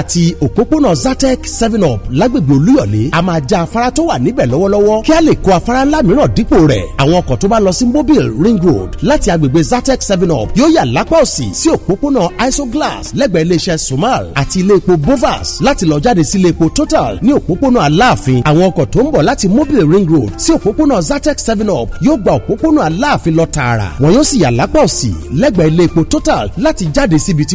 àti òpópónà Zatec seven up lágbègbè Olúyọ̀lé a máa já afárá tó wà níbẹ̀ lọ́wọ́lọ́wọ́ kí a lè kó afárá ńlá mìíràn dípò rẹ̀ àwọn ọkọ̀ tó bá lọ sí mobile ring road láti agbègbè Zatec seven up yóò yà lápá òsì sí òpópónà isoglass lẹ́gbẹ̀ẹ́ iléeṣẹ́ Sumal àti ilé epo Bovas láti lọ jáde sí ilé epo Total ní òpópónà Aláàfin àwọn ọkọ̀ tó ń bọ̀ láti mobile ring road sí òpópónà Zatec seven up yóò gba òpópónà Aláàfin lọ tààrà wọn yóò sì yà lápá òsì lẹ́gbẹ̀ẹ́ ilé epo Total láti jáde síbi tí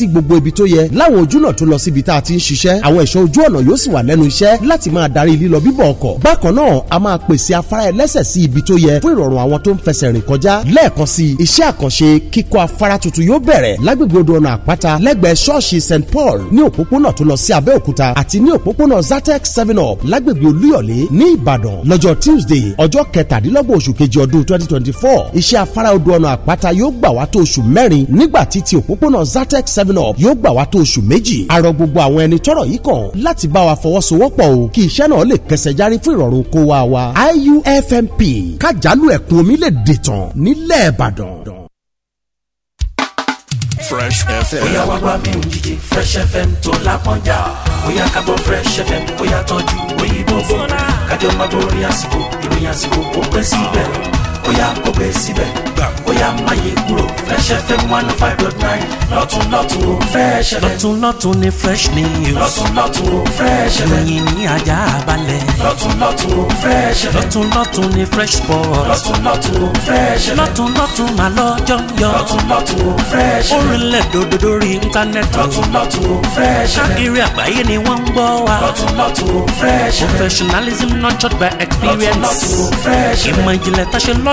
sí gbogbo ibi tó yẹ láwọn ojúnà tó lọ síbi tá a ti ń ṣiṣẹ́ àwọn ẹ̀ṣọ́ ojú ọ̀nà yóò sì wà lẹ́nu iṣẹ́ láti máa darí lílọ bíbọ̀ ọkọ̀ bákan náà a máa pèsè afárá ẹlẹ́sẹ̀ sí ibi tó yẹ fún ìrọ̀rùn àwọn tó ń fẹsẹ̀ rìn kọjá lẹ́ẹ̀kan sí iṣẹ́ àkànṣe kíkọ́ afárá tuntun yóò bẹ̀rẹ̀ lágbègbè odò Paul ní òpópónà tó lọ sí seven up lágbègbè Olúyọ̀lé ní Ìbàdàn lọ́jọ́ Tuesday ọjọ́ kẹtàdínlọ́gbọ̀n oṣù kejì ọdún twenty twenty four iṣẹ́ afárá odò ọ̀nà àpáta yóò gbà wá tó oṣù mẹ́rin nígbà tí ti òpópónà Zatex seven seven yóò gbà wá tó oṣù méjì àrọ gbogbo àwọn ẹni tọ́rọ̀ yìí kàn láti bá wa fọwọ́sowọ́pọ̀ o kí iṣẹ́ náà lè kẹsẹ̀ járí fún ìrọ̀rùn kó wa wa IUFMP kájàlú ẹ̀kún omi lè dìtàn nílẹ̀ Ìbàdàn. Fresh FM. bóyá wá wá mi ò Fresh FM tó lápọ́njà bóyá ká gbọ́ Fresh FM bóyá tọ́jú òyìnbó bò kájọ má borí àsìkò ìròyìn àsìkò ó pẹ́ síbẹ̀ bóyá kò bẹ́ síbẹ̀ bóyá máyé kúrò Fresh FM one oh five dot nine lọ́tún lọ́tún ó Fresh FM. lọ́tún lọ́tún ni fresh news. lọ́tún lọ́tún ó Fresh FM. ìròyìn ní ajá balẹ̀. lọ́tún lọ́tún ó Fresh FM. lọ́tún lọ́tún ni fresh sport. lọ́tún lọ́tún ó Fresh FM. lọ́tún lọ́tún mà lọ́jọ́ yọ. lọ́tún lọ́tún ó Fresh FM. orílẹ̀ dòdò lórí íńtánẹ́ẹ̀tì. lọ́tún lọ́tún ó Fresh FM.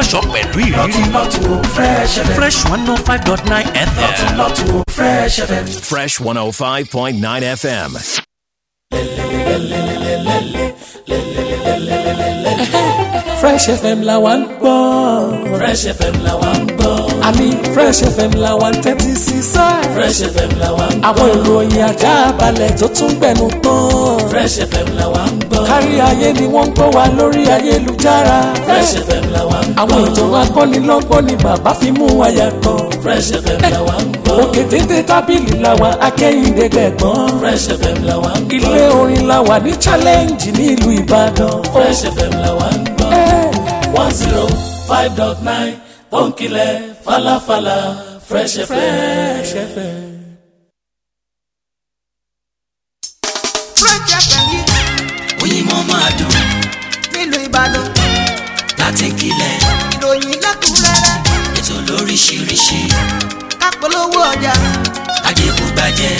fẹsọ̀ pẹ̀lú ìrírí. lọ́tùlọ́tù fresh fm. fresh one oh five dot nine fm. fresh fm. fresh one oh five point nine fm. fresh fm oh la wa ń gbọ́. fresh fm la wa ń gbọ́. àní Fresh FM la wà ń tẹ́tí sí sá. Fresh FM la wà ń gbọ́. àwọn ìròyìn ajá balẹ̀ tó tún gbẹnu tán. Fresh FM la wà ń gbọ́. kárí ayé ni wọ́n ń gbọ́ wa lórí ayélujára. Fresh FM la wà ń gbọ́. àwọn ìtàn akọ́nilọ́gbọ́n ni bàbá fi mú wa yàtọ̀. Fresh FM la wà ń gbọ́. òkè tètè tábìlì la wà akẹ́yìndé gbẹ̀gbọ́n. Fresh FM la wà ń gbọ́. ilé orin la wà ní challenge ní ìlú Ìbàdàn. Fresh FM la wà ń gbọ́. one zero five dot nine pọ́ńkìlẹ̀ falafala fresh fm. fresh fm yìí. oyinmọ máa dùn. nílùú ìbàdàn. láti kílẹ̀. ìròyìn lẹ́kùnrẹ́rẹ́. ètò lóríṣiríṣi. kápolówó ọjà. ajẹ́kùgbàjẹ́.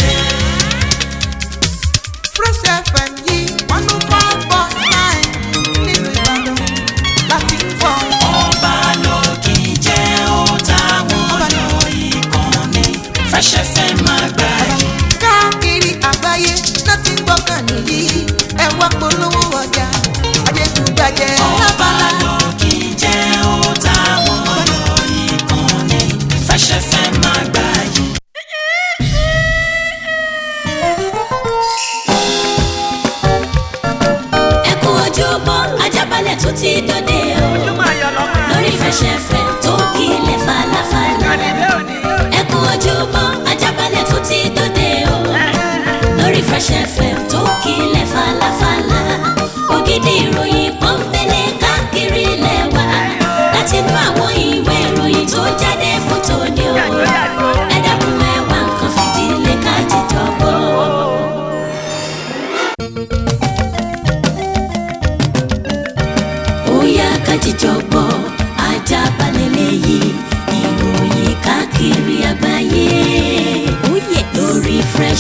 fresh fm ti dòde o lórí fẹsẹ̀fẹ̀ tó kílẹ̀ falafala ẹ kú ojúmọ́ ajábalẹ̀ tó ti dòde o lórí fẹsẹ̀fẹ̀ tó kílẹ̀ falafala ògidì ìròyìn pọ́npẹ́lẹ́ káàkiri lẹ́wà láti inú àwọn.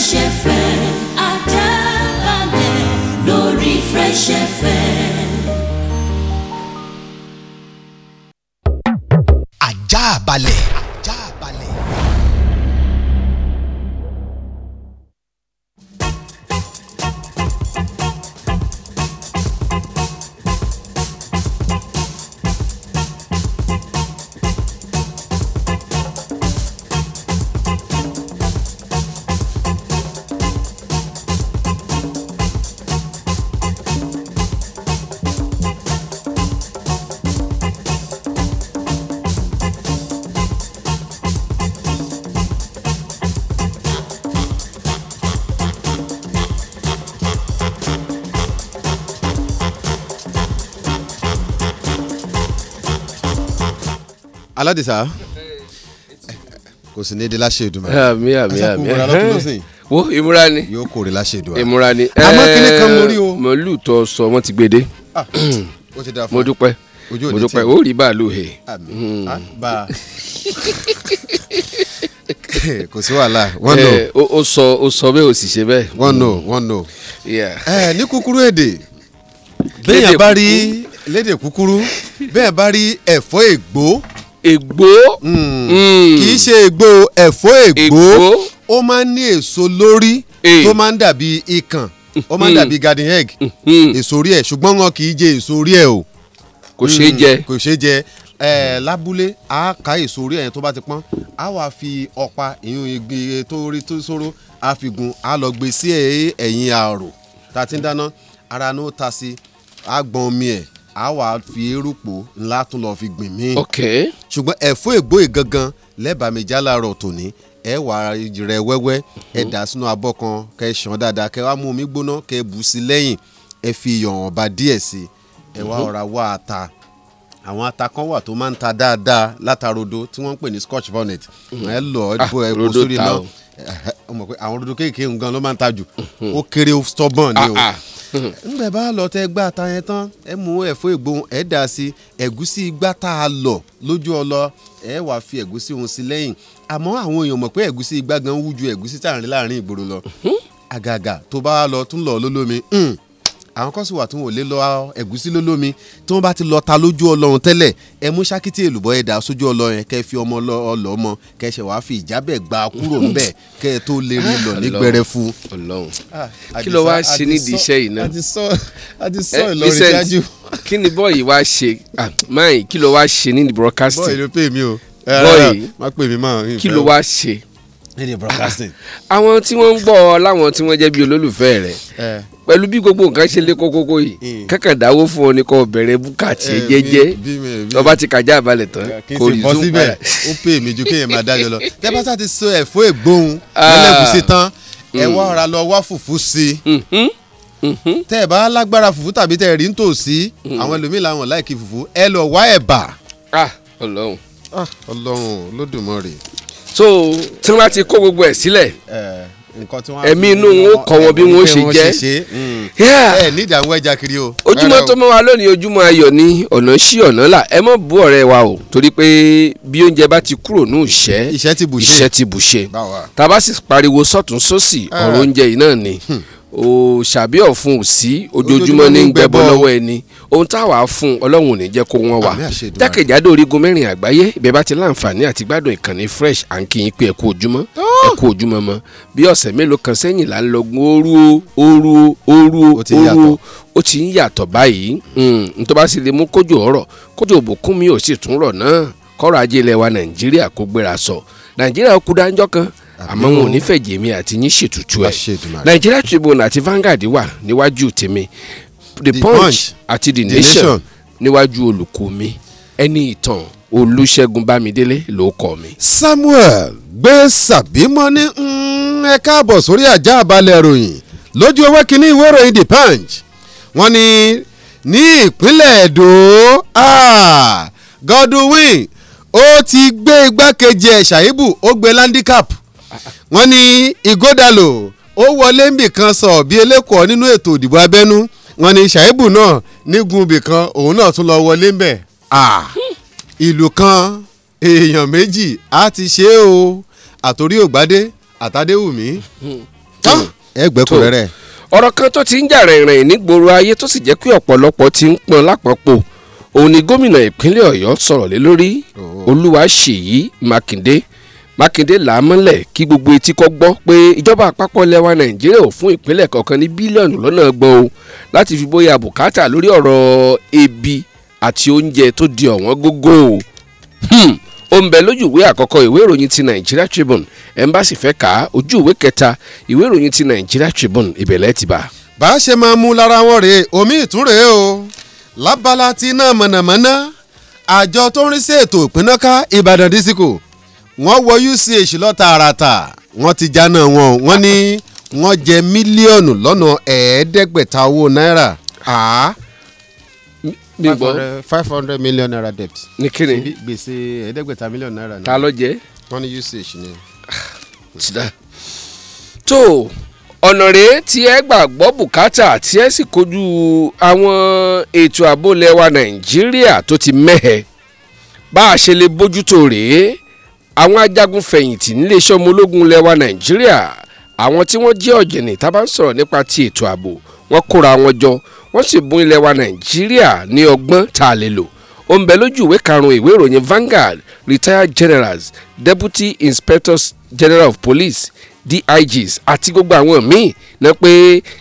Chefe aládìsá kò sí ní di láṣẹ ìdùnnú. àmì àmì àmì ẹ wo ìmúra ni. yóò kórè láṣẹ ìdùnnú. ìmúra ni. àmọ́ kíni kan o. mọ̀lú tó sọ wọ́n ti gbede. Ah, ó da fún mi. mo dúpẹ́ mo dúpẹ́ ó rí bàálù he. àmì hmm. ah, bá a kò sí wàhálà wọ́n nò. ó sọ ó sọ bẹ́ẹ̀ ó sì ṣe bẹ́ẹ̀. wọ́n nò hmm. wọ́n nò. ní kúkúrú èdè bẹ́ẹ̀ bá rí lédè kúkúrú bẹ́ẹ̀ bá rí ẹ̀fọ́ ègbó ègbó. Hmm. Hmm. kì í ṣe ègbó ẹ̀fọ́ ègbó ó máa ń ní èso lórí tó máa ń dàbí ikàn ó máa ń hmm. dàbí garden egg èso orí ẹ̀ ṣùgbọ́n wọn kì í jẹ èso orí ẹ̀ o. kò ṣeé jẹ kò ṣeé jẹ lábúlé a ká èso orí ẹ̀ tó bá ti pọ́n a wá fi ọ̀pá ìyún igi tó rí tó ṣòro a fi gùn a lọ gbé sí ẹ̀yìn ààrò tá a ti ń dáná ara ní ó ta sí a gbọ́n omi ẹ̀ a wà fi erùpò ńlá tún lọ́ọ́ fi gbìn mí. ok ṣùgbọ́n ẹ̀fọ́ ègbóyè gangan lẹ́bàá mi jálàrọ̀ tòní ẹ wà rẹ wẹ́wẹ́ ẹ dà sínú abọ́ kan kẹ ṣàn dáadáa kẹ wá mú omi gbóná kẹ bù sí lẹ́yìn ẹ fi iyọ̀ ọ̀ba díẹ̀ sí ẹ wá mhm. ọ̀ra wá ata. Mm -hmm àwọn ata kan wà tó máa ń ta dáadáa látarodo tí wọ́n ń pè ní scotch bonnet mm-hmm. ẹ lọ ẹ ah, bọ ẹ kó sórí náà ọmọ pé àwọn rodo kéèké nǹkan ló máa ń ta jù mm-hmm. ó kéré stubborn ni o ah, ah. nbẹ bá lọ tẹ gbá ata yẹn tán ẹ mú ẹ̀fọ́ ìgbóhùn ẹ dà sí ẹ̀gúsí igbá tá a lọ lójú ọlọ ẹ wà fi ẹ̀gúsí òun sí lẹ́yìn àmọ́ àwọn èèyàn mọ̀ pé ẹ̀gúsí igbá gan wú ju ẹ̀gúsí tààrin láàrin ìgboro lọ mm-hmm. àgàgà tó bá lọ tún lọ lólómi mm àwọn kan wà tí wọn ò lọ ẹ̀gúsí lólómi tí wọ́n bá ti lọ ta lójú ọlọ́run tẹ́lẹ̀ ẹ mú ṣákìtì èlùbọ́ ẹ̀dá sójú ọlọ́run kẹ́ fi ọmọ ọlọ́mọ kẹ́ ṣe wàá fi ìjábẹ̀ gba kúrò ńbẹ̀ kẹ́ ẹ tó lè rí lọ ní gbẹrẹfu. ọlọ́run ah, kí ló wá ṣe nídìí iṣẹ́ yìí náà àti sọ ìlọrin dájú. Eh, kí ni bọ́ọ̀yì wá ṣe ah, máyì kí ló wá ṣe nídìí broadcasting. bọ́ọ̀yì ló pè mí o eh, bọ́ọ̀yì kí ló wá ṣe lédè broadcasting. àwọn tí wọ́n ń gbọ́ ọ láwọn tí wọ́n jẹ́ bí olólùfẹ́ rẹ̀ pẹ̀lú bí gbogbo nǹkan ṣe lé kókókó yìí kankan dáwó fún ọ ní kò bẹ̀rẹ̀ búkàtì jẹ́jẹ́ ọba ti kàjá àbálẹ̀ tán kò rí zoom padà. kì í ṣe bọ́ síbẹ̀ ó pè mí ju kéèyàn máa dájọ́ lọ tẹ́pátá ti so ẹ̀fọ́ ègbóhun ah. ẹlẹ́gùsí tán ẹ mm. wá ọ̀rá lọ wá fùfú sí i mm-hmm. Mm-hmm. tẹ́ ẹ bá lágbára fùfú tàbí tẹ́ ẹ rí nítòsí mm-hmm. àwọn ẹlòmíì làwọn láìkí fùfú ẹ lọ wá ẹ̀bà. Ah, ọlọ́run ah, ọlọ́run lódùmarè so tí wọ́n ti kó gbogbo ẹ̀ sílẹ̀ eh, ẹ̀mí inú wọn kọ̀ wọ́n bí wọ́n ṣe jẹ́ ẹ hmm. eh, nídìí àwọn ẹja kiri o. ojúmọ́ tó mọ́ wa lónìí ojúmọ́ ayọ̀ ni ọ̀nà sí ọ̀nà là ẹ mọ̀ bú ọ̀rẹ́ wa o torí pé bí oúnjẹ bá ti kúrò ní ìṣẹ́ iṣẹ́ ti bù ṣe tàbá sì pariwo sọ́tún sósì eh. ọ̀rọ̀ oúnjẹ yìí náà ni. Hmm o ṣàbí ọ̀fun ò sí ojoojúmọ́ ní gbẹbọ lọ́wọ́ ẹni ohun táwa fún ọlọ́run ò ní jẹ́ kó wọ́n wá jákèjádò orígun mẹ́rin àgbáyé ibẹ̀ bá ti láǹfààní àti gbádùn ìkànnì fresh à ń kí yín pé ẹ kú ojúmọ́ ẹ kú ojúmọ́ mọ́ bí ọ̀sẹ̀ mélòó kan sẹ́yìn là ń lọ́gun ooru o ooru o ooru o ooru ó ti ń yàtọ̀ báyìí hmm, n tó bá sì lè mú kójú ọ̀rọ̀ kójú òbùkún mi ò sì tún rọ̀ náà kọ́rọ̀ ajé ilẹ̀ wa nàìjíríà kó gbéra sọ nàìjíríà àmọ́ wọn ò ní fẹ̀jẹ̀ mi àti yín ṣètùtù ẹ̀ Nigeria Tribune àti Vanguard wà níwájú tèmi The Punch àti The Nation níwájú olùkọ́ mi ẹni ìtàn Olúṣẹ́gun Bámidélé ló kọ mi. Samuel gbé sàbímọ ní mm, ẹ káàbọ̀ sórí ajá balẹ̀ ròyìn lójú ewé kínní ìwé ìròyìn The Punch wọ́n ni ní ìpínlẹ̀ Èdò Godwin ó ti gbé igbákejì ẹ̀ Ṣàyíbù ó gbé landicap wọ́n ní Ighodalo ó wọlé ń bìkan sọ bí elékòó nínú ètò ìdìbò abẹ́nú wọ́n ní Ṣàìbù náà nígun bìkan òun náà tún lọ wọlé ń bẹ̀ ìlú kan èèyàn méjì á ti ṣe é o àtòrí ògbádé àtàdéwùmí ẹgbẹ́ kò rẹ́rẹ́. ọ̀rọ̀ kan tó ti ń jà rìnrìn nígboro ayé tó sì jẹ́ pé ọ̀pọ̀lọpọ̀ ti ń pọn lápapọ̀ òun ni gómìnà ìpínlẹ̀ Ọ̀yọ́ sọ̀rọ̀ lé lórí oh. Olúwaṣèyí Mákindé. Mákindé là á mọ́lẹ̀ kí gbogbo etí kọ́ gbọ́ pé ìjọba àpapọ̀ lẹwa Nàìjíríà ò fún ìpínlẹ̀ kọ̀ọ̀kan ní bílíọ̀nù lọ́nà ọgbọ̀n o láti fi bóyá bùkátà lórí ọ̀rọ̀ ebi àti oúnjẹ tó di ọ̀wọ́n gógó o. Hmm, ó ń bẹ lójú ìwé àkọ́kọ́ ìwé ìròyìn ti Nigeria Tribune embassy fẹ́ ka ojú ìwé kẹta ìwé ìròyìn ti Nigeria Tribune ìbẹ̀lẹ̀ ti bá. bá a ṣe máa mú lára wọn rèé omi ìtúrèé o lábala ti iná mọ̀nàmọ́ná àjọ tó ń rí sí ètò ìpínnáká Ìbàdàn dísíkò wọ́n wọ UCH lọ tààràtà wọ́n ti jáná wọn wọ́n ní wọ́n jẹ mílíọ̀nù lọ́nà ẹ̀ẹ́dẹ́gbẹ̀ta owó náírà gbígbọ́ five hundred million naira debt. ní kíni gbèsè ẹ̀ẹ́dẹ́gbẹ̀ta million naira ni. ta ló jẹ́. wọ́n ní usage ni. tìda tó ọ̀nà rèé tí ẹ gbàgbọ́ bùkátà tí ẹ sì kojú àwọn ètò ààbò lẹ́wà nàìjíríà tó ti mẹ́hẹ̀ bá a ṣe lè bójútó rèé àwọn ajagun fẹ̀yìntì níléeṣẹ́ ọmọ ológun lẹ́wà nàìjíríà àwọn tí wọ́n jẹ́ ọ̀jẹ̀nì tá a bá ń sọ̀rọ̀ nípa ti ètò ààbò wọ́n kóra wọn jọ wọ́n sì bún ilẹ̀ wa nàìjíríà ní ọgbọ́n tá a lè lò ó ń bẹ lójú ìwé karùn-ún ìwé ìròyìn Vanguard retired generals deputy inspectors general of police digs àti gbogbo àwọn míì náà pé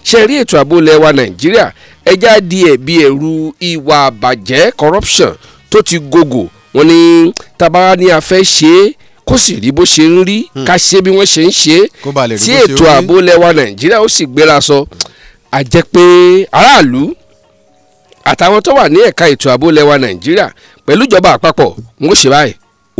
ṣe rí ètò ààbò ilẹ̀ wa nàìjíríà ẹja di ẹ̀bi ẹ̀rù ìwà àbàjẹ́ corruption tó ti gògò wọ́n ní tabara ni a fẹ́ ṣe é kó sì rí bó ṣe ń rí hmm. ká ṣe bí wọ́n ṣe ń ṣe é tí ètò ààbò lẹ́wà nàìjíríà ó sì gbéra sọ a jẹ́ pé aráàlú àtàwọn tó wà ní ẹ̀ka ètò ààbò lẹ́wà nàìjíríà pẹ̀lú ìjọba àpapọ̀ ń ó ṣe báyìí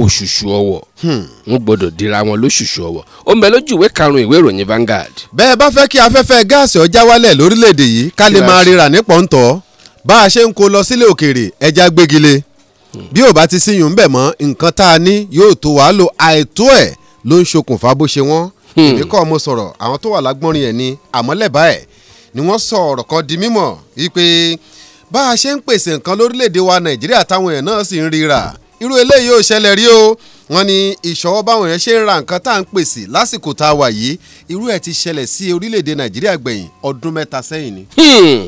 òṣùṣù ọwọ̀ ń hmm. gbọ́dọ̀ dira wọn lóṣùṣù ọwọ̀ ó ń lójú ìwé karùnún ìwé ìròyìn Vanguard. bẹ́ẹ̀ bá fẹ́ kí afẹ́fẹ́ gáàsì ọjà wálẹ̀ lórílẹ̀‐èdè yìí ká lè máa ríra ní pọ́ńtọ́ bá a ṣe ń kó lọ sílé òkèèrè ẹja gbégilé bí ò bá ti síyùn bẹ̀ mọ́ nǹkan tá a ní yóò tó wàá lo àìtó ẹ̀ ló ń ṣokùnfà bó ṣe wọ́n hmm. èmi kọ́ mo sọ̀rọ̀ àwọn tó wà lágbọ́nrin ẹ̀ ni àmọ́lẹ̀bá ẹ̀ ni wọ́n sọ ọ̀rọ̀ kan di mímọ̀ wípé bá a ṣe ń pèsè nǹkan lórílẹ̀‐èdè wa nàìjíríà táwọn èèyàn náà sì ń ríra irú eléyìí ò ṣẹlẹ̀ rí o wọ́n ní ìṣọwọ́ báwọn èèyàn ṣe ń ra nǹkan tá à ń pèsè lásìkò tá a wà yìí irú ẹ̀ ti ṣẹlẹ̀ sí orílẹ̀‐èdè nàìjíríà gbẹ̀yìn ọdún mẹ́ta sẹ́yìn ni. Hmm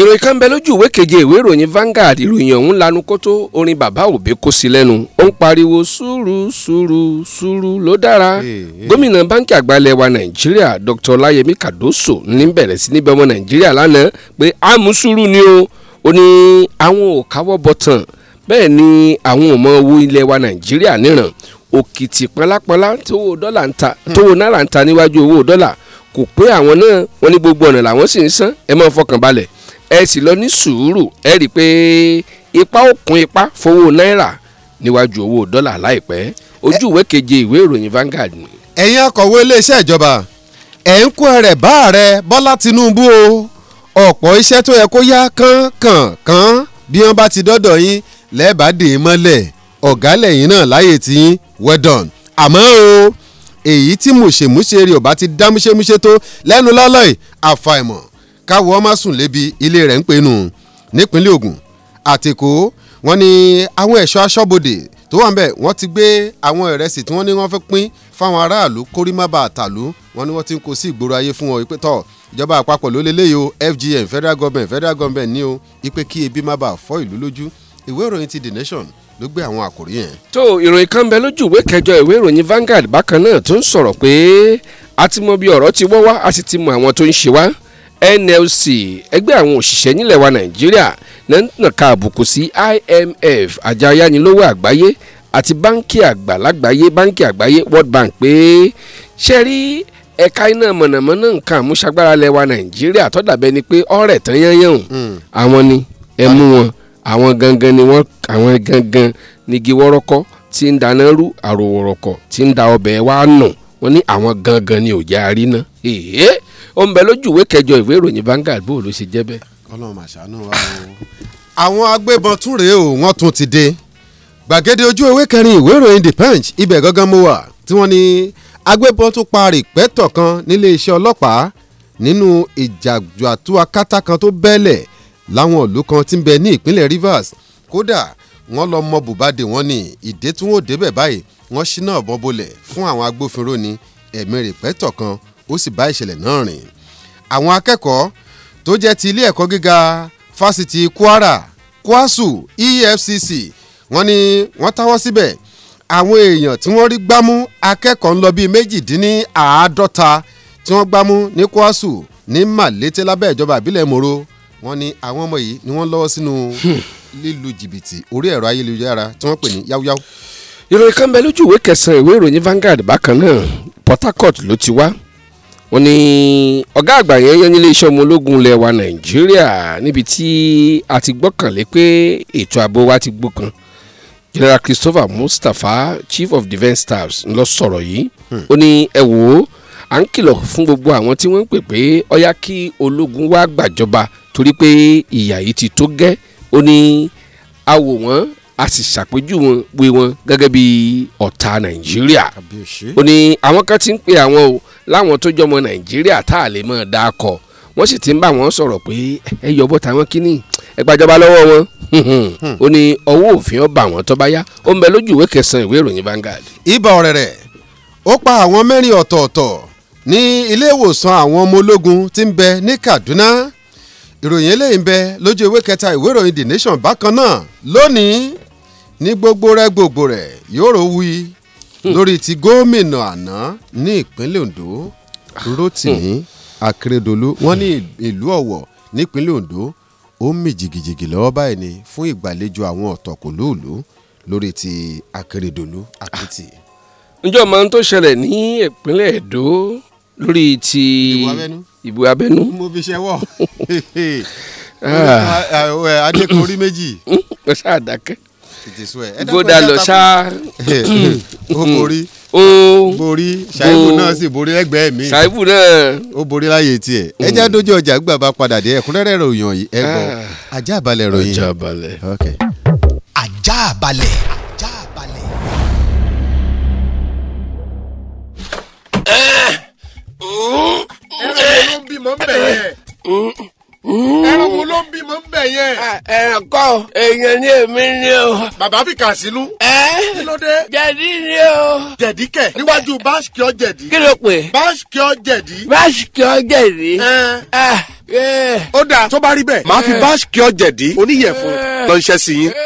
ìròyìn kan bẹ lójú ìwé keje ìwé ìròyìn Vanguard ìròyìn ọ̀hún lanu kótó orin bàbá òbí kó sí lẹ́nu ó ń pariwo sùúrù sùúrù sùúrù ló dára gómìnà báńkì àgbà ilẹ̀ wa Nàìjíríà Dr. Ọláyẹmí Kàdóso ní bẹ̀rẹ̀ sí níbẹ̀ ọmọ Nàìjíríà lánàá pé àmúsùúrù ni o ó ní àwọn ò káwọ́ bọ̀tàn bẹ́ẹ̀ ni àwọn ò mọ owó ilẹ̀ wa Nàìjíríà níran òkìtì pọnlápọnlá tówó dọ́là ń ta hmm. tówó náírà ń ta níwájú owó dọ́là kò pé àwọn náà wọn ní gbogbo ọ̀nà làwọn sì ń san ẹ máa fọkàn balẹ̀ ẹ sì lọ ní sùúrù ẹ rí i pé ipa ó kún ipa fowó náírà níwájú owó dọ́là láìpẹ́ ojú ìwé keje ìwé ìròyìn Vanguard ni. ẹ̀yin akọ̀wé iléeṣẹ́ ìjọba ẹ̀ ń kó ẹrẹ̀ bá ààrẹ Bọ́lá Tinubu o ọ̀pọ̀ iṣẹ́ tó yẹ kó yá kánkànkán bí wọ́n bá ti dọ́dọ̀ yín lẹ́ẹ̀bá dè é mọ́lẹ̀ ọ̀gá lẹ́yìn náà láyè tí yín well done àmọ́ o èyí tí mùṣèmùṣe rí ọba ti dá múṣemúṣe tó lẹ́nu lọ́lọ́ àfàìmọ̀ káwọ́ ọmọ sùn lébi ilé rẹ̀ ń pè nù nípínlẹ̀ Ògùn àtìkó wọ́n ní àwọn ẹ̀ṣọ́ aṣọ́bodè tó wà ń bẹ̀ wọ́n ti gbé àwọn ìrẹsì tí wọ́n ní wọ́n fẹ́ pín fáwọn aráàlú kórí má bàa tàlú wọ́n ní wọ́n ti ń kó sí ìgboro ayé fún wọn ìpè tọ̀ ìjọba àpapọ̀ ló lélẹ́yìí o FGM federal government federal government ní o ìpè kí ebi má bàa fọ́ ìlú lójú ìwé ìròyìn ti The Nation ló gbé àwọn àkòrí yẹn. tó ìròyìn kan bẹ lójú ìwé kẹjọ ìwé ìròyìn Vanguard bákan náà tó ń sọ̀rọ̀ pé a ti mọ bí ọ̀rọ̀ ti wọ́ wá a sì ti mọ àwọn tó ń ṣe wá NLC ẹgbẹ́ àwọn òṣìṣẹ́ nílẹ̀ wa Nàìjíríà náà nàka àbùkù sí IMF àjọ ayánilówó àgbáyé àti báńkì àgbà lágbàáyé báńkì àgbáyé World Bank pé ṣe rí ẹ̀ka iná mọ̀nàmọ́ná nǹkan àmúṣagbára lẹ́wà Nàìjíríà tó dàbẹ́ ni pé ọ̀rẹ́ tán yányán hmm. àwọn ni ẹ mú wọn àwọn gangan ni wọn àwọn gangan ni igi wọ́rọ́kọ́ tí ń dáná rú àròwọ̀rọ̀kọ̀ tí ń da ọbẹ̀ wa nù wọn ní àwọn gangan ni ò jẹ́ náà ó ń bẹ lójú ìwé kẹjọ ìwé ìròyìn Vanguard bó ló ṣe jẹ́ bẹ́ẹ̀. Ọlọ́run mà wa o. àwọn agbébọn tún rèé o wọ́n tún ti dé gbàgede ojú ewé kẹrin ìwé ìròyìn The Punch ibẹ̀ gangan mo wà tí wọ́n ní agbébọn tún pa rìpẹ́tọ̀ kan nílé iṣẹ́ ọlọ́pàá nínú ìjàgbàtú akátá kan tó bẹ́lẹ̀ láwọn ìlú kan tí ń bẹ ní ìpínlẹ̀ Rivers kódà wọ́n lọ mọ bùbáde wọn ní ìdè tí wọn ò débẹ̀ báyìí wọ́n ṣínà ọ̀bọ̀n bolẹ̀ fún àwọn agbófinró ní ẹ̀mí rìpẹ́tọ̀ kan ó sì bá ìṣẹ̀lẹ̀ náà rìn àwọn akẹ́kọ̀ọ́ tó jẹ́ ti ilé ẹ̀kọ́ gíga fásitì Kwara kwasu EFCC wọ́n ní wọ́n táwọ́ síbẹ̀ àwọn èèyàn tí wọ́n rí gbámú akẹ́kọ̀ọ́ ńlọ bíi méjìdínláàádọ́ta tí wọ́n gbámú ní kwasu ní Màlété lábẹ́ ìjọba ìbílẹ̀ Moro wọ́n ní àwọn ọmọ yìí ni wọ́n lọ́wọ́ sínú hmm. lílu jìbìtì orí ẹ̀rọ ayélujára tí wọ́n pè ní yáwúyáwú. ìròyìn kan bẹ lójú ìwé kẹsàn-án ìwé ìròyìn Vanguard bákan náà Port Harcourt ló ti wá wọ́n ní ọ̀gá àgbà yẹn yẹn nílé ọmọ ológun ilẹ̀ wa nàìjíríà níbi tí a ti gbọ́kànlé pé ètò ààbò wa ti gbókun general christopher mustapha chief of defence staff ń lọ sọ̀rọ̀ yìí hmm. ó ní ẹ wò ó à ń kìlọ̀ fún gbogbo àwọn tí wọ́n ń pè pé ọ̀yá kí ológun wá gbàjọba torí pé ìyà yìí ti tó gẹ́ ó ní a wò wọ́n a sì ṣàpèjú wọn wé wọn gẹ́gẹ́ bí ọ̀tá nàìjíríà ó ní àwọn kan ti ń pe àwọn o láwọn tó jọmọ nàìjíríà tá a lè mọ̀ dá kọ wọ́n sì ti ń bá wọn sọ̀rọ̀ pé ẹ yọ bọ́ táwọn kínní ẹ gbàjọba lọ́wọ́ wọn hmm. ó ní ọwọ́ òfin ọba àwọn tó bá yá ó ń bẹ lójú ìwé kẹsàn-án ìwé ìròyìn Vanguard. ibà ọ̀rẹ̀rẹ̀ ó pa àwọn mẹ́rin ọ̀tọ̀ọ̀tọ̀ ní ilé ìwòsàn àwọn ọmọ ológun tí ń bẹ ní Kaduna ìròyìn eléyìí ń bẹ lójú ìwé kẹta ìwé ìròyìn The Nation bákan náà lónìí ní gbogbo rẹ gbogbo rẹ yóò rò wí lórí ti gómìnà àná ní ìpínlẹ̀ Ondo Rotimi hmm. Akeredolu wọ́n ní ìlú Ọ̀wọ̀ nípínlẹ̀ Ondo ó mì jìgìjìgì lọ́wọ́ báyìí ni fún ìgbàlejò àwọn ọ̀tọ̀kùlúùlú lórí ti Akeredolu àkìtì. ǹjọ́ mọ̀ ohun tó ṣẹlẹ̀ ní ìpínlẹ̀ Èdó lórí ti ìbò abẹ́nú. mo fi ṣe wọ̀ ah. adékun méjì. ó hmm, ṣáà dákẹ́ gbódà lọ ṣá. ó borí ó borí ṣàìbù náà sì borí ẹgbẹ́ mi ṣàìbù náà ó borí láyé tiẹ̀ ẹ jẹ́ àdójú mm. ọjà gbà bá padà dé ẹ̀kúnrẹ́rẹ́ ròyìn yìí ẹ gbọ́ ah. ajá balẹ̀ ròyìn ajá balẹ̀ ajá balẹ̀. Eh. ẹ̀rọ ló ń bímọ ń bẹ̀rẹ̀. Eh ẹran mm. wo ló ń bímọ ń bẹ̀ yẹn. Ah, ẹran kọ èèyàn ni èmi ni o. bàbá fi kà sílú. ẹ kí ló dé. jẹ̀dí ni o. jẹ̀dí kẹ̀ níwájú báṣkìọ́ jẹ̀dí. kí ló pè. báṣkìọ́ jẹ̀dí. báṣkìọ́ jẹ̀dí. Ah, ó dáa tó bá rí bẹ́ẹ̀ máa fi eh. báṣkìọ́ jẹ̀dí oníyẹ̀fun eh. lọ iṣẹ́ sí yín. Eh.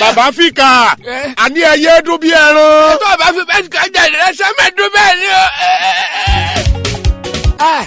bàbá fi àní ẹyẹ dún bí ẹran. ẹ tó bá fi báṣkìọ́ jẹ̀dí rẹ sẹ́mẹ̀ẹ́dún bẹ́ẹ̀ ni o. Ah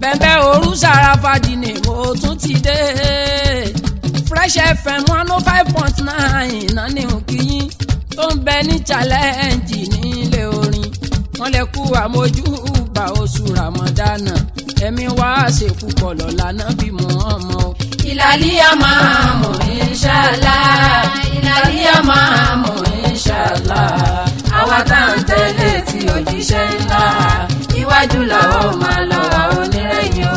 bẹ́ẹ̀ òru ṣàràfàjì ni mo tún ti dé Fresh FM one oh five point nine nání òkìyín tó ń bẹ ní challenge nílé orin wọ́n lè kú àmójú bá oṣù Ramadana ẹ̀mí wá ṣèkú pọ̀ lọ́la náà bí mọ̀ ọ́n mọ́. ìlàlí a máa mọ̀ ìṣàlá ìlàlí a máa mọ̀ ìṣàlá àwa tá à ń tẹ́lẹ̀ tí òjíṣẹ́ ńlá iwájú làwọn máa lọ àwọn o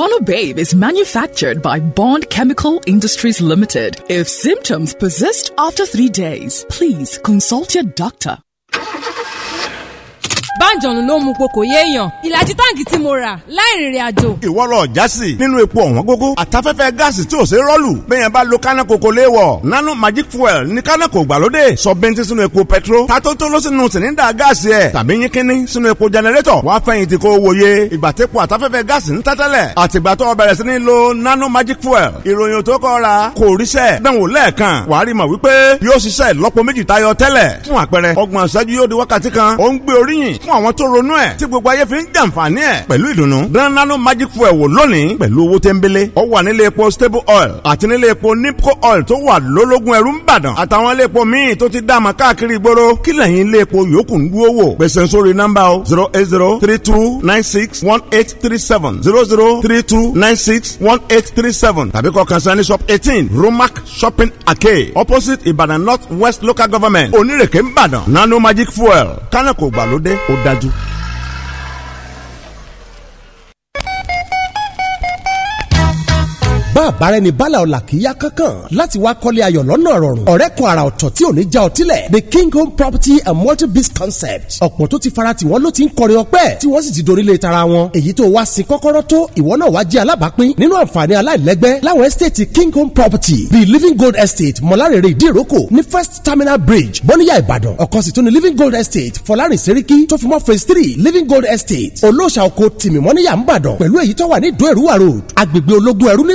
Bono Babe is manufactured by Bond Chemical Industries Limited. If symptoms persist after three days, please consult your doctor. báńjọ̀nù ló mú pokò yéèyàn ìlàjì táǹkì tí mo rà láì rìnrìn àjò. ìwọ lọ jásì nínú epo ọ̀wọ́n gógó àtafẹ́fẹ́ gáàsì tí ò ṣe rọ́ọ̀lù bẹ́ẹ̀ bá lo kánà kòkó léwọ̀ nano magic fuel ní kánà kò gbàlódé sọ bẹ́ntì sínú epo petro tatótó ló sínú sìnínda gáàsì ẹ̀ tàbí yín kínní sínú epo jẹnẹrétọ̀ wá fẹ̀yìntì kó wòye ìgbàtẹ́pọ̀ àtafẹ́fẹ́ gáàsì ń lo nano magic fuel ìròyìn tó kọ́ ra kò ríṣẹ́ dánwò lẹ́ẹ̀kan wàá rí mọ̀ wípé yóò ṣiṣẹ́ lọ́pọ̀ méjì tayọ tẹ́lẹ̀ fún àpẹẹrẹ ọgbọ̀n fún àwọn tó ronú ẹ̀ tí gbogbo ayé fi ń jàǹfààní ẹ̀ pẹ̀lú ìdùnnú. dán nano magic fuel wò lónìí pẹ̀lú owó tẹ́ńbélé. ó wà nílé epo stable oil àti nílé epo nipco oil tó wà lólógún ẹrú ńbàdàn àtàwọn ilé epo míì tó ti dáàmà káàkiri ìgboro kí lẹ́yìn ilé epo yòókù ń dúró wò. gbèsè sórí nọ́mbà o zero eight zero three two nine six one eight three seven zero zero three two nine six one eight three seven tàbí kọ kàn sí ní shop eighteen romac shopping arcade opposite Ìbàdàn north west local government onírèké ńbàdàn nano magic fuel kánà kò gbàlódé ó dájú. bá àbára ẹni ọ̀la kì kankan láti wá kọ́lé ayọ̀ lọ́nà rọrùn ọ̀rẹ́ kan ọ̀tọ̀ tí ò ní já ọtí lẹ̀ the king home property and multi-biz concept ọ̀pọ̀ tó ti fara tiwọn ló ti ń kọrin ọpẹ́ tí wọ́n sì ti dorí lé tara wọn èyí tó wá sí kọ́kọ́rọ́ tó ìwọ náà wá jẹ́ alábàápín nínú àǹfààní aláìlẹ́gbẹ́ láwọn estate king home property bíi living gold estate mọ̀lárèrè ìdíròkò ní first terminal bridge bóníyà ìbàdàn ọ̀kan sì tún living gold estate fọlárin seriki tó fi mọ́ phase three living gold estate olóòṣà oko tìmímọ́níyà ń bàdàn pẹ̀lú èyí tó wà ní ìdó road agbègbè ológun ẹ̀rú ní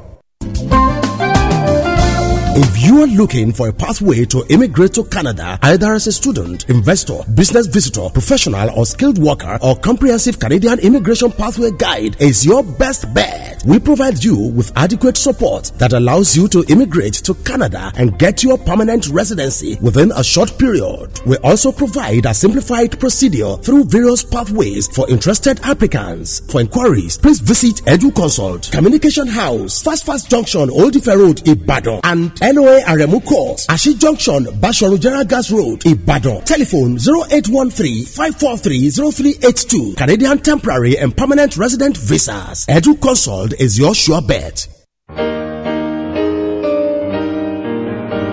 If you are looking for a pathway to immigrate to Canada, either as a student, investor, business visitor, professional, or skilled worker, our comprehensive Canadian immigration pathway guide is your best bet. We provide you with adequate support that allows you to immigrate to Canada and get your permanent residency within a short period. We also provide a simplified procedure through various pathways for interested applicants. For inquiries, please visit EduConsult, Communication House, Fast Fast Junction, Old Ife Road, Ibadan, and NOA Aremu Court, Ashi Junction, General Gas Road, Ibadan. Telephone 0813-543-0382. Canadian Temporary and Permanent Resident Visas. Edu Consult is your sure bet.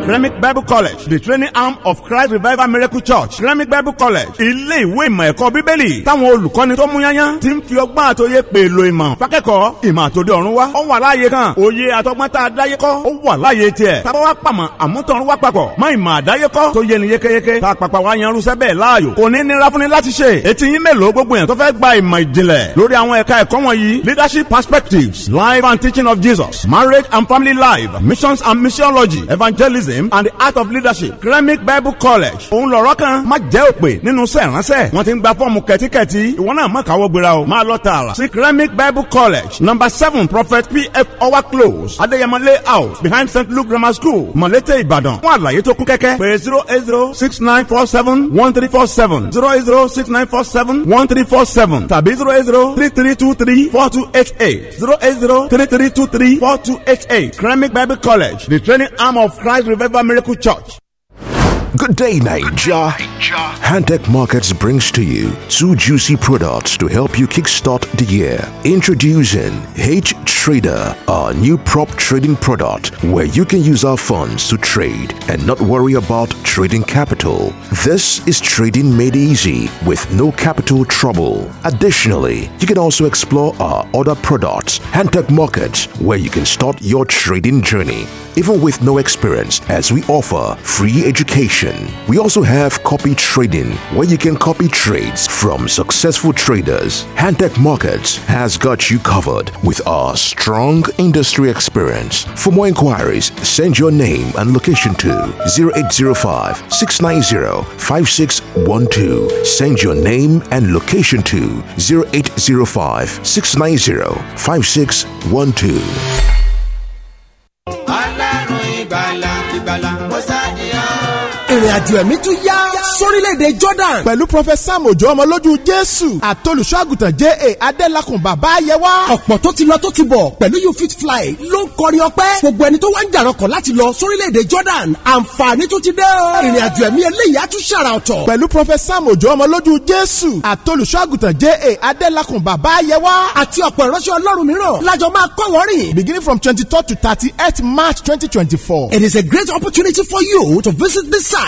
Remic Bible College, the training arm of Christ Revival Miracle Church, Remic Bible College, ilé ìwé ìmọ̀ ẹ̀kọ́ bíbélì, táwọn olùkọ́ni tó mú yányán ti ń fi ọgbọ́n àtòyé pè lo ìmọ̀. Fákẹ́kọ̀ọ́ ìmọ̀ àtòdì ọ̀run wá, ó wà láàyè kan, òye àtọgbọ́n tá a dáyé kọ́, ó wà láàyè tiẹ̀. Tábọ́ wá pàmò àmútọ̀run wá papọ̀, mọ ìmọ̀ àdáyé kọ́ tó yẹni yékéyéké, tá a pàpà wá yanrú sẹ́bẹ̀ láàyò. Kò ní nira fúnni láti ṣe. Etí yín mélòó gbogbo yẹn tó fẹ́ gba ìmọ̀ ìjìnlẹ̀ lórí àwọn ẹ̀ka ẹ̀kọ́ wọ̀nyí. Leadership perspectives, life and teaching of Jesus, marriage and family life, missions and missiology, evangelism evangelism and the art of leadership Ceramic Bible College òun lọ̀rọ̀ kan má jẹ́ òpè nínú sẹ̀ránṣẹ́ wọ́n ti ń gba fọ́ọ̀mù kẹ̀tíkẹ̀tí ìwọ náà má káwọ́ gbéra o máa lọ tààrà sí Ceramic Bible College number seven Prophet P.F. Owa close Adéyẹmọ layout behind St. Luke Grammar School Mọ̀lété Ìbàdàn fún àlàyé tó kún kẹ́kẹ́ pé zero eight zero six nine four seven one three four seven zero eight zero six nine four seven one three four seven tàbí zero eight zero three three two three four two eight eight zero eight zero three three two three four two eight eight Ceramic Bible College the training arm of Christ River. Revival Miracle Church. Good day, Niger. Handtech Markets brings to you two juicy products to help you kickstart the year. Introducing H Trader, our new prop trading product where you can use our funds to trade and not worry about trading capital. This is trading made easy with no capital trouble. Additionally, you can also explore our other products, Handtech Markets, where you can start your trading journey even with no experience as we offer free education we also have copy trading, where you can copy trades from successful traders. Handtech Markets has got you covered with our strong industry experience. For more inquiries, send your name and location to 0805 690 5612. Send your name and location to 0805 690 5612. ìrìn àjò ẹ̀mí tún yá sórílẹ̀-èdè Jordan. pẹ̀lú prọfẹsọ Sam Ojo ọmọlójú Jésù àtolùṣọ́àgùtàn J.A. Adélakùn bàbá ayẹwà. ọ̀pọ̀ tó ti lọ tó ti bọ̀ pẹ̀lú you fit fly ló ń kọrin ọpẹ́. gbogbo ẹni tó wá ń jàrọ̀kọ̀ láti lọ sórílẹ̀-èdè Jordan àǹfààní tún ti dé o. ìrìn àjò ẹ̀mí eléyìí á tún ṣàrà ọ̀tọ̀. pẹ̀lú prọfẹsọ Sam ọmọlójú Jésù àtolùṣọ́àgùtàn J.A. Adélakùn bàbá ayẹwà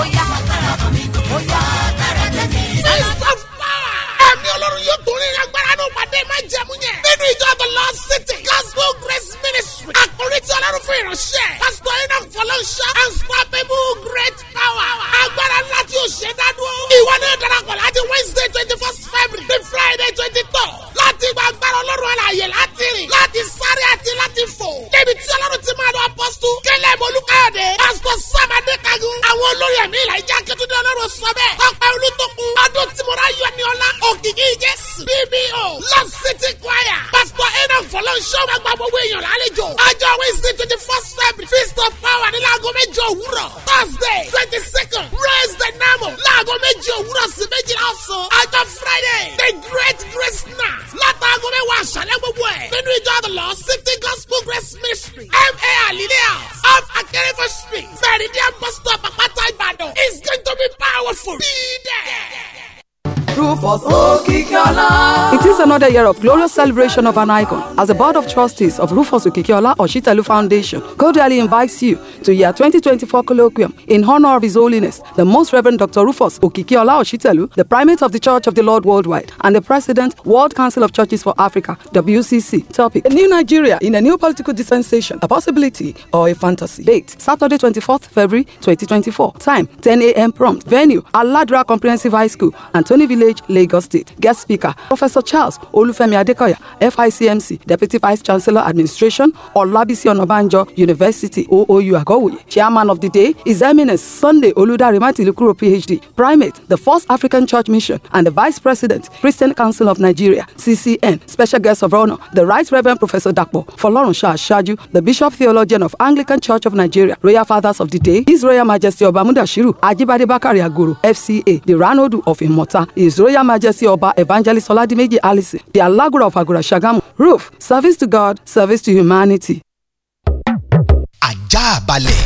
ó yá ó yá. Taste of power. Ẹ̀mí olórí yóò torí agbára náà pàdé The Lost City Gospel Grace Ministry ministry. àkórí tí ọlọ́run fún ìránṣẹ́. pásítọ̀ iná fọlọ́nṣẹ́. unstoppable great power. agbára ńlá tí o ṣe dádúró. ìwọ náà darapọ̀ láti wednesday twenty first february to friday twenty third. láti gba agbára ọlọ́run àlàyé láti rìn. láti sáré àti láti fò. débi tí ọlọ́run ti máa lọ apọ́sítù. kẹlẹ́ mọ́lúkáyọ̀dé. pásítọ̀ sàmàdé kagun. àwọn olórí ẹ̀mí ìlà ìjà kẹtùdé ọlọ́run sọ bẹ́ẹ̀. ọ̀pẹ olùtọ́kùn. ọdún tìmọ̀rá yọ ní ọlá. òkìkí jésù. bbo love city choir. pásítọ̀ iná fọlọ́nṣẹ́ máa gba gbogbo èèyàn lálejò ọjọ́ wednesday twenty first february feast of power ní láago méje òwúrọ̀ thursday twenty second praise the name of láago méje òwúrọ̀ sí méjìlá ọ̀sán ọjọ́ friday the great grace night látàgọ́ mẹ́wàá àṣálẹ́ gbogbo ẹ̀ nínú ìjọ àdàlọ́ city gospel grace ministry ma alilea of akérèfọ́ street meridian bus stop àpáta ìbàdàn is going to be powerful be there. Rufus Okikiola. It is another year of glorious celebration of an icon. As the Board of Trustees of Rufus Okikiola Oshitalu Foundation cordially invites you to year 2024 colloquium in honor of His Holiness, the Most Reverend Dr. Rufus Okikiola Oshitalu, the Primate of the Church of the Lord Worldwide and the President, World Council of Churches for Africa, WCC. Topic: A new Nigeria in a new political dispensation, a possibility or a fantasy. Date: Saturday, 24th February 2024. Time: 10 a.m. Prompt. Venue: Aladra Comprehensive High School, Anthony Village. Village, Lagos State. Guest speaker Professor Charles Olufemi Adekoya, FICMC, Deputy Vice Chancellor Administration, Olabisi Onabanjo University, OOU Agowoye. Chairman of the day is Eminence Sunday Oludarima Tilukuro PhD, Primate, the First African Church Mission, and the Vice President, Christian Council of Nigeria, CCN. Special guest of honor, the Right Reverend Professor Dakbo Fọlọ́run Ṣáṣáájú, the Bishop Theologian of Anglican Church of Nigeria, Royal Fathers of the Day, His Royal Majesty Obamudashiru Ajibade Bakari Agoro, FCA, the Ranodu of Imota, is His Royal Majesty Oba Evangelist Oladimeji Allison, the Alagora of Agora Shagamu. Roof, service to God, service to humanity. Ajabale. balẹ̀.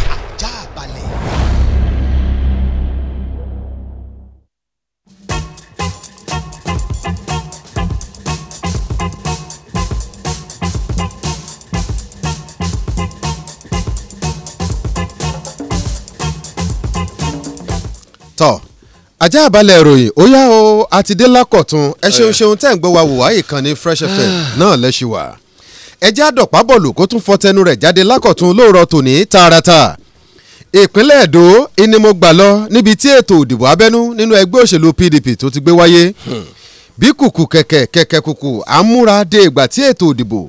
tọ́ ajá àbálẹ̀ ìròyìn ó yá o àti dé lákọ̀tún ẹ ṣeun ṣeun tẹ́ ń gbọ́ wa wò wá ìkànnì fresh fm náà lẹ́ṣin wà ẹjẹ́ àdọ̀pá bọ̀lù kó tún fọtẹnu rẹ̀ jáde lákọ̀tún lóòrọ̀ tòní tààràtà ìpínlẹ̀ èdò ni mo gbà lọ níbi tí ètò òdìbò abẹ́nú nínú ẹgbẹ́ òṣèlú pdp tó ti gbé wáyé hmm. bí kùkù kẹ̀kẹ́ kẹ̀kẹ́ kùkù àmúra dé ìgbà tí ètò òdìbò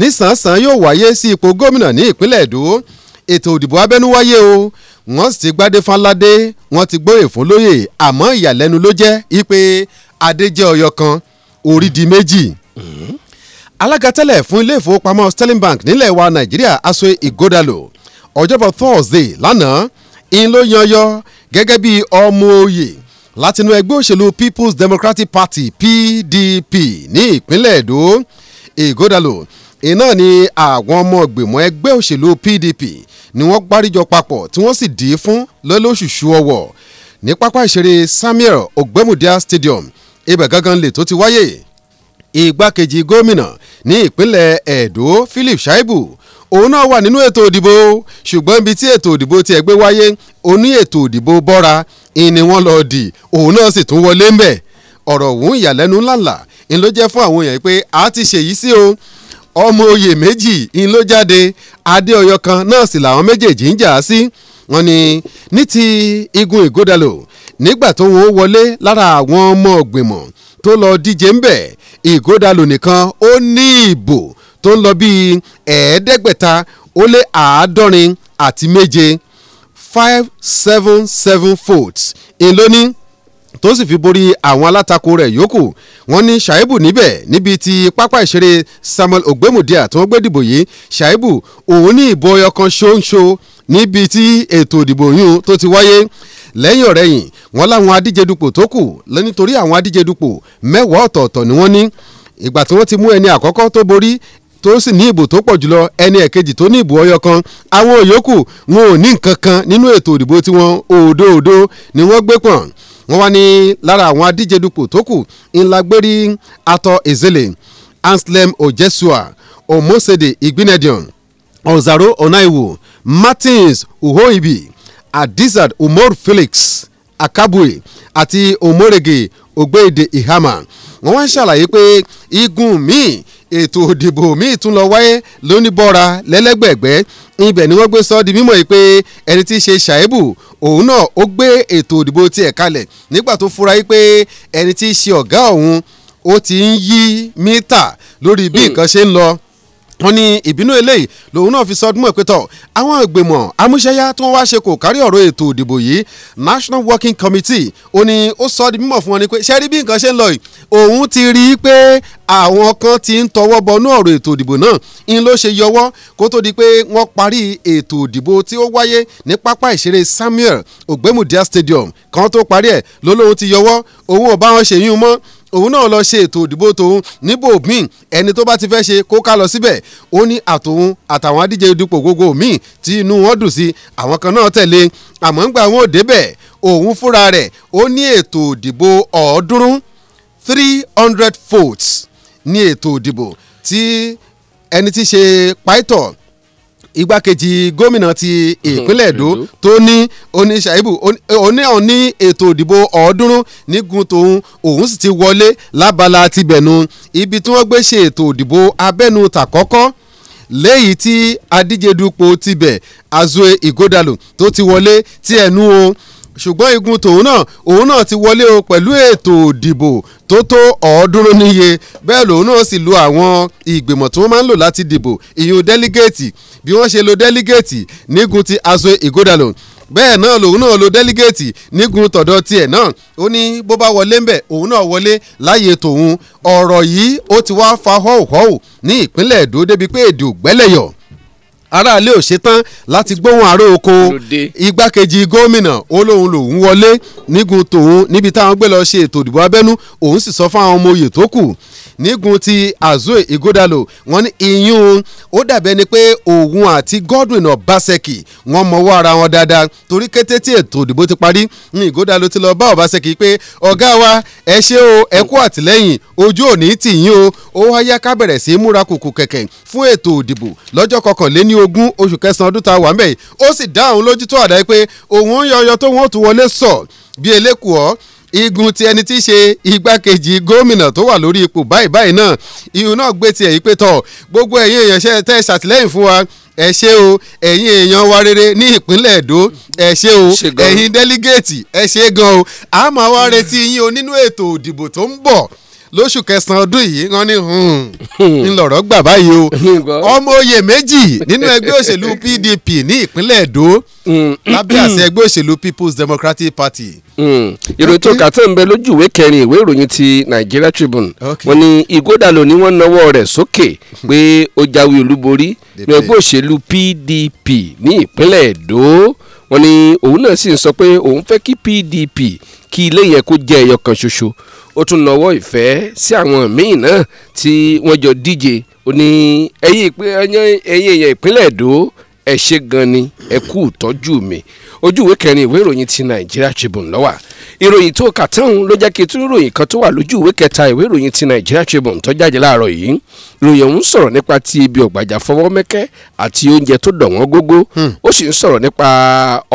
nísànsán yóò wáyé sí ipò gómìnà ní ìpínlẹ̀ èdò ètò òdìbò abẹ́nú wáyé o wọ́n sì ti gbádé fáládé wọ́n ti gbóyè fún lóyè àmọ́ ìyàlẹ́nu ló jẹ́ ipe adé jẹ́ ọyọ kan orí di méjì. Hmm. alága tẹ́lẹ̀ fún ilé ìfowópamọ́ sterling bank nílẹ̀ wa nàìjíríà asoe igodalo ọjọ́bọ̀ thursday lánàá in ló yanyọ gẹ́gẹ́ bí ọmọ oyè látinú ẹgbẹ́ òṣèlú people's democratic party pdp ní ìpínlẹ̀ èdò igodalo iná ni àwọn ọmọ ìgbìmọ̀ ẹgbẹ́ òṣèlú pdp ni wọ́n gbáríjọ papọ̀ tí wọ́n sì dì í fún lọ́lọ́ṣùṣù ọwọ̀ ní pápá ìṣeré Samuel Ogbemudia Stadium ibẹ̀ gangan lè tó ti wáyé igbákejì gómìnà ní ìpínlẹ̀ Ẹdó Philip Shaibu òun náà wà nínú ètò òdìbò ṣùgbọ́n ibi tí ètò òdìbò ti ẹgbẹ́ wáyé oní ètò òdìbò bọ́ra ìní wọn lọ dì òun náà sì tún wọlé ń bẹ̀ ọ̀rọ̀ òun ìyàlẹ́nu ńláńlá ń ló jẹ́ fún àwọn èèyàn pé a ti ṣèyí sí o ọmọ oyè méjì ń ló jáde adéọyọ kan náà sì làwọn méjèèjì ń jà á sí wọ́n ní ní ti igun ìgódàlò nígbà tó wọn ó wọlé lára àwọn ọmọ ọ̀gbìmọ̀ tó lọ díje ńbẹ̀ ìgódàlò nìkan ó ní ìbò tó ń lọ bíi ẹ̀ẹ́dẹ́gbẹ̀ta ó lé àádọ́rin àti méje five seven seven votes ń lóní tó sì fi borí àwọn alátakò rẹ̀ yòókù wọ́n ní Shaibu níbẹ̀ níbi ti pápá ìṣeré Samuel Ogbemudia tí wọ́n gbé dìbò yìí Shaibu òun ní ìbò ọyọ kan ṣoṣo níbi tí ètò ìdìbò yún tó ti wáyé lẹ́yìn ọ̀rẹ́yìn wọ́n láwọn adíjedupò tó kù nítorí àwọn adíjedupò mẹ́wàá ọ̀tọ̀ọ̀tọ̀ ni wọ́n ní ìgbà tí wọ́n ti mú ẹni àkọ́kọ́ tó borí tó sì ní ìbò tó pọ̀ jùlọ ẹni ẹ̀kejì tó ní ìbò ọyọ kan àwọn yòókù wọn ò ní nǹkan kan nínú ètò ìdìbò tiwọn òdo ni wọ́n gbé pọ̀n wọ́n wá ní lára àwọn adíjedupò tó kù ńlágbérí atọ ezele anslem ojesua omosede igbinedion ọ̀zàrò ọ̀nàìwò martins uhoibi adizad umar felix akabue àti omorege ògbéèdè ihama wọ́n wá ń ṣàlàyé pé igun míì ètò òdìbò míì tún lọ wáyé lónìbọ́ra lẹ́lẹ́gbẹ̀gbẹ́ ibẹ̀ ni wọ́n gbé sọ di mímọ̀ yìí pé ẹni tí í ṣe ṣàìbù òun náà ó gbé ètò òdìbò tiẹ̀ kalẹ̀ nígbà tó fura yìí pé ẹni tí í ṣe ọ̀gá òun ó ti ń yí mítà lórí bí hmm. nǹkan ṣe ń lọ wọ́n ní ìbínú eléyìí lòun náà fi sọdún mọ̀ pé tọ̀ àwọn ìgbìmọ̀ amúṣẹ́yá tí wọ́n wá ṣe kò kárí ọ̀rọ̀ ètò ìdìbò yìí National Working Committee ó ní ó sọ di mímọ̀ fún wọn ni pé ṣẹ́rí bí nǹkan ṣe ń lọ yìí òun ti rí i pé àwọn kan ti ń tọwọ́ bọnú ọ̀rọ̀ ètò ìdìbò náà ń ló ṣe yọwọ́ kó tó di pé wọ́n parí ètò ìdìbò tí ó wáyé ní pápá ìṣeré Samuel Ogbemudia Stadium kan tó parí ẹ̀ lólóhun ti yọwọ́ òun ò bá wọn ṣèyún mọ́ òun náà lọ ṣe ètò òdìbò tòun níbò míì ẹni tó bá ti fẹ́ ṣe kó ká lọ síbẹ̀ ó ní àtòun àtàwọn adíje dupò gbogbo míì tí inú wọn dùn sí àwọn kan náà tẹ̀lé àmọ́ ńgbà wọn ò débẹ̀ òun fúnra rẹ̀ ó ní ètò òdìbò ọ̀ọ́dúnrún three hundred votes ní ètò òdìbò tí ẹni tí ṣe pító igbákejì gómìnà ti ìpínlẹ̀ èdò tó ní oníṣàìbù oníhàn ní ètò ìdìbò ọ̀ọ́dúnrún nígun tòun òun sì ti wọlé lábala tibẹ̀nu ibi tí wọ́n gbé ṣe ètò ìdìbò abẹ́nu tàkọ́kọ́ léyìí tí adíjedupò tibẹ̀ Azue Igodalo tó ti wọlé tí ẹnu o ṣùgbọ́n igun tòun náà òun náà ti wọlé o pẹ̀lú ètò òdìbò tó tó ọ̀ọ́dúnrún níye bẹ́ẹ̀ lòun náà sì lu àwọn ìgbìmọ̀ tí máa ń lò láti dìbò ìyún délígéètì bí wọ́n ṣe lo délígéètì nígun ti aso ìgòdàlò bẹ́ẹ̀ náà lòun náà lo délígéètì nígun tọ̀dọ̀ tiẹ̀ náà ó ní bó bá wọlé ń bẹ̀ òun náà wọlé láàyè tòun ọ̀rọ̀ yìí ó ti wá fa họ́wùhọ́wù ní ìpínlẹ̀ èdò débi pé èdè ògbẹ́lẹ̀yọ̀ aráalé ò ṣetán láti gbóhùn àárò oko igbákejì gómìnà olóhùn lòún wọlé nígun tòun níbi táwọn gbé lọ ṣe ètò ìdìbò abẹ́nú òun sì sọ fáwọn ọmọ òye tó kù nígun ti azoe igodalo wọn ní iyún ó dàbẹ́ ni pé òun àti Godwin Obaseki wọn mọwọ́ ara wọn dáadáa torí kété tí ètò ìdìbò ti parí ní igodalo ti lọ bá Obaseki pé ọ̀gá wa ẹ ṣe o ẹ kú àtìlẹ́yìn ojú òní tì yín o ó wáyá ká bẹ̀rẹ̀ sí í múra kùkù kẹ̀kẹ́ fún ètò ìdìbò lọ́jọ́ kọkànléní ogún oṣù kẹsàn-án ọdún tá a wà ń bẹ̀ yìí ó sì dá òun lójú tó àdáyé pé òun ń yọyọ tó wọn tún wọlé sọ bí elékùọ́ igun ti ẹni tí í ṣe igbákejì gómìnà tó wà lórí ipò báyìí báyìí náà ìhun náà gbé tiẹ̀ yìí pé tọ̀ gbogbo ẹ̀yin èèyàn ṣe tẹ́ ṣàtìlẹ́yìn fún wa ẹ ṣé o ẹ̀yin èèyàn wa rere ní ìpínlẹ̀ èdò ẹ ṣé o ẹ̀yin délígéètì ẹ ṣé gan o a máa wá retí yín o nínú ètò òdìbò tó ń bọ̀ lóṣù kẹsàn-án ọdún yìí wọ́n ní hmm, hmm. ńlọrọ̀ gbà báyìí o ọmọ oyè méjì nínú ẹgbẹ́ òṣèlú PDP ní ìpínlẹ̀ Èdó hmm. lábẹ́ àṣẹ ẹgbẹ́ òṣèlú People's Democratic Party. ìròyìn tó kà tó ń bẹ lójú ìwé kẹrin ìwé ìròyìn ti Nigeria Tribune wọ́n ní Ighodalo ni wọ́n nawọ́ rẹ̀ sókè pé ó jáwé olúborí ní ẹgbẹ́ òṣèlú PDP ní ìpínlẹ̀ Èdó wọ́n ní òun náà sì ń sọ pé òun fẹ́ kí PDP kí ilé yẹn kó jẹ́ ẹyọ kan ṣoṣo ó tún lọ́wọ́ ìfẹ́ sí àwọn míì náà tí wọ́n jọ díje ó ní ẹ̀yin èèyàn ìpínlẹ̀ èdò ẹ ṣé gan ni ẹ kú ìtọ́jú mi ojú ìwé kẹrin ìwé ìròyìn ti Nàìjíríà Tribune ló ìròyìn tó kà tán ló jẹ́ kí tún ìròyìn kan tó wà lójú ìwé kẹta ìwé ìròyìn ti Nigeria Tribune tó jáde láàárọ̀ yìí ìròyìn ọ̀hún sọ̀rọ̀ nípa ti ibi ọ̀gbàjà fọwọ́ mẹ́kẹ́ àti oúnjẹ tó dọ̀wọ́n gógó hmm. ó sì ń sọ̀rọ̀ nípa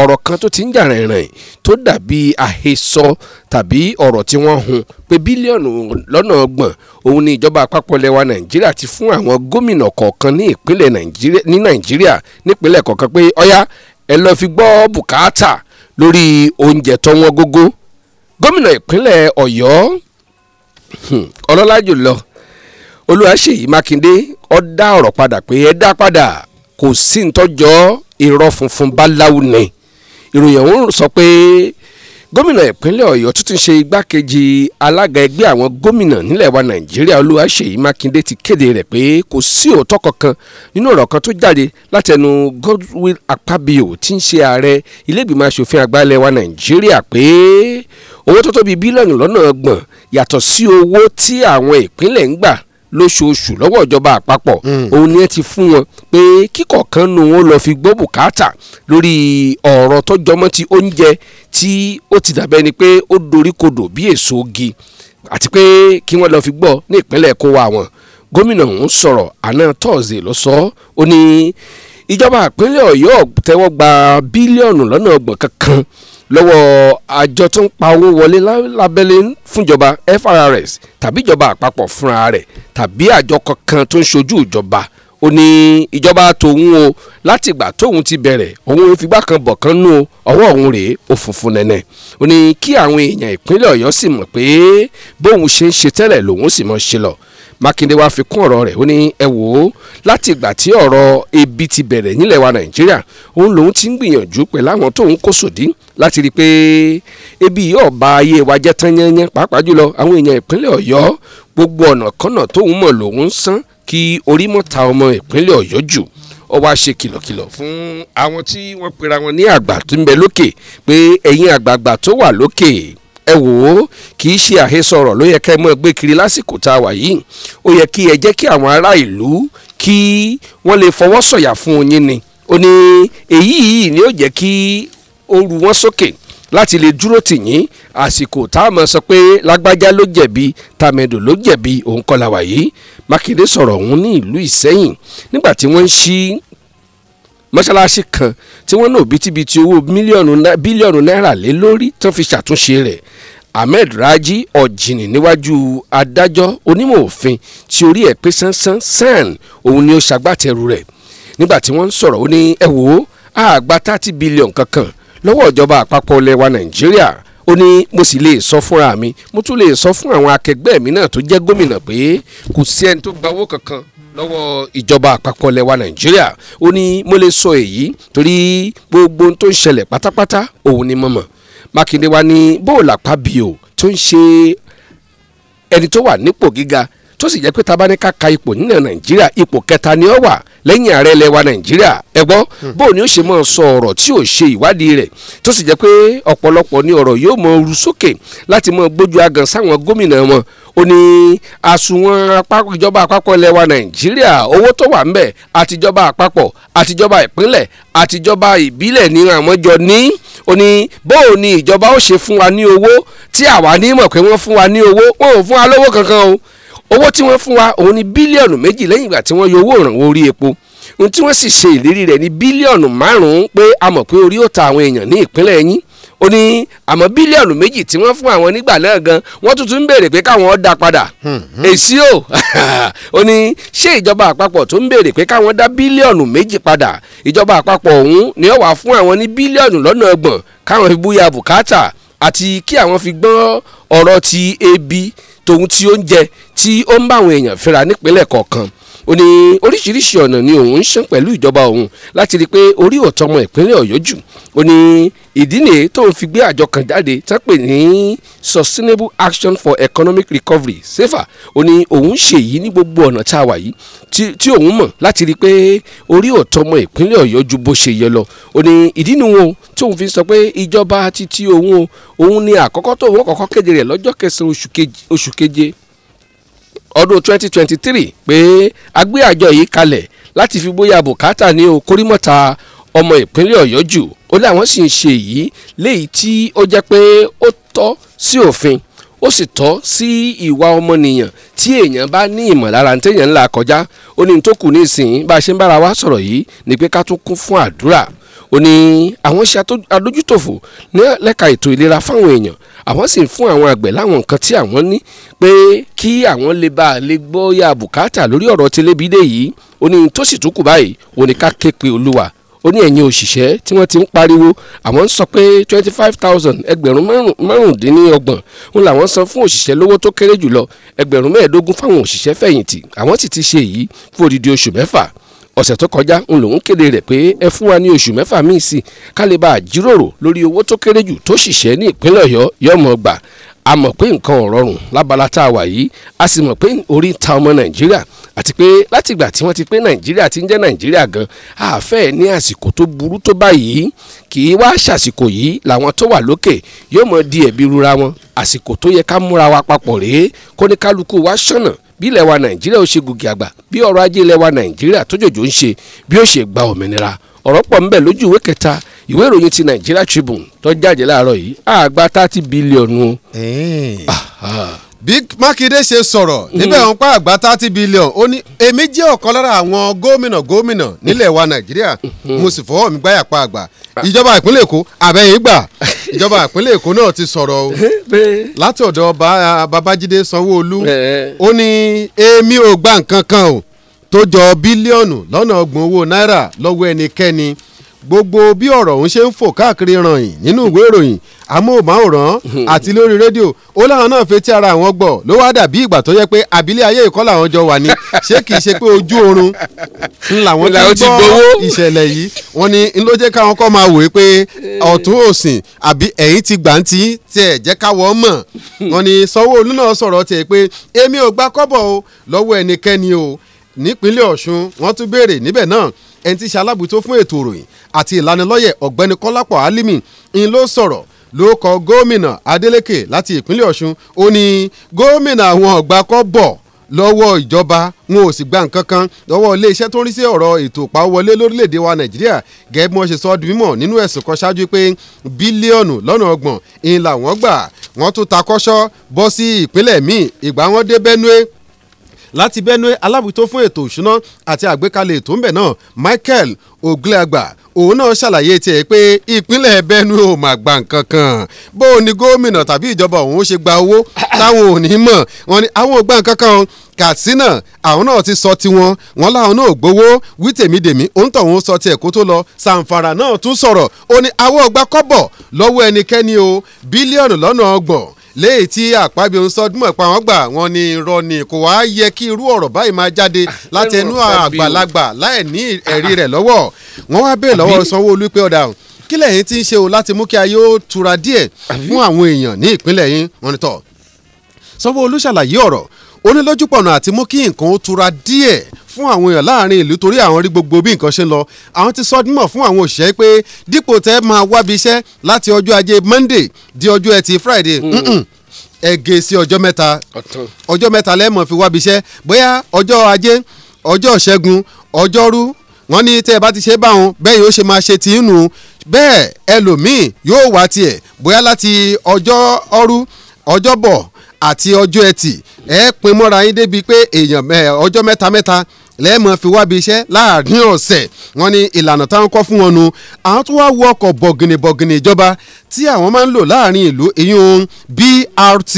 ọ̀rọ̀ kan tó ti ń jà rìnrìn tó dàbí àhesọ tàbí ọ̀rọ̀ tí wọ́n hun pé bílíọ̀nù lọ́nà ọgbọ̀n òun ni ìjọba àpapọ̀ lẹwa nàìjíríà ti fún àwọn gómìnà kọ̀ọ̀kan ní ìpínlẹ̀ ní nàìjíríà nípínlẹ̀ kọ̀ọ̀kan pé ọ̀yá ẹ lọ́ọ́ fi gbọ́ bùkátà lórí oúnjẹ tó wọ́n gógó gómìnà ìpínlẹ̀ ọ̀yọ́ hmm, ọlọ́lá jùlọ olúwaṣèyí mákindé ó dá ọ̀rọ̀ padà pé ẹ dá padà kò sí ntọ́jọ́ irọ́ funfun báláwo ni ìròyìn ọ̀hún sọ pé gómìnà ìpínlẹ̀ ọ̀yọ́ tún ti ṣe igbákejì alága ẹgbẹ́ àwọn gómìnà nílẹ̀ wa nàìjíríà olúwaṣèyí mákindé ti kéde rẹ̀ pé kò sí òótọ́ kankan nínú ọ̀rọ̀ kan tó jáde látẹnu godwill akpabio tí ń ṣe ààrẹ ilé ìgbìmọ̀ asòfin àgbà ilẹ̀ wa nàìjíríà pé owó tó tóbi bílíọ̀nù lọ́nà ọgbọ̀n yàtọ̀ sí owó tí àwọn ìpínlẹ̀ ń gbà lóṣooṣù lọ́wọ́ ìjọba àpapọ̀ hmm. òun ni ẹ ti fún wọn pé kíkọ̀ọ̀kan nu wọn lọ fi gbọ́ bùkátà lórí ọ̀rọ̀ tó jọmọ́ ti oúnjẹ tí ó ti dàbẹ́ ni pé ó doríkodò bí èso gi àti pé kí wọ́n lọ fi gbọ́ ní ìpínlẹ̀ kó wa wọn gómìnà ọ̀hún sọ̀rọ̀ àná tọ́ọ̀sì ló ó ní ìjọba ìpínlẹ̀ ọ̀yọ́ tẹ́wọ́ gba bílíọ̀nù lọ́nà ọgbọ̀n kankan lọ́wọ́ àjọ tó ń pa owó wọlé lábẹ́lé fúnjọba FRS tàbí ìjọba àpapọ̀ fúnra rẹ̀ tàbí àjọ kankan tó ń ṣojú ìjọba ó ní ìjọba tòun o láti ìgbà tóun ti bẹ̀rẹ̀ òun fìgbà kan bọ̀ kan nú ọwọ́ òun rèé ó funfun nẹ́nẹ́ ó ní kí àwọn èèyàn ìpínlẹ̀ ọ̀yọ́ sì mọ̀ pé bóun ṣe ń ṣe tẹ́lẹ̀ lòun sì mọ̀ ṣe lọ Mákindé wá fi kún ọ̀rọ̀ rẹ̀ ó ní ẹ wò ó láti ìgbà tí ọ̀rọ̀ ebi ti bẹ̀rẹ̀ nílẹ̀ wa Nàìjíríà òun lòun ti ń gbìyànjú pẹ̀lú àwọn tóun kó sòdí láti rí i pé ebi yóò ba ayé wa jẹ́ tán yẹ́nyẹ́ pàápàá jùlọ àwọn èèyàn ìpínlẹ̀ Ọ̀yọ́ gbogbo ọ̀nà kọ́nà tóun mọ̀ lòun ń san kí orí mọ́ ta ọmọ ìpínlẹ̀ Ọ̀yọ́ jù ó wá ṣe kìlọ̀kìlọ̀ fún àwọn tí wọ́n pera wọn ní àgbà tó ń bẹ lókè pé ẹ̀yin àgbààgbà tó wà lókè ẹ wò ó kì í ṣe àhesọ̀rọ̀ ló yẹ ká ẹ mọ́ gbé kiri lásìkò tá a wà yìí ó yẹ kí ẹ jẹ́ kí àwọn ará ìlú kí wọ́n lè fọwọ́ sọ̀yà fún yín ni ó ní èyí yìí ni ó jẹ́ kí ó ru wọ́n sókè láti lè dúró tì yín àsìkò tá a mọ̀ sọ pé lágbájá ló jẹ̀bi tàmẹ̀dò ló jẹ̀bi òun kọ́ la wà yìí mákindé sọ̀rọ̀ òun ní ìlú ìsẹ́yìn nígbà tí wọ́n ń ṣí mọ́ṣáláṣí kan tí wọ́n ná òbítíbitì owó bílíọ̀nù náírà lé lórí tó fi ṣàtúnṣe rẹ̀ ahmed raji ọ̀jìnì níwájú adájọ́ onímọ̀ òfin tí orí ẹ̀ pé sánsán san òun ni ó ṣagbátẹrù rẹ̀ nígbà tí wọ́n ń sọ̀rọ̀ ó ní ẹ àgbà thirty billion kankan lọ́wọ́ ìjọba àpapọ̀ ilẹ̀ wa nàìjíríà ó ní mo sì lè sọ fúnra mi mo tún lè sọ fún àwọn akẹgbẹ́ mi náà tó jẹ́ gómìnà pé kò sí ẹni tó gba owó kankan lọ́wọ́ ìjọba àpapọ̀ lẹwa nàìjíríà ó ní mo lè sọ èyí torí gbogbo ohun tó ń ṣẹlẹ̀ pátápátá òun ni mo mọ̀ Mákindé wá ní bóòlù àpábíò tó ń ṣe ẹni tó wà nípò gíga tó sì jẹ́ pé tabaníkà ka ipò nílẹ̀ nàìjíríà ipò kẹta ni ó wà lẹ́yìn ààrẹ ilẹ̀ wa nàìjíríà ẹ gbọ́ hmm. bó ni ó ṣe máa sọ ọ̀rọ̀ tí ò ṣe ìwádìí rẹ̀ tó sì jẹ́ pé ọ̀pọ̀lọpọ̀ ni ọ̀rọ̀ yóò mọ oru sókè láti mọ gbójú agan sáwọn gómìnà wọn ó ní àsùnwọ̀n ìjọba àpapọ̀ ilẹ̀ wa nàìjíríà owó tó wà ńbẹ̀ àtijọba àpapọ̀ àtijọba ìpínlẹ̀ àtijọba ìbílẹ̀ ni àwọn jọ ní ó ní bóò ni ìjọba ó ṣe fún wa ní owó tí àwa ní mọ̀ pé wọ́n fún wa ní owó wọn ò fún wa lówó kankan o owó tí wọ́n fún wa òun ni bílíọ̀nù méjì lẹ́yìn ìgbà tí wọ́n yọ owó ìrànwọ́ orí epo ohun tí wọ́n sì ṣe ìlérí rẹ̀ ní bílíọ̀nù márùn-ún pé a mọ̀ pé orí ó ta àwọn èèyàn ní ìpínlẹ̀ yín ó ní àmọ́ bílíọ̀nù méjì tí wọ́n fún àwọn nígbà náà gan wọ́n tuntun ń béèrè pé káwọn dá padà hmm. èsì o ó ní ṣé ìjọba àpapọ̀ tó ń béèrè pé káwọn dá bílíọ̀nù méjì padà ìjọba àpapọ̀ ọ̀hún ni ó wà fún àwọn ní bílíọ̀nù lọ́nà ọgbọ̀n káwọn fi búya bùkátà àti kí àwọn fi gbọ́n ọ̀rọ̀ ti ebi tòun tí ó ń jẹ tí ó ń bá àwọn èèyàn fínra nípínlẹ̀ kọ̀ọ̀kan ó ní oríṣiríṣi ọ̀nà ni òun ń ṣe pẹ̀lú ìjọba òun láti rí i pé orí òótọ́ ọmọ ìpínlẹ̀ ọ̀yọ́ jù ó ní ìdí nìyí tóun fi gbé àjọ kan jáde tán pè ní sustainable action for economic recovery sefa ó ní òun ṣe èyí ní gbogbo ọ̀nà tá a wà yìí tí òun mọ̀ láti rí i pé orí òótọ́ ọmọ ìpínlẹ̀ ọ̀yọ́ ju bó ṣe yẹ lọ ó ní ìdí nu wọn tóun fi sọ pé ìjọba ti ti òun òun ni àkọ́kọ́ tóun kọ́kọ́ kéde rẹ̀ lọ́jọ́ kẹsàn-án oṣù keje ọdún 2023 pé a gbé àjọ yìí kalẹ̀ láti fi bóyá bùkátà ní okòrímọ̀ta ọmọ ìpínlẹ̀ ọ̀yọ́ jù ó láwọn sì ń ṣe èyí léyìí tí ó jẹ́ pé ó tọ́ sí òfin ó sì tọ́ sí ìwà ọmọnìyàn tí èèyàn bá ní ìmọ̀lára ní téèyàn ńlá kọjá ó ní tó kù ní ìsìn bá a ṣe ń bára wa sọ̀rọ̀ yìí ni pé ká tún kún fún àdúrà ó ní àwọn ṣe adójútòfò ní lẹ́ka ètò ìlera fáwọn èèyàn àwọn sì ń fún àwọn àgbẹ̀ láwọn nǹkan tí àwọn ní pé kí àwọn lè bá a lè gbọ́yà bùkátà lórí ọ̀rọ̀ tẹlẹ́bídé yìí ó ní tó sì tún kù báyìí ó ká ké pe olúwa ó ní òṣìṣẹ́ tí wọ́n ti ń pariwo àwọn ń sọ pé twenty five thousand ẹgbẹ̀rún márùndínlọ́gbọ̀n ń làwọn san fún òṣìṣẹ́ lówó tó kéré jùlọ ẹgbẹ̀rún mẹ́ẹ̀ẹ́dógún fáwọn òṣìṣẹ́ fẹ̀yìntì àwọn sì ti ṣe èyí fún odidi oṣù mẹ́fà ọ̀sẹ̀ tó kọjá ń lòún kéde rẹ̀ pé ẹ fún wa ní oṣù mẹ́fà míì sí ká lè bá a jíròrò lórí owó tó kéré jù tó ṣìṣẹ́ ní ìpínlẹ̀ ọ̀yọ́ yọmọ gbà a mọ̀ pé nǹkan ò rọrùn lábala tá a wà yìí a sì mọ̀ pé orí ta ọmọ nàìjíríà àti pé látìgbà tí wọ́n ti pé nàìjíríà ti ń jẹ́ nàìjíríà gan àfẹ́ ní àsìkò tó burú tó báyìí kì í wá ṣàsìkò yìí làwọn tó wà lókè yóò mọ di ẹ̀bi rura wọn àsìkò tó yẹ ká múra wa papọ̀ rèé kóníkálukú wa ṣọ̀nà bí ilẹ̀ wa nàìjíríà ó ṣe gòkè àgbà bí ọrọ̀ ajé ilẹ̀ wa nàìjíríà tójòjò ń ṣe bí ó ṣe gba òmìnira ọ̀rọ̀ pọ̀ ńbẹ̀ lójú ìwé kẹta ìwé ìròyìn ti Nigeria Tribune tó jáde láàárọ̀ yìí àgbà thirty bílíọ̀nù bí mákindé ṣe sọ̀rọ̀ mhm. níbẹ̀ wọn pa àgbà thirty billion ó ní èmi jẹ́ ọ̀kan lára àwọn gómìnà gómìnà nílẹ̀ wa nàìjíríà mhm. mo sì fọwọ́ mi gbáyà pa àgbà ah. ìjọba ìpínlẹ̀ èkó àbẹ̀yìn gbà ìjọba ìpínlẹ̀ èkó náà ti sọ̀rọ̀ o láti ọ̀dọ̀ babájídé sanwó-olú ó ní èmi ò gba nǹkan kan o tó jọ bílíọ̀nù lọ́nà ọgbọ̀n owó náírà lọ́wọ́ ẹnikẹ́ni gbogbo bí ọ̀rọ̀ ọ̀hún ṣe ń fò káàkiri ràyìn nínú ìwé ìròyìn amóhùnmáwòrán àti lórí rédíò ó láwọn náà fetí ara àwọn gbọ́ ló wá dàbí ìgbà tó yẹ pé abilẹ̀ ayé ìkọ́ làwọn jọ wà ní ṣé kìí ṣe pé ojú oorun ń làwọn ti gbọ́ ìṣẹ̀lẹ̀ yìí wọ́n ní ń ló jẹ́ káwọn kọ́ máa wòye pé ọ̀tún òsìn àbí ẹ̀yìn ti gbà ń tí tẹ̀ jẹ́ káwọ́ mọ̀ wọ́n ní sanwó-olú náà sọ̀rọ̀ tiẹ̀ pé èmi ò gbà kọ́bọ̀ o lọ́wọ́ ẹnikẹ́ni o nípínlẹ̀ ọ̀ṣun wọ́n tún béèrè níbẹ̀ náà ẹni tí í ṣe alábùtó fún ètò ìròyìn àti ìlanilọ́yẹ̀ ọ̀gbẹ́ni kọ́lápọ̀ alimi ń ló sọ̀rọ̀ ló kọ gómìnà adeleke láti ìpínlẹ̀ ọ̀ṣun ó ní gómìnà àwọn ọ̀gbà kọ́ bọ̀ lọ́wọ́ ìjọba wọn ò sì gba nǹkan kan lọ́wọ́ iléeṣẹ́ tó ń rí sí ọ̀rọ̀ ètò ìpawọlé lórílẹ̀‐èdè wa nàìjíríà gẹ́gẹ́ bí wọ́n ṣe sọ ọ́ di mímọ̀ nínú ẹ̀sùn kan ṣáájú pé bílíọ̀nù lọ́nà ọgbọ̀n ìlà wọ́n gbà wọ́n tún takọ́ṣọ́ bọ́ sí ìpínlẹ̀ míì ìgbà wọn dé benue láti benue alábòójútó fún ètò òṣùná àti àgbékalẹ̀ ètò ńbẹ̀ náà michael ogleagba òun náà ṣàlàyé tiẹ̀ pé ìpínlẹ̀ benue ò mà gba nǹkan kan bó o ní gómìnà tàbí ìjọba òun ó ṣe gba owó táwọn ò ní mọ̀ wọn ni àwọn ò gba nǹkan kan katsina àwọn náà ti sọ tiwọn wọn láwọn náà gbowó wí tèmídèmí òun tọ̀ òun sọ tiẹ̀ kó tó lọ sàǹfàrà náà tún sọ̀rọ̀ ó ní àwọn ò gba kọ́bọ̀ lọ́wọ́ o bílíọ̀nù lọ́nà ọgbọ̀n léyìí tí àpábí ń sọdún mọ̀ pa wọ́n gbà wọ́n ní irọ́ ni kò wá yẹ kí irú ọ̀rọ̀ báyìí máa jáde ah, láti ẹnu àgbàlagbà láì ní ẹ̀rí rẹ̀ lọ́wọ́ wọ́n wá bèèrè lọ́wọ́ sanwó-olú pé ọ̀dà kí lẹ́yìn tí ń ṣe o láti mú kí ayé ó tura díẹ̀ fún àwọn èèyàn ní ìpínlẹ̀ yín wọ́n ní tọ̀ sanwó-olú ṣàlàyé ọ̀rọ̀ onílójúpọ̀nà àti mú kí nǹkan ó tura díẹ̀ fún àwọn èèyàn láàrin ìlú torí àwọn rí gbogbo bí nǹkan ṣe lọ àwọn ti sọ dímọ̀ fún àwọn òṣìṣẹ́ pé dípò tẹ́ máa wábi iṣẹ́ láti ọjọ́ ajé monday di ọjọ́ ẹtì friday mm. ẹ e sí ọjọ́ mẹ́ta ọjọ́ mẹ́ta lẹ́mọ̀ fi wábi iṣẹ́ bóyá ọjọ́ ajé ọjọ́ ṣẹ́gun ọjọ́rú wọ́n ní tẹ́ ẹ bá ti ṣe báwọn bẹ́ẹ̀ yóò ṣe máa ṣe tì í nù bẹ́ẹ̀ ẹlòmíì yóò wá tiẹ̀ bóyá láti ọjọ́ ọrú ọjọ́bọ̀ àti ọjọ́ ẹtì ẹ pin mọ́ra yín débi pé èèyàn ọjọ́ mẹ́ta mẹ́ta lẹ́ẹ̀mọ́ fi wábi iṣẹ́ láàrin ọ̀sẹ̀ wọ́n ní ìlànà táwọn kọ́ fún wọn nu àwọn tó wá wọ ọkọ̀ bọ̀gìnì bọ̀gìnì ìjọba tí àwọn máa ń lò láàrin ìlú ìyún BRT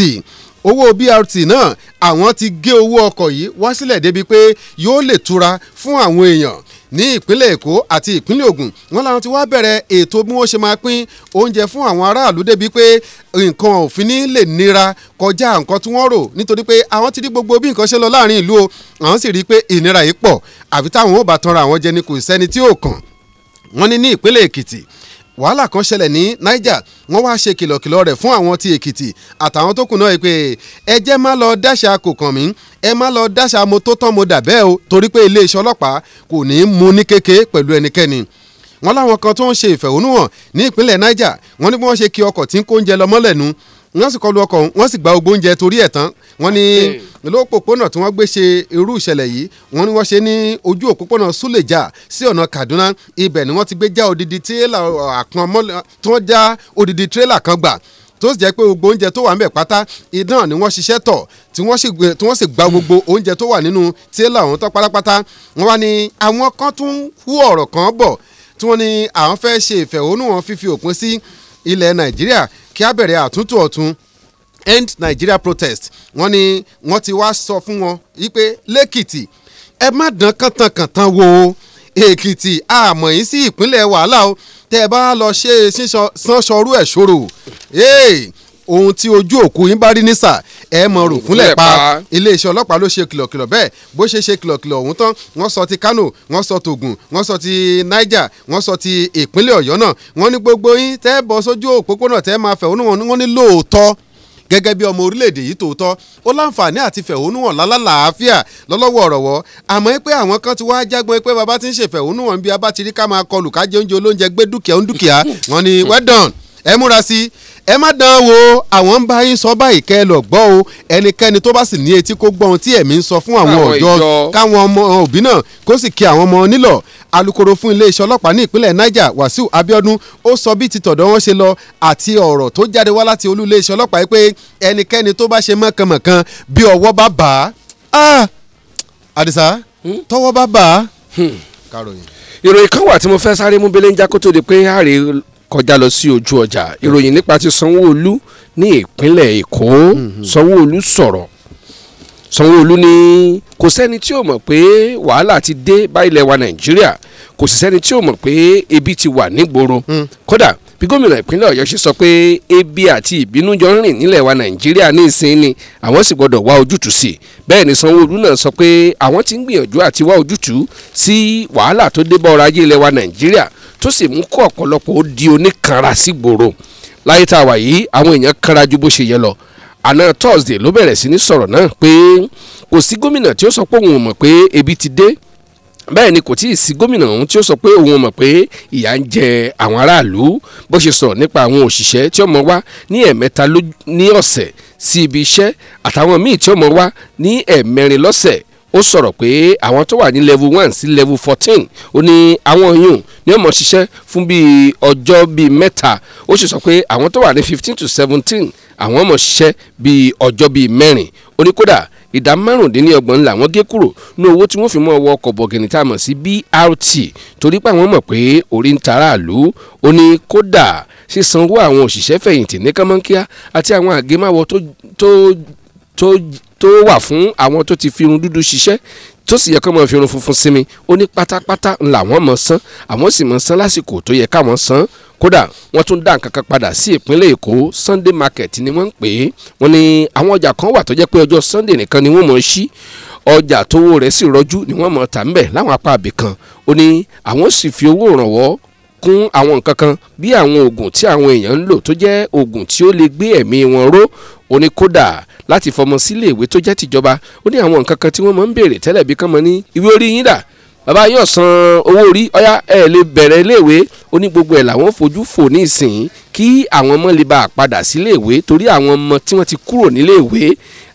owó BRT náà àwọn ti gé owó ọkọ̀ yìí wá sílẹ̀ débi pé yóò lè tura fún àwọn èèyàn ní ìpínlẹ̀ èkó àti ìpínlẹ̀ ògùn wọn làwọn ti wá bẹ̀rẹ̀ ètò bí wọ́n ṣe máa pín oúnjẹ fún àwọn aráàlú débi pé nǹkan òfin ní lè nira kọjá nǹkan tí wọ́n rò nítorí pé àwọn ti rí gbogbo bí nǹkan ṣe lọ láàrin ìlú o àwọn sì rí i pé ìnira yìí pọ̀ àfi táwọn ò bá tanra àwọn jẹ kò sẹ́ni tí ò kàn wọ́n ní ní ìpínlẹ̀ èkìtì wàhálà kan ṣẹlẹ̀ ní Niger wọ́n wá ṣe kìlọ̀kìlọ̀ rẹ̀ fún àwọn ti Èkìtì àtàwọn tó kù náà pé ẹ jẹ́ má lọ dáṣà kò kàn mí ẹ má lọ dáṣà mo tó tán mo dà bẹ́ẹ̀ o torí pé iléeṣẹ́ ọlọ́pàá kò ní í ní kéke pẹ̀lú ẹnikẹ́ni wọ́n láwọn kan tó ń ṣe ìfẹ̀hónúhàn ní ìpínlẹ̀ Niger wọ́n ní bí wọ́n ṣe kí ọkọ̀ tí ń kó oúnjẹ lọ mọ́lẹ̀ nu wọ́n sì kọlu ọkọ̀ wọ́n sì gba ogbó oúnjẹ torí ẹ̀ tán wọ́n ní lópòpónà tí wọ́n gbé ṣe irú ìṣẹ̀lẹ̀ yìí wọ́n ní wọ́n ṣe ní ojú òpópónà Súlèjà sí ọ̀nà Kaduna ibẹ̀ ni wọ́n ti gbé já odidi tírélà àpọn mọ́lẹ̀ tí wọ́n já odidi tírélà kan gbà tó sì jẹ́ pé gbogbo oúnjẹ tó wà ńbẹ̀ pátá idán ni wọ́n ṣiṣẹ́ tọ̀ tí wọ́n sì gba gbogbo oúnjẹ tó wà nínú tírélà ọ̀hún tán pátápátá wọ́n wá ní àwọn kan tún hú ọ̀rọ̀ kan bọ̀ tí wọ́n ní àwọn fẹ́ ṣe ìfẹ̀hónúhàn fífi òpin sí ilẹ̀ nàìjíríà kí á bẹ̀rẹ̀ àtúntò ọ̀tun end nigeria protest wọ́n ní wọ́n ti wá sọ fún wọn wípé lẹ́kìtì ẹ má dán kàntankàntan wo èkìtì àmọ́ yín sí ìpínlẹ̀ wàhálà o tẹ́ ẹ bá lọ ṣe sísanṣọrú ẹ̀ ṣòro ohun tí ojú òkú yín bá rí nísà ẹ mọ rò fúnlẹ̀ pa iléeṣẹ́ ọlọ́pàá ló ṣe kìlọ̀kìlọ̀ bẹ́ẹ̀ bó ṣe ṣe kìlọ̀kìlọ̀ ọ̀hún tán wọ́n sọ ti Kano wọ́n sọ tògùn wọ́n sọ ti Niger wọ́n sọ ti ìpínlẹ̀ Ọ̀yọ́ náà wọ́n ní gbogbo yín tẹ́ bọ́ sójú òpópónà tẹ́ máa fẹ̀hónú wọn wọ́n ní lóòótọ́ gẹ́gẹ́ bí ọmọ orílẹ̀-èdè yìí tòótọ́ ó láǹfààní àti fẹ̀hónúhàn lálàáfíà lọ́lọ́wọ́ ọ̀rọ̀wọ́ àmọ́ pé àwọn kan ti wá jágbọ́n pé bàbá ti ń ṣe fẹ̀hónúhàn bí abá ti rí ká máa kọlù ká jẹ oúnjẹ olóúnjẹ gbé dúkìá ń dúkìá wọ́n ní well done ẹ múra sí i ẹ má dán wo àwọn ń bá yín sọ báyìí kẹ́ ẹ lọ gbọ́ o ẹnikẹ́ni tó bá sì ní etí kó gbọ́ ohun tí ẹ̀mí ń sọ fún àwọn ọ̀dọ́ káwọn ọmọ òbí náà kó sì kí àwọn ọmọ nílọ̀ alukoro fún iléeṣẹ́ ọlọ́pàá ní ìpínlẹ̀ Niger Wàsíù Abíọ́dún ó sọ bí ti tọ̀dọ̀ wọn ṣe lọ àti ọ̀rọ̀ tó jáde wá láti olú iléeṣẹ́ ọlọ́pàá yìí pé ẹnikẹ́ni tó bá ṣe mọ̀kànmọ̀kàn bí ọwọ́ bá bà á ah! Àdìsá hmm? tọwọ́ bá bà á. Hmm. ìròyìn kan wà tí mo fẹ́ sáré mú belenja kó tó di pé àárẹ̀ kọjá lọ sí ojú ọjà ìròyìn nípa ti sanwó-olú ní ìpínlẹ̀ èkó mm-hmm. sanwó-olú sọ̀rọ̀ sanwó-olú ní kò sẹ́ni tí ò mọ̀ pé wàhálà ti dé bá wa nàìjíríà kò sì sẹ́ni tí ò mọ̀ pé ebi ti wà nígboro mm. kódà bí gómìnà ìpínlẹ̀ ọ̀yọ́ ṣe sọ pé ebi àti ìbínú jọ ń rìn nílẹ̀ wa nàìjíríà ní ìsìn ni àwọn sì gbọ́dọ̀ wá ojútùú sí bẹ́ẹ̀ ni sanwó-olú náà sọ pé àwọn ti ń gbìyànjú àti wá ojútùú sí wàhálà tó dé bá ọrọ̀ ajé ilẹ̀ wa nàìjíríà tó sì mú kó ọ̀pọ̀lọpọ̀ ó di oníkanra sígboro láyé tá a wà yìí àwọn èèyàn kanra ju bó ṣe yẹ lọ àná Thursday ló bẹ̀rẹ̀ sí ní sọ̀rọ̀ náà pé kò sí gómìnà tí ó sọ pé òun ò mọ̀ pé ebi ti dé bẹ́ẹ̀ ni kò tí ì sí gómìnà ọ̀hún tí ó sọ pé òun mọ̀ pé ìyà ń jẹ àwọn aráàlú bó ṣe sọ nípa àwọn òṣìṣẹ́ tí ó mọ̀ wá ní ẹ̀mẹ́ta ní ọ̀sẹ̀ sí ibi iṣẹ́ àtàwọn míì tí ó mọ̀ wá ní ẹ̀mẹ́rin lọ́sẹ̀ ó sọ̀rọ̀ pé àwọn tó wà ní level one sí level fourteen ó ní àwọn yòó ní ọmọ ṣiṣẹ́ fún bíi ọjọ́ bíi mẹ́ta ó sì sọ pé àwọn tó wà ní fifteen to seventeen àwọn ọmọ ṣiṣẹ́ bíi ọjọ́ bíi mẹ́rin ó ní kódà ìdá márùndínlẹ́ọgbọ̀n làwọn gé kúrò ní owó tí wọ́n fi mọ́ ọwọ́ ọkọ̀ bọ̀gìnì tá a mọ̀ sí BRT torí pé àwọn mọ̀ pé orí ń tara àlú ó ní kódà sísanwó àwọn òṣìṣẹ́ ní kánmọ́nkíá àti àwọn àgémáwọ̀ tó tó wà fún àwọn tó ti fi irun dúdú ṣiṣẹ́ tó sì yẹ kó máa fi irun funfun sinmi ó ní pátápátá ńlá wọn mọ̀ san àwọn sì mọ̀ san lásìkò tó yẹ káwọn san kódà wọ́n tún dá nǹkan kan padà sí ìpínlẹ̀ èkó sunday market ni wọ́n ń pè é wọ́n ní àwọn ọjà kan wà tó jẹ́ pé ọjọ́ sunday nìkan ni wọ́n mọ̀ ọ́ sí ọjà tówó rẹ̀ sì rọjú ni wọ́n mọ̀ ọ́ tà ń bẹ̀ láwọn apá àbì ó ní àwọn sì fi owó ìrànwọ́ kún àwọn nǹkan kan bí àwọn oògùn tí àwọn èèyàn ń lò tó jẹ́ oògùn tí ó lè gbé ẹ̀mí wọn ró ó ní kódà láti fọmọ sílé ìwé tó jẹ́ tìjọba ó ní àwọn nǹkan kan tí wọ́n máa ń béèrè tẹ́lẹ̀ bí kán mọ ní ìwé orí yín dà bàbá yóò san owó orí ọyá ẹ lè bẹ̀rẹ̀ iléèwé ó ní gbogbo ẹ̀ làwọn fojú fò ní ìsìn kí àwọn ọmọ lè bá a padà sílé ìwé torí àwọn ọmọ tí wọ́n ti kúrò nílé ìwé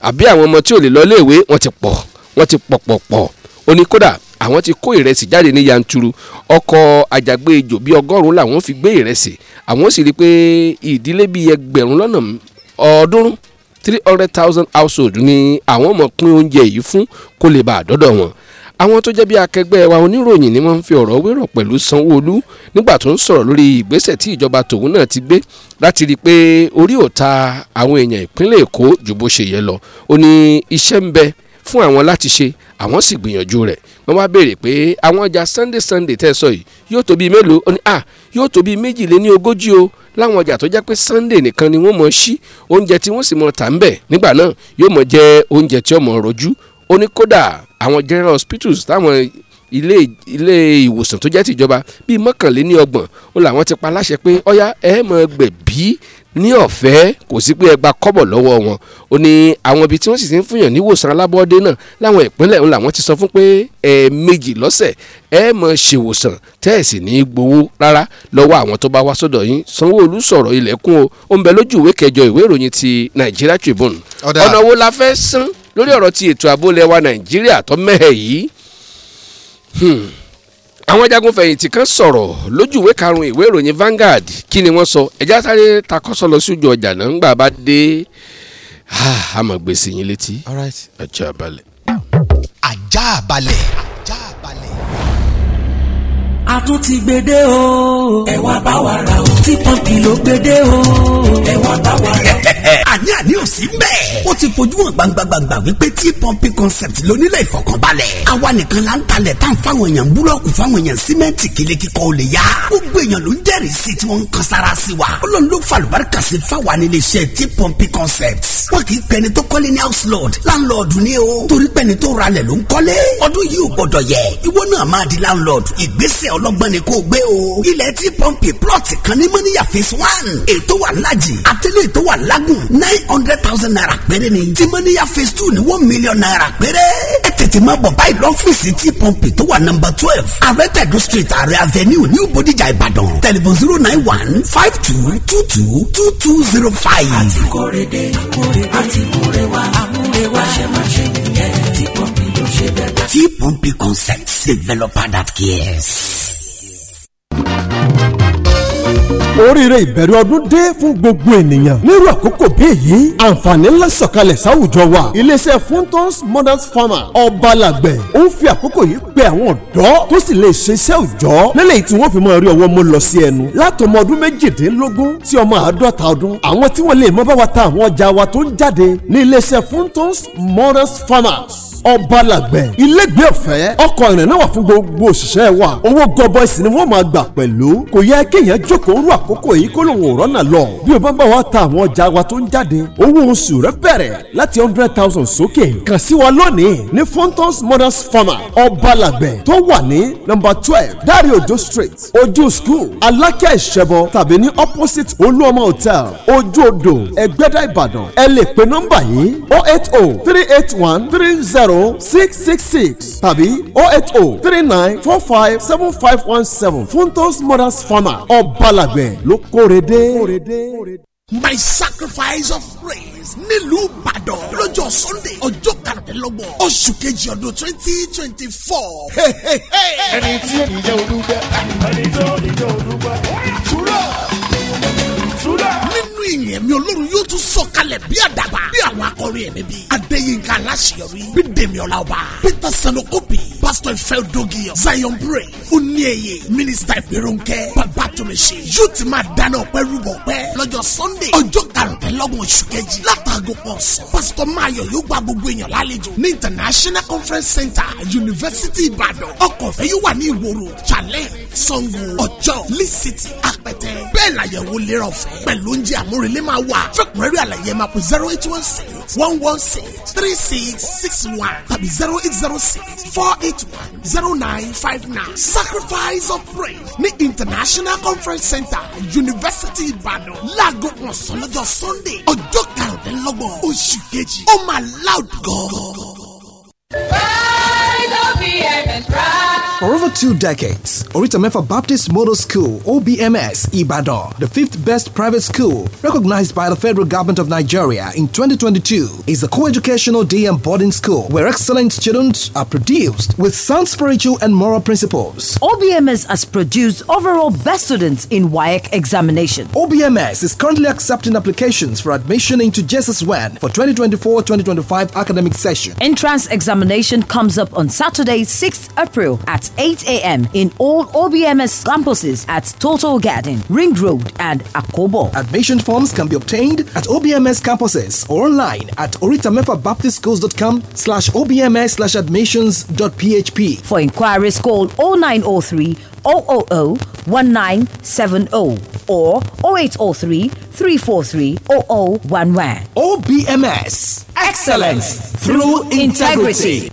àbí àwọn ọmọ tí ò lè lọ ilé ìwé wọ́n ti pọ̀ wọ́n ti pọ̀ pọ̀ pọ̀ ó àwọn ti kó ìrẹsì jáde ní yanturu ọkọ̀ àjàgbé ejò bíi ọgọ́rùn-ún làwọn fi gbé ìrẹsì àwọn sì rí i pé ìdílé bíi ẹgbẹ̀rún lọ́nà ọ̀ọ́dúnrún three hundred thousand household ni àwọn mọ̀ pín oúnjẹ yìí fún kó lè bá àdọ́dọ̀ wọn àwọn tó jẹ́ bí akẹgbẹ́ wa oníròyìn ni wọ́n ń fi ọ̀rọ̀ wérò pẹ̀lú Sanwó-Olú nígbà tó ń sọ̀rọ̀ lórí ìgbésẹ̀ tí ìjọba tòun náà ti gbé láti rí i pé orí ò àwọn èèyàn ìpínlẹ̀ Èkó ju bó ṣe yẹ lọ ó ní iṣẹ́ ń bẹ fún àwọn láti ṣe àwọn sì gbìyànjú rẹ̀ wọ́n wá béèrè pé àwọn ọjà sunday sunday tẹ́ sọ yìí yóò tó bíi mélòó ó ní à yóò tó bíi méjìléní o láwọn ọjà tó jẹ́ pé sunday nìkan ni wọ́n mọ̀ ṣí oúnjẹ tí wọ́n sì mọ̀ tà ń bẹ̀ nígbà náà yóò mọ̀ jẹ́ oúnjẹ tí ó mọ̀ rọjú ó ní kódà àwọn general hospitals táwọn ilé ilé ìwòsàn tó jẹ́ tìjọba bíi mọ́kànléní ó làwọn ti pa láṣẹ pé ọ̀yá ẹ gbẹ̀bí ní ọ̀fẹ́ kò sí pé ẹ gba kọ́bọ̀ lọ́wọ́ wọn ó ní àwọn ibi tí wọ́n sì ti ń fúnyàn níwòsàn alábọ́ọ́dé náà láwọn ìpínlẹ̀ ọ̀hún làwọn ti sọ fún pé ẹ̀ẹ̀mejì lọ́sẹ̀ ẹ mọ̀ ṣèwòsàn tẹ́ ẹ̀ sì ní í gbowó rárá lọ́wọ́ àwọn tó bá wá sọ́dọ̀ yín sanwó-olu sọ̀rọ̀ ilẹ̀kùn o ó ń bẹ lójú ìwé kẹjọ ìwé ìròyìn ti Nigeria Tribune ọ̀nà wo la fẹ́ sán lórí ọ̀rọ̀ ti ètò ààbò Nàìjíríà tó mẹ́hẹ̀ yìí hmm àwọn ajagun fẹ̀yìntì kan sọ̀rọ̀ lójú ìwé karùn-ún ìwé ìròyìn Vanguard kí ni wọ́n sọ ẹja sáré takọ́sọ lọ sójú ọjà náà ńgbà bá dé àmọ̀ gbèsè yín létí ajá balẹ̀. ajá balẹ̀. ajá balẹ̀. a tún ti gbede o. ẹ wá bá wa ra o. tí pọ́ǹpì ló gbede o. ẹ wá bá wa ra o àní àní ò sí mbẹ̀. ó ti fojú hàn gbangbangba wípé tí pọ́ǹpì concept lónílẹ̀ ìfọkànbalẹ̀. àwa nìkan la ń talẹ̀ tán fáwọn èèyàn búlọ́ọ̀kù fáwọn èèyàn símẹ́ǹtì kílé kíkọ́ ò lè yá. gbogbo èèyàn ló ń jẹ́rìí sí tí wọ́n ń kan sára sí wa. ọlọ́run ló fa àlùbáríkà sí fáwa nílé iṣẹ́ tí pọ́ǹpì concept. wọn kì í pẹni tó kọ́lé ní house lord landlord ni o. torí pẹni tó ralẹ̀ ló ń kọ́lé. ọdún yìí ò gbọdọ̀ yẹ. ìwọ náà máa di landlord. ìgbésẹ̀ ọlọ́gbọ́n phase one. ètò wà lájì àtẹ́lẹ̀ ètò wà nine hundred thousand naira péré ni timoniya phase two ni one million naira péré ẹ tètè máa bọ̀ báyìí lọ́fíìsì tí pọ́ǹpì tó wà nọ́mbà twelve ààrẹ tẹ̀dú street ààrẹ avenue new bodijà ìbàdàn Telephone zero nine one five two two two two two zero five. àti kórede àti kórewa àmúrewa ṣe máa ṣe nìyẹn tí pọ́ǹpì ló ṣe bẹ́ẹ̀. tí pọ́ǹpì concepts developer that cares oríire ìbẹ̀rẹ̀ ọdún dé fún gbogbo ènìyàn nírú àkókò bí èyí àǹfààní ńlá sọ̀kalẹ̀ sáwùjọ wa iléeṣẹ́ Funtons modern farmer ọba làgbẹ̀ ó ń fi àkókò yìí pe àwọn ọ̀dọ́ tó sì lè ṣe iṣẹ́ òòjọ́ lélẹ̀ tí wọ́n fi máa rí ọwọ́ mú lọ sí ẹnu látọmọ ọdún méjìdínlógún sí ọmọ àádọ́ta ọdún àwọn tí wọ́n lè mọ bá wa ta àwọn ọjà wa tó ń jáde ní iléeṣẹ́ Funtons modern farmers ọba làgbẹ̀ ilégbèé ọ̀fẹ́ ọkọ̀ ìrìn náà wà fún gbogbo òṣìṣẹ́ wa owó gọbọ ìsìn ni wọ́n máa gbà pẹ̀lú kò yẹ kéèyàn jókòó rú àk àkókò yìí kó lòun ò rọ́nà lọ bí o bá bá wa ta àwọn ọjà wa tó ń jáde owó oṣù rẹ bẹ̀rẹ̀ láti hundred thousand sókè kàn sí wa lónìí ní fountains mothers farmer ọbalàgbẹ̀ tó wà ní number twelve dárí òjò street ojú school alákẹ́ ìṣẹ́bọ tàbí ní opposite olúọmọ hotel ojú odò ẹgbẹ́dá ìbàdàn ẹ lè pe nọ́mbà yìí oh eight oh three eight one three zero six six six tàbí oh eight oh three nine four five seven five one seven fountains mothers farmer ọbalàgbẹ̀ rẹ̀ ló kóre dé. By sacrifice of praise nílùú Ìbàdàn lọ́jọ́ Sunday ọjọ́ karùndínlọ́gbọ̀n oṣù kejì ọdún twenty twenty four. Ẹni tí ènìyàn olúgbẹ́. Ẹni tó ní jẹ́ olúgbẹ́. Ṣùgbọ́n ìyìn ẹ̀mí Ọlọ́run yóò tún sọ̀kalẹ̀ bí àdàbà bí àwọn akọrin ẹ̀mí bí Adéyínká Aláṣeyọrí bí Dèmíọ́lá Ọba Peter Sanokopi Pastor Ifẹ́ Odogi Zion Bray Oníyeye Minister Ìgbéròǹkẹ́ Babatunmise yóò ti máa dáná ọ̀pẹ́ rúbọ̀ ọ̀pẹ́ lọ́jọ́ Sunday ọjọ́ karùndínlọ́gbọ̀n oṣù kejì látàgò pọ̀ sọ. Pásítọ̀ yóò gba gbogbo èèyàn lálejò ní International Conference Center University Ìbàdàn ọkọ̀ ọ̀fẹ́ yóò wà ní ìwòrò challenge sango ọjọ́ lee city apẹtẹ bẹ́ẹ̀ làyẹ̀wò lérò ọ̀fẹ́ pẹ̀lú oúnjẹ àmúre ìwúrelé máa wà fẹ́kùnrẹ́rẹ́ àlàyé máa pè zero eight one six one one six three six six one tàbí zero eight zero six four eight one zero nine five nine sacrifice of praise ní international conference center university ìbàdàn láago ọ̀sán lọ́jọ́ sunday ọjọ́ karùndínlọ́gbọ̀n oṣù kejì ó máa loud gan-an. For over two decades, Orita Mefa Baptist Model School, OBMS, Ibadan, the fifth best private school recognized by the federal government of Nigeria in 2022, is a co-educational day and boarding school where excellent students are produced with sound spiritual and moral principles. OBMS has produced overall best students in WAEC examination. OBMS is currently accepting applications for admission into Jesus Wen for 2024-2025 academic session. Entrance examination comes up on Saturday, 6th April at 8 a.m. in all OBMS campuses at Total Garden, Ring Road, and Akobo. Admission forms can be obtained at OBMS campuses or online at oritamefabaptistschools.com slash OBMS slash admissions.php. For inquiries, call 0903 000 1970 or 0803 343 0011. OBMS. Excellence, through integrity.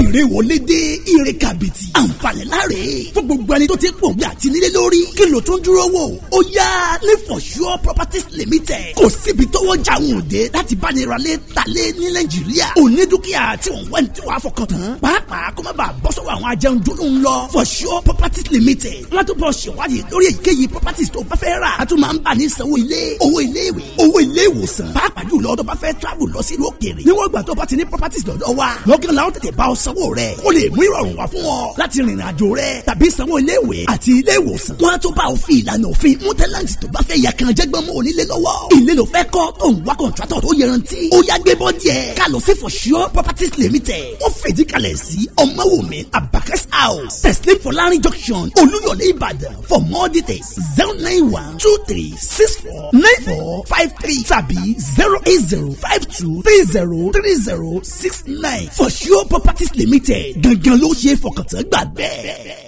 Steve. èrè wọlé dé ire kàbìtì àǹfààní láre fún gbogbo ẹni tó ti pọ̀ bí àti nílé lórí kí ló tún dúró wò ó yá ní for sure properties limited kò síbi tọ́wọ́ jà ń òde láti bá ní ralé talé ní nàìjíríà onídùkìá tí wọ́n wẹ́n tí wọ́n afọkàn tán pàápàá kó má bàa bọ́ sọ́wọ́ àwọn ajẹun dúró ń lọ for sure properties limited látúbọ̀ ṣèwádìí lórí èyíkéyìí properties tó bá fẹ́ rà á tún máa ń bà ní sanwó ilé owó ilé ìwé owó ilé ìwòsàn pàápàá jùlọ tó bá fẹ́ travel lọ sí ìlú òkèèrè níwọ̀n ìgbà tó bá ti ní properties lọ́dọ̀ wa lọ́gán làwọn tètè bá ọ sanwó ìnáwó rẹ kó lè mú ìrọ̀rùn wá fún ọ láti rìnrìn àjò rẹ tàbí sanwó iléèwé àti ilé ìwòsàn. wọ́n á tún bá òfin ìlànà òfin mútẹ́láǹtì tó bá fẹ́ yẹ kan jẹ́gbọ́n mọ́ onílé lọ́wọ́. ilé ló fẹ́ kọ́ tó ń wá kọ̀ǹtrátọ̀ tó yẹrantí. ó yá gbé bọ́ díẹ̀ ká lọ sí for sure properties limited. wọ́n fèdí kalẹ̀ sí ọmọwòmí abakas house teslim folarin junction olúyọ̀lé ìbàdàn for more details zero nine one two three six four nine four five three tàbí zero eight zero five two three zero three zero six nine for sure properties limited limited gangan ló ṣe é fọkàntán gbà bẹ́ẹ̀.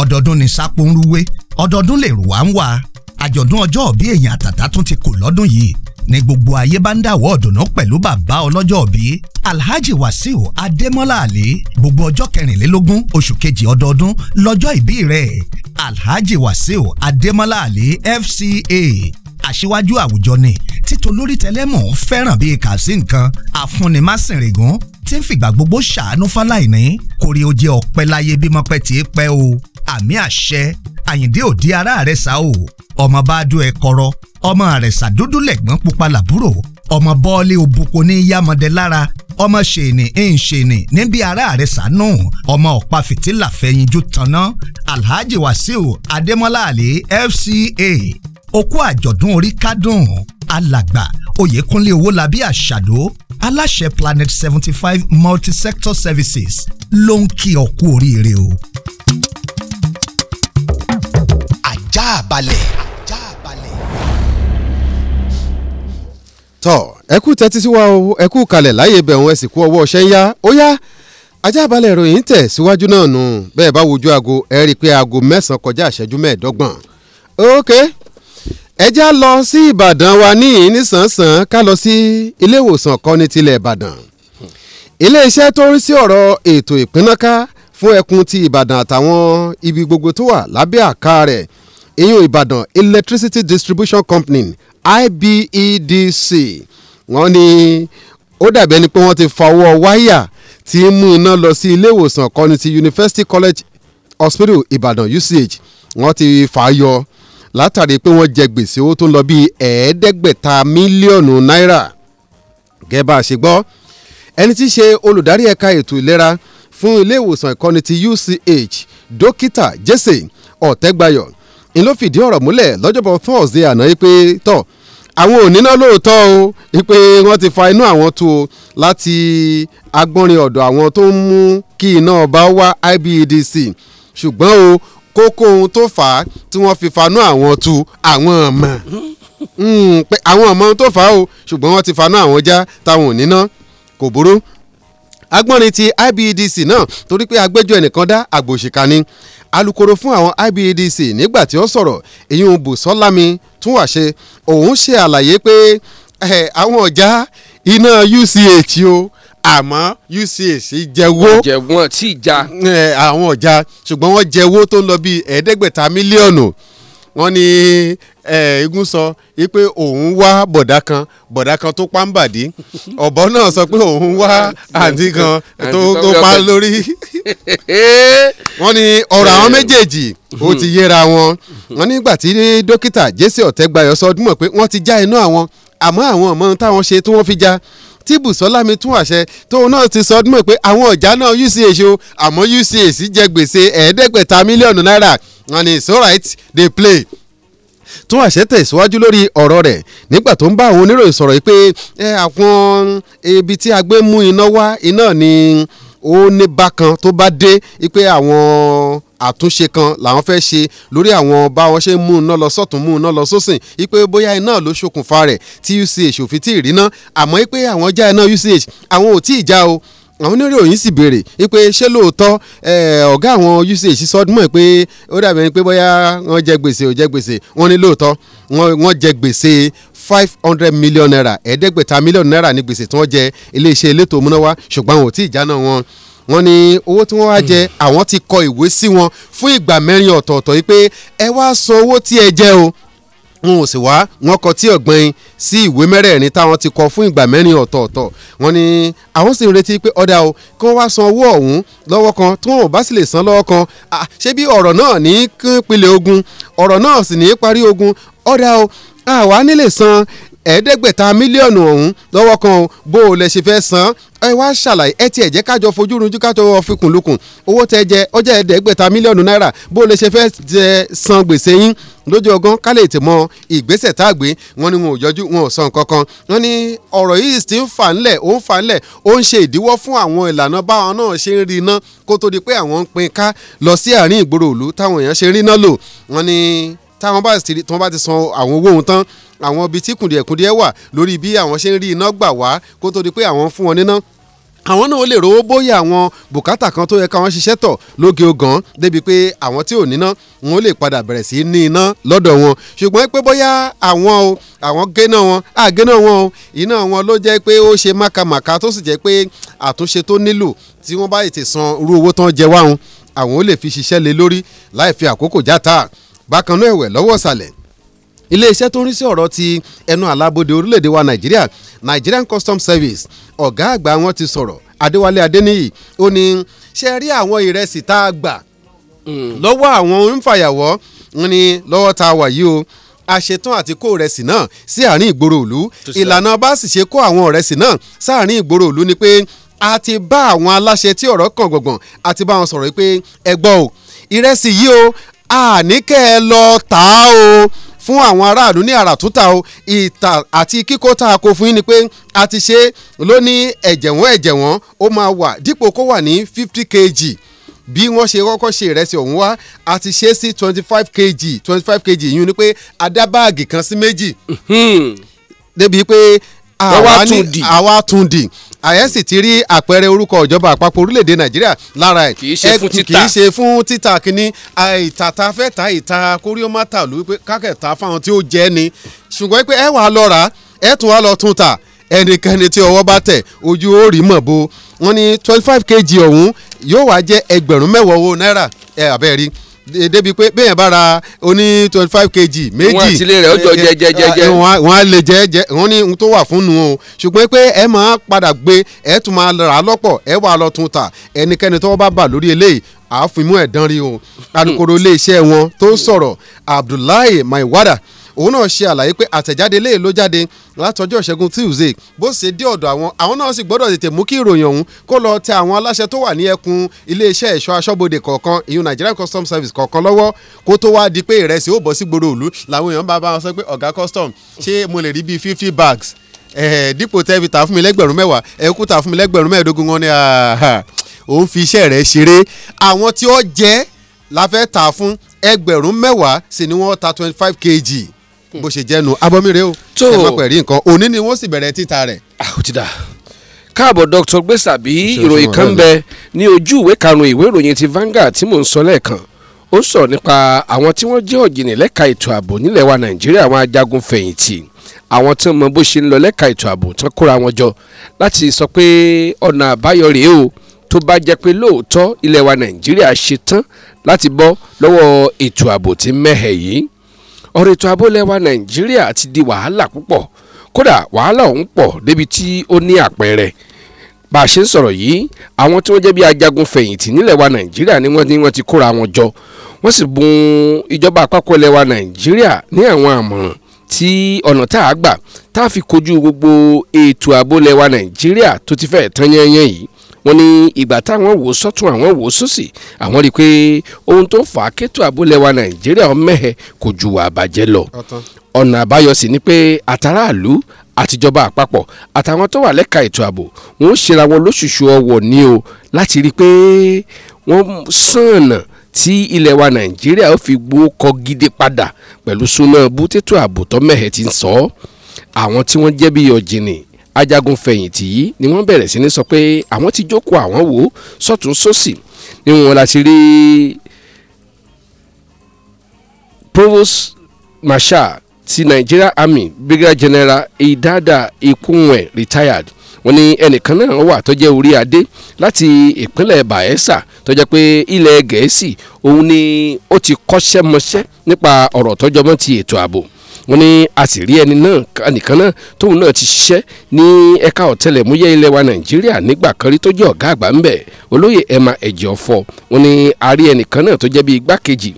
ọ̀dọ̀ọdún ni sápò ń rúwé ọ̀dọ̀ọdún lè rò wá ń wá àjọ̀dún ọjọ́ òbí èèyàn àtàtà tún ti kò lọ́dún yìí ní gbogbo ayé bá ń dàwọ́ ọ̀dùnnú pẹ̀lú bàbá ọlọ́jọ́ òbí Alhaji Wasiu Adémọ́lá Ali gbogbo ọjọ́ kẹrìnlélógún oṣù kejì ọdọọdún lọ́jọ́ ìbí rẹ̀ Alhaji Wasiu Adémọ́lá Ali FCA aṣíwájú àwùjọ ni títo lórí tẹlẹ́mù ń fẹ́ràn bíi kàsí nǹkan àfúnnimáṣìnrìngún tí ń fìgbà gbogbo ṣàánú fáláìní kórè ó jẹ́ ọpẹ́ láyé bímọ pẹ́ tí í pẹ́ o àmì àṣẹ àyìndé òdi ara rẹ̀ sá o ọmọ bá dún ẹ kọrọ ọmọ rẹ̀ sàdúdú lẹ̀gbọ́n pupa làbúrò ọmọ bọ́ọ̀lì òbùkún ní yámọdé lára ọmọ ṣèèní ń ṣèèní níbi ara rẹ̀ sànú ọmọ ọ̀pá fìtílà fẹ̀yìnjú tanná alhaji wasiu adémọ́lá àlè fca òkú àjọ̀dún orí kádùn alàgbà oyèkúnlé owólabí àṣàdó aláṣẹ planet seventy five multi-sector services ló ń kí ọ kú oríire o. ajá balẹ̀. tọ́ ẹ kú tẹ́tí sí wa o ẹ kú kalẹ̀ láyé bẹ̀rùn ẹ sì kú ọwọ́ ọṣẹ́ yá ó yá ajá balẹ̀ ìròyìn tẹ̀ síwájú náà nù bẹ́ẹ̀ bá wojú aago ẹ rí i pé aago mẹ́sàn-án kọjá ìṣẹ́jú mẹ́ẹ̀ẹ́dọ́gbọ̀n ókè. Okay ẹ já lọ sí ìbàdàn wa ní nísànsàn ká lọ sí ilé ìwòsàn kọ́ni tilẹ̀ ìbàdàn iléeṣẹ́ tó ń rí sí ọ̀rọ̀ ètò ìpínnáká fún ẹkùn ti ìbàdàn àtàwọn ibi gbogbo tó wà lábẹ́ àká rẹ̀ ìyún ìbàdàn electricity distribution company ibedc wọ́n ní ó dàbí ẹni pé wọ́n ti fọwọ́ wáyà tí ń mú iná lọ sí ilé ìwòsàn kọ́ni ti university college hospital ìbàdàn uch wọ́n ti fà á yọ látàrí pé wọ́n jẹ gbèsè owó tó ń lọ bíi ẹ̀ẹ́dẹ́gbẹ̀ta mílíọ̀nù náírà gẹ́gẹ́ bá a ṣe gbọ́ ẹni tí í ṣe olùdarí ẹ̀ka ètò ìlera fún ilé ìwòsàn ìkọ́ni ti UCH dókítà Jesse Ọ̀tẹ́gbayọ̀ ń ló fìdí ọ̀rọ̀ múlẹ̀ lọ́jọ́bọ̀ Thursday àná yìí pé tọ̀ àwọn ò níná lóòótọ́ o wípé wọ́n ti fa inú àwọn tó o láti agbọ́nrin ọ̀dọ̀ àwọn tó ń mú kí iná ọba wá IBEDC ṣùgbọ́n o kókó ohun tó fà á tí wọ́n fi fanú àwọn tu àwọn ọmọ hmm, pé àwọn ọmọ ohun tó fà á o ṣùgbọ́n wọ́n ti fanú àwọn já táwọn ò ní ná kò burú agbọ́nrin ti IBEDC náà torí pé agbẹ́jọ́ ẹnìkan dá àgbòṣìkà ni alukoro fún àwọn IBEDC nígbà tí ó sọ̀rọ̀ ìyún Bùsọ́lámi tún wà ṣe òun ṣe àlàyé pé àwọn ọ̀já iná UCH o àmọ́ UCAC jẹ́wó. jẹ̀wọ́n tí ìjà. ẹ àwọn ọ̀já ṣùgbọ́n wọ́n jẹ́wó tó ń lọ bíi ẹ̀ẹ́dẹ́gbẹ̀ta mílíọ̀nù wọ́n ní igun sọ pé òun wá bọ̀dá kan bọ̀dá kan tó pàǹbàdì ọ̀bọ náà sọ pé òun wá àǹtí kan tó tó pa lórí wọ́n ní ọ̀rọ̀ àwọn méjèèjì ó ti yéra wọn wọ́n nígbà tí dókítà Jesse Ọ̀tẹ́gbayọ̀ sọ ọdún mọ̀ pé wọ́n ti já iná àwọn àmọ́ àwọn ọmọ táwọn ṣe tí wọ́n fi já tí Bùsọ́lá mi tún àṣẹ tóun náà ti sọ ọdún mọ̀ pé àwọn ọ̀já náà UCH o àmọ́ UCH jẹ gbèsè ẹ̀ẹ́dẹ́gbẹ̀ta mílíọ̀nù náírà and it's alright they play tún àṣẹ tẹ̀síwájú lórí ọ̀rọ̀ rẹ̀ nígbà tó ń bá àwọn oníròyìn sọ̀rọ̀ yìí pé àwọn ibi tí a gbé mú iná wá iná ni ó ní bákan tó bá dé pé àwọn àtúnṣe kan làwọn fẹ́ ṣe lórí àwọn báwọn ṣe ń mú iná lọ sọ́tún mú iná lọ sósìn ipe bóyá iná ló ṣokùnfà rẹ̀ tí UCH ò fi tí ì rí ná àmọ́ ipe àwọn já iná UCH àwọn ò tí ì já o àwọn oníròyìn sì béèrè wípé ṣé lóòótọ́ ọ̀gá àwọn UCH sọdúnmọ̀ pé ó dàbí ẹni pé bóyá wọ́n jẹ gbèsè ò jẹ gbèsè wọ́n ní lóòótọ́ wọ́n jẹ gbèsè five hundred million naira ẹ̀ẹ́dẹ́gbẹ̀ta million naira ní gbèsè tí wọ́n jẹ iléeṣẹ́ elétò múnáwá ṣùgbọ́n àwọn ò tí ì jáná wọn wọ́n ní owó tí wọ́n wá jẹ hmm. àwọn ti kọ ìwé sí wọn fún ìgbà mẹ́rin ọ̀tọ̀ọ̀tọ̀ yìí pé ẹ wá san owó tí ẹ jẹ o wọn ò sì wá wọn kọ tí ọ̀gbìn sí ìwé mẹ́rẹ̀ẹ̀rin táwọn ti kọ fún ìgbà mẹ́rin ọ̀tọ̀ọ̀tọ̀ wọn ni àwọn sì ń retí pé ọ̀dà o kí wọ́n wá san owó ọ̀hún lọ́wọ́ kan tí wọn ò bá sì lè san lọ́wọ́ kan ṣé bí ọ̀rọ̀ náà ní pínpínlẹ̀ ogun ọ̀rọ̀ náà sì ní parí ogun ọ̀dà o àwa nílè san ẹ̀ẹ́dẹ́gbẹ̀ta mílíọ̀nù ọ̀hún lọ́wọ́ kan o bó o lẹ ṣe fẹ́ san ẹ wá ṣàlàyé ẹ tiẹ̀ jẹ́ kájọ fojú runjú ká tó wọ́n fi kùn lukùn owó tẹ jẹ ọjà ẹ̀ẹ́dẹ́gbẹ̀ta mílíọ̀nù náírà bó o lẹ ṣe fẹ́ jẹ san gbèsè yín lójú ọgán ká lè tẹ̀ mọ ìgbésẹ̀ tá a gbé wọn ni wọn ò yọjú wọn ò san kankan wọn ni ọ̀rọ̀ yìí ti ń fà ńlẹ̀ ó ń fà ńlẹ̀ ó ń ṣe ìdíwọ́ fún àwọn ìlànà báwọn náà ṣe ń rí kó tó di pé àwọn ń pín ká lọ sí àárín ìgboro òlu táwọn èèyàn ṣe ń lò wọn ni táwọn bá ti tí wọ́n bá ti san àwọn owó òun tán àwọn ibi tí kùndìẹ̀kùndìẹ̀ wà lórí bí àwọn ṣe ń rí iná gbà wá kó tó di pé àwọn fún wọn níná àwọn náà lè rówó bóyá àwọn bùkátà kan tó yẹ káwọn ṣiṣẹ́ tọ̀ lóge ogan débi pé àwọn tí ò níná wọn lè padà bẹ̀rẹ̀ sí ní iná lọ́dọ̀ wọn ṣùgbọ́n pé bóyá àwọn o àwọn géná wọn àgéná wọn o iná wọn ló jẹ́ pé ó ṣe mákàmàkà tó sì jẹ́ pé àtúnṣe tó nílò tí wọ́n bá ètè san irú owó tán jẹ wáhùn àwọn ò lè fi ṣiṣẹ́ lé lórí láì fi àkókò játa bákan náà ẹ̀wẹ̀ lọ́wọ́ ìsàlẹ̀ iléeṣẹ́ tó ń rí sí ọ̀rọ̀ ti ẹnu àlábòde orílẹ̀-èdè wa nàìjíríà nigerian customs service ọ̀gá àgbà wọn ti sọ̀rọ̀ adéwálé adéníyì ó ní ṣe rí àwọn ìrẹsì tá a gbà lọ́wọ́ àwọn onífàyàwọ́ ní lọ́wọ́ tá a wà yìí o a ṣetán àti kó ìrẹsì náà sí àárín ìgboro òlu ìlànà bá sì ṣe kó àwọn ìrẹsì náà sáàárín ìgboro òlu ni pé a ti bá àwọn aláṣẹ tí ọ̀rọ̀ kàn gbọ̀ngbọ̀n a ti bá wọn sọ̀rọ̀ pé ẹ gbọ́ o ìrẹsì yìí o àníkẹ́ ẹ lọ tà á o fún àwọn aráàlú ní àràtúntà o ìtà àti kíkó tá a kó fún yín ni pé a ti ṣe lónìí ẹ̀jẹ̀wọ́n ẹ̀jẹ̀wọ́n ó máa wà dípò kó wà ní fifty kg bí wọ́n ṣe kọ́kọ́ ṣe ìrẹsì ọ̀hún wá a ti ṣe sí twenty five kg twenty five kg yìí ni pé a dá báàgì kan sí méjì débi pé àwa tún dì àyẹ́ sì ti rí àpẹẹrẹ orúkọ ìjọba àpapọ̀ orílẹ̀-èdè nàìjíríà lára ẹ̀ kì í ṣe fún títà kì í ìtàtà fẹ́ ta ìta kóríọ́mátà ló wípé kákẹ́ta fáwọn tí ó jẹ́ ni ṣùgbọ́n pé ẹ wà lọ rà ẹ tún wà lọ tún ta ẹnikẹ́ni tí ọwọ́ bá tẹ̀ ojú ó rí mọ̀ bo wọ́n ní twenty five kg ọ̀hún yóò wá jẹ́ ẹgbẹ̀rún mẹ́wàá owó náírà ẹ àbẹ́rí débi pé bẹ́ẹ̀ bá ra oní twenty five kg méjì wọn àtìlẹ́ rẹ̀ ó jọ eh, eh, jẹjẹjẹjẹ eh, wọn á lè jẹjẹ wọn ní ohun tó wà fún nu o ṣùgbọ́n pé ẹ máa padà gbé ẹ tún máa rà á lọ́pọ̀ ẹ wà lọ tún ta ẹnikẹ́ni tọ́wọ́ bá bà lórí eléyìí àáfin mú ẹ̀dán rí o alukoro iléeṣẹ́ wọn tó sọ̀rọ̀ Abdullahi Maiwada òun náà ṣe àlàyé pé àtẹ̀jáde lè ló jáde látọjọ́ ìṣẹ́gun Tuesday bó ṣe dé ọ̀dọ̀ àwọn àwọn náà sì gbọ́dọ̀ tètè mú kí ìròyìn ọ̀hún kó lọ tẹ àwọn aláṣẹ tó wà ní ẹkùn iléeṣẹ́ ẹ̀ṣọ́ aṣọ́bodè kọ̀ọ̀kan ìyún Nigerian Customs Service kọ̀ọ̀kan lọ́wọ́ kó tó wá di pé ìrẹsì ó bọ̀ sí gbòòrò òlu làwọn èèyàn bá bá wọn sọ pé ọ̀gá custom ṣé mo lè rí bíi fifty bags dípò tẹ́ fi tà fún mi lẹ́gbẹ̀rún mẹ́wàá ẹ kú tà fún mi lẹ́gbẹ̀rún mẹ́ẹ̀ẹ́dógún wọn ni òun fi iṣẹ́ rẹ̀ ṣeré àwọn tí ó jẹ́ la fẹ́ tà fún ẹgbẹ̀rún mẹ́wàá sì ni wọ́n ta twenty five kg Hmm. bó ṣe jẹ́nu abọ́mire o ẹ má pẹ̀rí nǹkan òní ni wọ́n sì bẹ̀rẹ̀ títa rẹ̀. ó ti dà káàbọ̀ Dr. gbèsàbí ìròyìn kan bẹ ní ojú ìwé karùn-ún ìwé ìròyìn ti Vanguard tí mò ń sọ lẹ́ẹ̀kan ó sọ̀rọ̀ nípa àwọn tí wọ́n jẹ́ ọ̀jìnì lẹ́ka ètò ààbò nílẹ̀ wa Nàìjíríà àwọn ajagun fẹ̀yìntì àwọn tí wọ́n mọ bó ṣe ń lọ lẹ́ka ètò ààbò tán kóra wọn jọ láti sọ pé ọ̀nà àbáyọ rèé o tó bá jẹ́ pé lóòótọ́ ilẹ̀ wa Nàìjíríà ṣe tán láti bọ́ lọ́wọ́ ètò ààbò tí mẹ́hẹ̀ yìí ọ̀rọ̀ ètò abólẹ́wà nàìjíríà ti di wàhálà púpọ̀ kódà wàhálà ọ̀hún pọ̀ débi tí ó ní àpẹẹrẹ bá a ṣe ń sọ̀rọ̀ yìí àwọn tí wọ́n jẹ́ bí ajagun fẹ̀yìntì nílẹ̀ wa nàìjíríà ni wọ́n ní wọ́n ti kóra wọn jọ wọ́n sì bùn ìjọba àpapọ̀ ilẹ̀ wa nàìjíríà ní àwọn àmọ̀ràn tí ọ̀nà tá a gbà tá a fi kojú gbogbo ètò ààbò nàìjíríà tó ti fẹ́ẹ̀ tán yẹ́nyẹ́ yìí wọ́n ní ìgbà táwọn wò sọ́tún àwọn wò sósì àwọn rí i pé ohun tó fà á kétò àbúlẹ̀wà nàìjíríà mẹ́hẹ̀ kò ju àbàjẹ́ lọ ọ̀nà àbáyọ sì ni pé àtàràlú àtijọba àpapọ̀ àtàwọn tó wà lẹ́ka ètò ààbò wọ́n ṣera wọn lóṣooṣù ọwọ̀ ni o láti rí i pé wọ́n sànà tí ilẹ̀ wa nàìjíríà ó fi gbó kọ gidi padà pẹ̀lú súná bú ààbò tó mẹ́hẹ̀ ti ń sọ àwọn tí wọ́n jẹ́ bí ọ̀jìnì ajagunfẹ̀yìntì yìí ni wọ́n bẹ̀rẹ̀ sí ní sọ pé àwọn ti jókòó àwọn wò sọ́tún sósì ni wọ́n la ti rí provost marshal ti Nigeria Army brigadier general Idada Ikunwe retired wọ́n ní ẹnìkan náà wà tó jẹ́ orí adé láti ìpínlẹ̀ Bayelsa tó jẹ́ pé ilẹ̀ Gẹ̀ẹ́sì òun ni ó ti kọ́ṣẹ́ mọṣẹ́ nípa ọ̀rọ̀ tó ti ètò ààbò wọ́n ní a sì rí ẹni náà nìkan náà tóun náà ti ṣiṣẹ́ ní ẹ̀ka ọ̀tẹlẹ̀múyẹ́ ilẹ̀ wa nàìjíríà nígbà kan rí tó jẹ́ ọ̀gá àgbà ńbẹ̀ olóyè emma ẹ̀jọ̀fọ́ wọ́n ní a ẹnìkan náà tó jẹ́ bíi igbákejì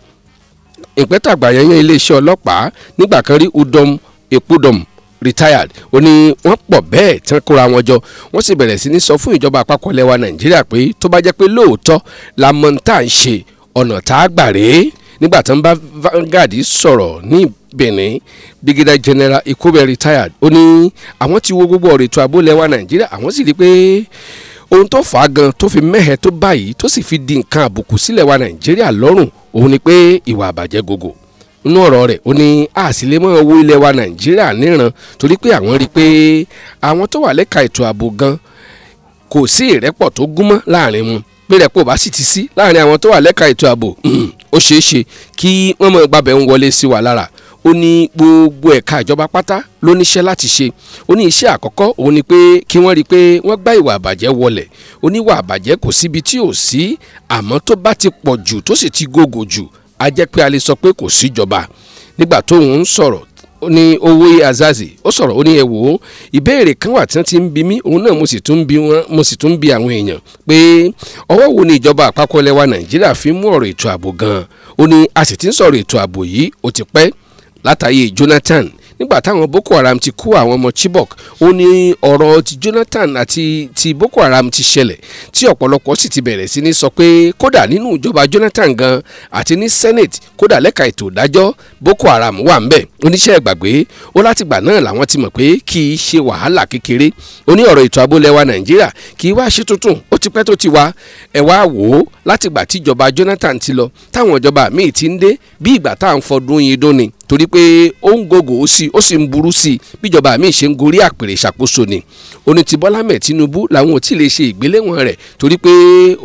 ìpẹ́tàgbà yẹn iléeṣẹ́ ọlọ́pàá nígbà kan rí udom ekudom retired ó ní wọ́n pọ̀ bẹ́ẹ̀ tí wọ́n kóra wọn jọ wọ́n sì bẹ̀rẹ̀ sí ní sọ fún ìjọba àpapọ̀ lẹ́wà nàìjíríà pé tó bá jẹ́ pé lóòótọ́ la mọ̀ tá à ń ṣe ọ̀nà tá a gbà rèé nígbà tí wọ́n bá Vanguard sọ̀rọ̀ ní benin brigadier general ikobe retired ó ní àwọn ti wo gbogbo ọ̀rọ̀ ètò ààbò lẹ́wà nàìjíríà àwọn sì rí i pé ohun tó fà á gan tó fi mẹ́hẹ̀ tó báyìí tó sì fi di nǹkan àbùkù sílẹ̀ wa nàìjíríà lọ́rùn òun ni pé ìwà àbàjẹ́ gògò nínú ọ̀rọ̀ rẹ̀ ó ní àsìlémọ́ owó ilẹ̀ wa nàìjíríà níran torí pé àwọn rí i pé àwọn tó wà lẹ́ka ètò ààbò gan kò sí ìrẹ́pọ̀ tó gúnmọ́ láàrin wọn bí ìrẹ́pọ̀ bá sì ti sí láàrin àwọn tó wà lẹ́ka ètò ààbò ó ṣeé ṣe kí wọ́n mọ̀ gbàbẹ̀ ń wọlé sí wa lára ó ní gbogbo ẹ̀ka ìjọba pátá ló níṣẹ́ láti ṣe ó ní iṣẹ́ àkọ́kọ́ òun ni pé kí wọ́n rí i pé wọ́n gbá ìwà àbàjẹ́ wọlẹ̀ ó ní ìwà àbàjẹ́ kò síbi tí ò sí àmọ́ tó bá ti pọ̀ jù tó sì ti gògò jù á jẹ́ pé a lè sọ pé kò síjọba nígbà tóun ń sọ̀rọ̀ ní owó azazi ó sọ̀rọ̀ ó ní ẹ wò ó ìbéèrè kan wà tí wọ́n ti ń bi mí òun náà mo sì tún bi wọ́n mo sì tún bi àwọn èèyàn pé ọwọ́ wo ni ìjọba àpapọ̀ ilẹ̀ wa nàìjíríà fi mú ọ̀rọ̀ ètò ààbò gan-an ó ní a sì ti ń sọ̀rọ̀ ètò ààbò yìí ó ti pẹ́ látàyè Jonathan nígbà táwọn Boko Haram ti kó àwọn ọmọ Chibok ó ní ọ̀rọ̀ ti Jonathan àti ti Boko Haram ti ṣẹlẹ̀ tí ọ̀pọ̀lọpọ̀ sì ti bẹ̀rẹ̀ sí ní sọ pé kódà nínú ìjọba Jonathan gan àti ní Senate kódà lẹ́ka ètò ìdájọ́ Boko Haram wà ń bẹ̀ oníṣẹ́ ìgbàgbé ó látìgbà náà làwọn ti mọ̀ pé kì í ṣe wàhálà kékeré ó ní ọ̀rọ̀ ètò abólẹ́wà Nàìjíríà kì í wá ṣe tuntun ó ti pẹ́ tó ti wá ẹ̀ wá wò ó látìgbà tíjọba Jonathan ti lọ táwọn ìjọba míì ti ń dé bí ìgbà tá ń fọdún yin dún ni torí pé ó ń gògò ó sì ó sì ń burú sí i bíjọba mi ṣe ń gorí àpèrè ìṣàkóso ni oní ti Bọ́lá mẹ́ Tinubu làwọn ò tí ì lè ṣe ìgbéléwọ̀n rẹ̀ torí pé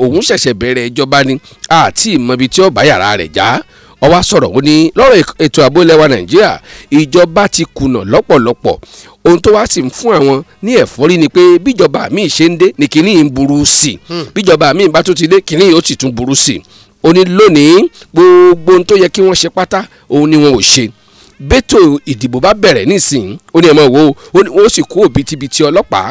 òun ṣẹ̀ṣẹ̀ bẹ̀rẹ̀ ìjọba ni àti ìmọ̀bi tí ó bá yàrá rẹ̀ já ó sọ̀rọ̀ ó ní lọ́rọ̀ ètò ààbò ilẹ̀ nàìjíríà ìjọba ti kùnà lọ́pọ̀lọpọ̀ ohun tó wá sì ń fún àwọn ní ẹ̀fọ́rí ni pé bíjọba mi ṣe ń dé ni kínní ń burú sí i hmm. bíjọba mi bá tún ti dé kínní yóò sì tún burú sí i ó ní lónìí gbogbo ohun tó yẹ kí wọ́n ṣe pátá òun ni wọn ò ṣe bẹ́tò ìdìbò bá bẹ̀rẹ̀ nísìnyí ó ní ẹ̀ mọ̀ wo ó sì kó òbítíbitì ọlọ́pàá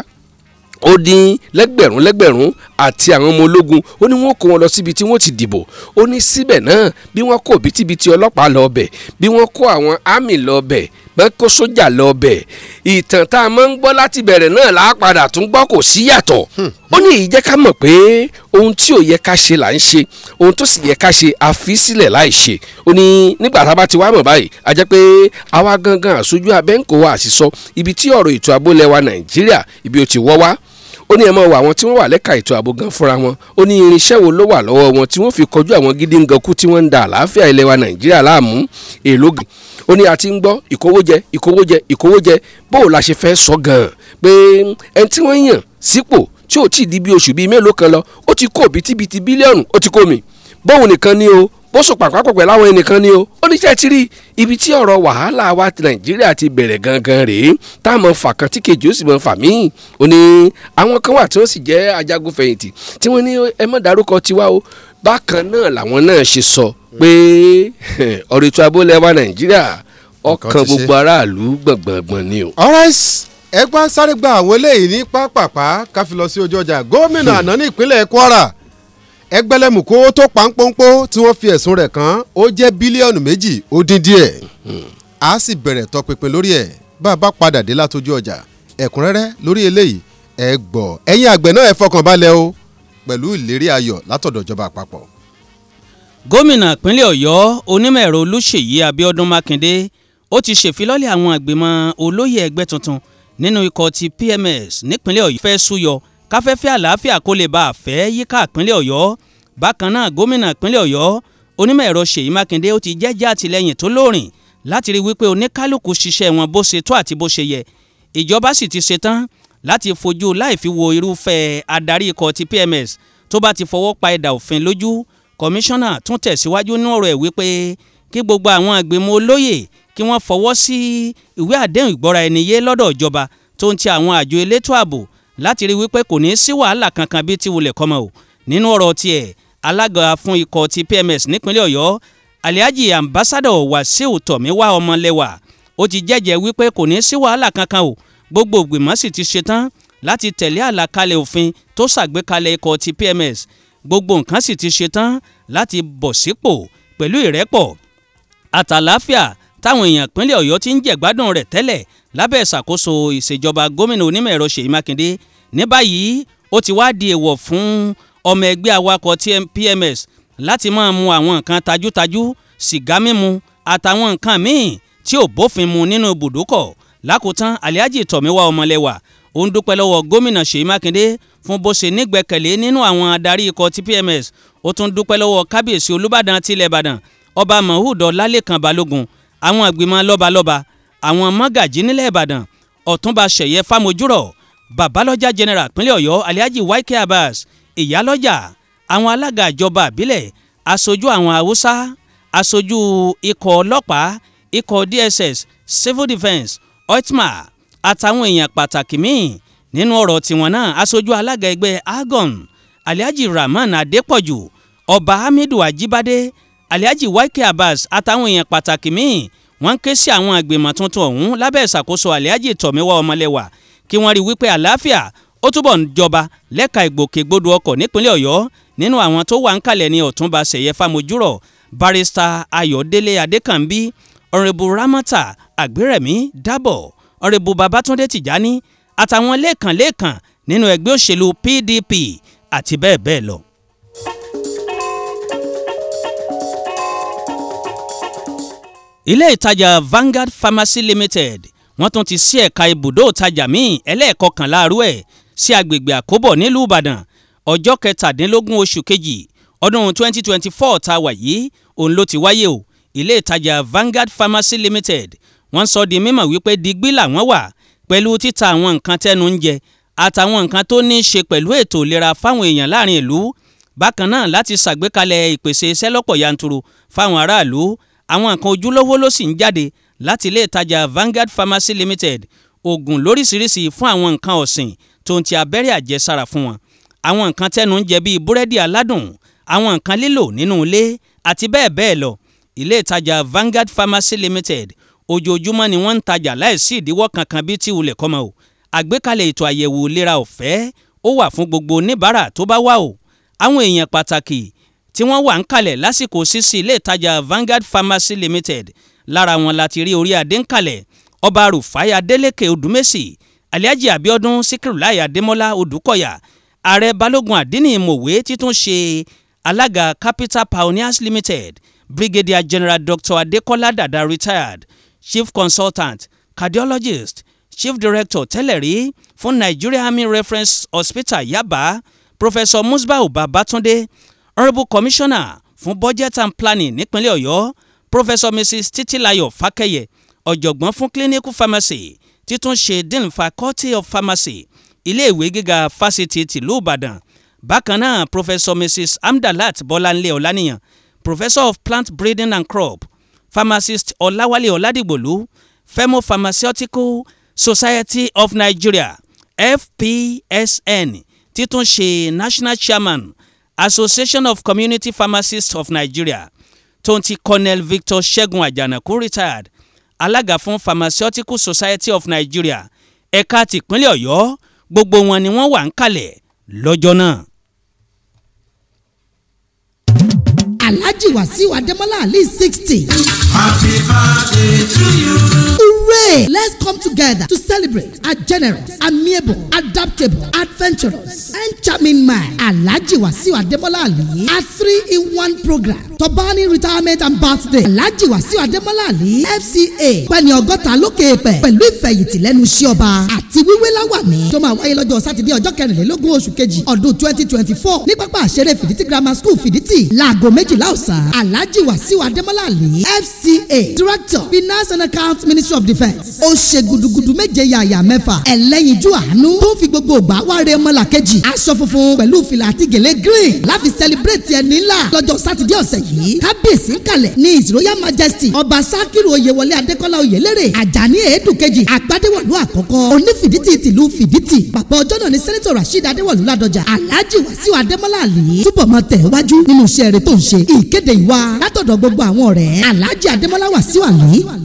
ó dín lẹ́gbẹ̀rún lẹ́gbẹ̀rún àti àwọn ọmọ ológun ó ní wọ́n kó wọn lọ síbi tí wọ́n ti dìbò ó ní síbẹ̀ náà bí wọ́n kó òbítíbitì ọlọ́pàá lọ bẹ̀ bí wọ́n kó àwọn ámì lọ bẹ̀ pé kó sójà lọ bẹ̀ ìtàn tá a máa ń gbọ́ láti bẹ̀rẹ̀ náà là á padà tún gbọ́ kò sí yàtọ̀ hmm. ó ní ìjẹ́ ká mọ̀ pé ohun tí ò yẹ ká ṣe là ń ṣe ohun tó sì yẹ ká ṣe àfi sílẹ̀ láì ṣe ó ní nígbà tá a bá ti wá mọ̀ báyìí a jẹ́ pé àwa gangan àṣojú abẹ́ǹkó wa àṣìṣọ ibi tí ọ̀rọ̀ ètò àbólẹ̀wà Nàìjíríà ibi ó ti wọ́ wá ó ní ẹ mọ̀ wà àwọn tí wọ́n wà lẹ́ka ètò ààbò gan fúnra wọn ó ní irinṣẹ́ wo ló wà lọ́wọ́ wọn tí wọ́n fi kọjú àwọn gidinganku tí wọ́n ń da àlàáfíà ilẹ̀ wa nàìjíríà láàmú èèló gan ó ní a ń gbọ́ ìkówójẹ ìkówójẹ ìkówójẹ bóò la ṣe fẹ́ sọ gan pé ẹni tí wọ́n yàn sípò tí ò tí ì di bí oṣù bíi mélòó kan lọ ó ti kó òbítíbitì bílíọ̀nù ó ti kó mi bóun nìkan ni o bó sùn pàpàpọ̀ pẹ̀lú àwọn ẹnìkan ni o ó ní jẹ́ ti rí ibi tí ọ̀rọ̀ wàhálà wa nàìjíríà ti bẹ̀rẹ̀ gangan rèé tá a mọ̀ fà kan tí kejì ó sì mọ̀ fà míì ó ní àwọn kan wà tí wọ́n sì jẹ́ ajagun fẹ̀yìntì tí wọ́n ní ẹ má dárúkọ tiwa o bákan náà làwọn náà ṣe sọ pé ọ̀rọ̀ ètò abólẹ̀ wa nàìjíríà ọkàn gbogbo aráàlú gbọ̀ngbọ̀ngbọ̀n ni o. all right ẹgbẹ́ sáré gba àwọn eléyìí ní pápápá káfí lọ sí ojú ọjà gómìnà hmm. àná ní ìpínlẹ̀ kwara ẹgbẹ́lẹ́mùkó tó pàǹpọ̀ǹpọ̀ tí wọ́n fi ẹ̀sùn rẹ̀ kàn ó jẹ́ bílíọ̀nù méjì ó dín díẹ̀ a sì bẹ̀rẹ̀ tọpinpin lórí ẹ̀ bá a bá padà dé látojú ọjà ẹ̀kúnrẹ́rẹ́ lórí eléyìí ẹ gbọ́ ẹ̀yin àgbẹ̀ náà ẹ fọkàn balẹ̀ o pẹ̀lú ìlérí ayọ̀ látọ̀dọ̀ ìjọba àpapọ̀. gómìnà ìpínlẹ̀ ọ̀yọ́ onímọ̀ ẹ̀rọ olúṣèyí abíọ́dún mákindé ó ti ṣèfilọ́lẹ̀ àwọn àgbìmọ̀ olóyè ẹgbẹ́ tuntun nínú ikọ̀ ti pms nípínlẹ̀ ọ̀yọ́ fẹ́ súyọ káfẹ́fẹ́ àlàáfíà kó lè bá a fẹ́ yíká ìpínlẹ̀ ọ̀yọ́ bákan náà gómìnà ìpínlẹ̀ ọ̀yọ́ onímọ̀ ẹ̀rọ ṣèyí mákindé ó ti jẹ́jẹ́ àtìlẹ́yìn tó lóòrìn láti rí wípé oníkálukú ṣiṣẹ́ wọn bó ṣe tó àti bó ṣe yẹ ìjọba sì ti ṣetán láti fojú láì fi wo irúfẹ́ adarí ikọ̀ ti PMS tó bá ti fọwọ́ pa ẹ̀dà òfin lójú kọmíṣánná tún tẹ̀síwájú nínú ọ̀rọ̀ ẹ̀ wípé kí gbogbo àwọn àgbìmọ̀ olóyè kí wọ́n fọwọ́ sí ìwé àdéhùn ìgbọ́ra ẹni yé lọ́dọ̀ ìjọba tó ń ti àwọn àjọ elétò ààbò láti rí wípé kò ní í sí wàhálà kankan bíi ti wulẹ̀ kọ́mọ o nínú ọ̀rọ̀ tiẹ̀ alága fún ikọ̀ ti PMS nípínlẹ̀ Ọ̀yọ́ Alhaji ambassadọ̀ Wasiu Tomiwa Ọmọlẹ́wà ó ti jẹ́jẹ́ wípé kò ní sí wàhálà kankan o gbogbo ìgbìmọ̀ sì ti ṣetán láti tẹ̀lé àlàkalẹ̀ òfin tó ṣàgbékalẹ̀ ikọ̀ ti PMS gbogbo nǹkan sì ti ṣetán láti bọ̀ sípò pẹ̀lú ìrẹ́pọ̀ àtàláfíà táwọn èèyàn ìpínlẹ̀ Ọ̀yọ́ ti ń jẹ̀gbádùn rẹ̀ tẹ́lẹ̀ lábẹ́ ìṣàkóso ìṣèjọba gómìnà onímọ̀ ẹ̀rọ Ṣèyí Mákindé ní báyìí ó ti wá di èèwọ̀ fún ọmọ ẹgbẹ́ awakọ̀ PMS láti máa mu àwọn nǹkan tajútajú sìgá mímu àtàwọn nǹkan míì tí ò bófin mu nínú ibùdókọ̀ lákòótán Alhaji Tomiwa Ọmọlẹ́wà ó ń dúpẹ́ lọ́wọ́ gómìnà Ṣèyí Mákindé fún bó ṣe nígbẹ́kẹ̀lé nínú àwọn adarí ikọ̀ ti PMS ó tún dúpẹ́ lọ́wọ́ kábíyèsí Olúbàdàn tilẹ̀ Ìbàdàn ọba mahudọ lálẹ́kan balógun àwọn àgbìmọ̀ lọ́balọ́ba àwọn mọ́gàjí nílẹ̀ Ìbàdàn ọ̀túnba ṣẹ̀yẹ fámojúrọ̀ babalọ́jà general pínlẹ̀ Ọ̀yọ́ Alhaji Waike Abbas ìyálọ́jà àwọn alága ìjọba àbílẹ̀ aṣojú àwọn haúsá aṣojú ikọ̀ ọlọ́pàá ikọ̀ DSS civil defence oitma, àtàwọn èèyàn pàtàkì míì nínú ọ̀rọ̀ tiwọn náà aṣojú alága ẹgbẹ́ agon aliaji rahman adépọ̀jù ọba hamidu ajibade alhaji waike abbas àtàwọn èèyàn pàtàkì míì wọ́n ké sí àwọn àgbèmọ̀ tuntun ọ̀hún lábẹ́ ìṣàkóso alhaji tọ̀míwá ọmọlẹ́wà kí wọ́n rí wípé àlàáfíà ó túbọ̀ ń jọba lẹ́ka ìgbòkègbodò ọkọ̀ nípínlẹ̀ ọ̀yọ́ nínú àwọn tó wà ń kalẹ̀ ní ọ̀túnba ṣèyẹ fámojúrọ̀ barista ayọ̀délé adékànbí ọ̀rẹ́bù ramata àgbérẹ̀mí dábọ̀ ọ̀rẹ́bù babatunde tìjání àtàwọn lẹ́ẹ̀kan lẹ́ẹ̀kan nínú ẹgbẹ́ òṣèlú pdp àti bẹ́ẹ̀ bẹ́ẹ̀ lọ. ilé ìtajà Vanguard Pharmacy Limited wọ́n tún ti ṣí ẹ̀ka ibùdó ìtajà míì ẹlẹ́ẹ̀kọkànlá àrú ẹ̀ sí agbègbè àkóbọ̀ nílùú ìbàdàn ọjọ́ kẹtàdínlógún oṣù kejì ọdún twenty four a wà yìí òun ló ti wáyé o ilé ìtajà Vanguard Pharmacy Limited wọ́n sọ di mímọ̀ wípé digbí làwọn wà pẹ̀lú títa àwọn nǹkan tẹ́nu ń jẹ àtàwọn nǹkan tó ní í ṣe pẹ̀lú ètò ìlera fáwọn èèyàn láàrin ìlú bákan náà láti ṣàgbékalẹ̀ ìpèsè iṣẹ́ lọ́pọ̀ yanturu fáwọn aráàlú àwọn nǹkan ojúlówó ló sì ń jáde láti ilé ìtajà Vanguard Pharmacy Limited oògùn lóríṣiríṣi fún àwọn nǹkan ọ̀sìn tó ń ti abẹ́rẹ́ àjẹsára fún wọn àwọn nǹkan tẹnu ń jẹ bíi búrẹ́dì aládùn àwọn nǹkan lílò nínú ilé àti bẹ́ẹ̀ bẹ́ẹ̀ lọ ilé ìtajà Vanguard Pharmacy Limited ojoojúmọ́ ni wọ́n ń tajà láìsí ìdíwọ́ kankan bíi tí wulẹ̀ kọ́mọ o àgbékalẹ̀ ètò àyẹ̀wò ìlera ọ̀fẹ́ ó wà fún gbogbo oníbàárà tó bá wà o àwọn èèyàn pàtàkì tí wọ́n wà ń kalẹ̀ lásìkò ṣíṣí ilé ìtajà Vanguard Pharmacy Limited lára wọn láti rí orí adé ń kalẹ̀ ọba Rufai Adeleke Odumesi alhaji abiodun sikirulai ademola odùkọ̀yà ààrẹ balógun àdínní mòwe títún ṣe alága capital pioneers limited brigadier general dr adekola dada retired chief consultant cardiologist chief director tẹ́lẹ̀rí fún nigeria army reference hospital yaba professor musbau babatunde honourable commissioner fún budget and planning nípínlẹ̀ ọ̀yọ́ professor mrs titilayo fakeye ọ̀jọ̀gbọ́n fún clinical pharmacy títún ṣe dean faculty of pharmacy iléèwé gíga fásitì tìlú ìbàdàn bákan náà professor mrs amdalat bọ́láńlé ọláníyàn professor of plant breeding and crop pharmacist ọláwálé ọládìgbòlú femo pharmaceutical society of nigeria fpsn títún ṣe national chairman association of community pharmacists of nigeria tonti colonel victor ṣẹ́gun àjànàkú retired alága fún Pharmaceutical Society of Nigeria ẹ̀ka tìpínlẹ̀ Ọ̀yọ́ gbogbo wọn ni wọ́n wà ń kalẹ̀ lọ́jọ́ náà. Alhaji Wasiu Ademola Ali sixty. Happy birthday to you pray. Let's come together to celebrate a generous, amiable, adaptable, adventurous, and charming man, Alhaji Wasiu Ademola Ali, a three-in-one program. Tobani retirement and birthday. Alhaji Wasiu Ademola Ali, FCA, pẹ̀lú ọgọ́ta lókè pẹ̀, pẹ̀lú ìfẹ̀yìntì lẹ́nu iṣẹ́ ọba àti wíwé láwàní. Tó máa wáyé lọ́jọ́ Sátidé ọjọ́ kẹrìnlélógún oṣù kejì ọdún twenty twenty four ní pápá àṣẹrẹ Fìdítì grammar school Fìdítì láago méjìlá ọ̀sán. Alhaji Wasiu Ademola Ali, FCA, Director, Finance and Accounts Ministry of Defence defence. ó ṣe gudugudu méje yàyà mẹ́fà ẹlẹ́yinjú àánú tó fi gbogbo ògbà wáre ọmọlàkejì aṣọ funfun pẹ̀lú fìlà àti gèlè green láfi celebrate ẹni ńlá lọ́jọ́ sátidé ọ̀sẹ̀ yìí kábíyèsí ń kalẹ̀ ní his royal majesty ọba sakiru oyewole adekola oyelere àjàní èédú kejì àgbádéwọ̀lú àkọ́kọ́ onífìdítì tìlú fìdítì pàpọ̀ ọjọ́ náà ni sẹ́nẹ́tọ̀ rasheed adéwọ̀lú ládọjà alhaji wasiu adémọ́lá àlì túbọ̀ máa tẹ̀ wájú nínú iṣẹ́ rẹ̀ tó ń ṣe ìkéde ìwà látọ̀dọ̀ gbogbo àwọn ọ̀rẹ́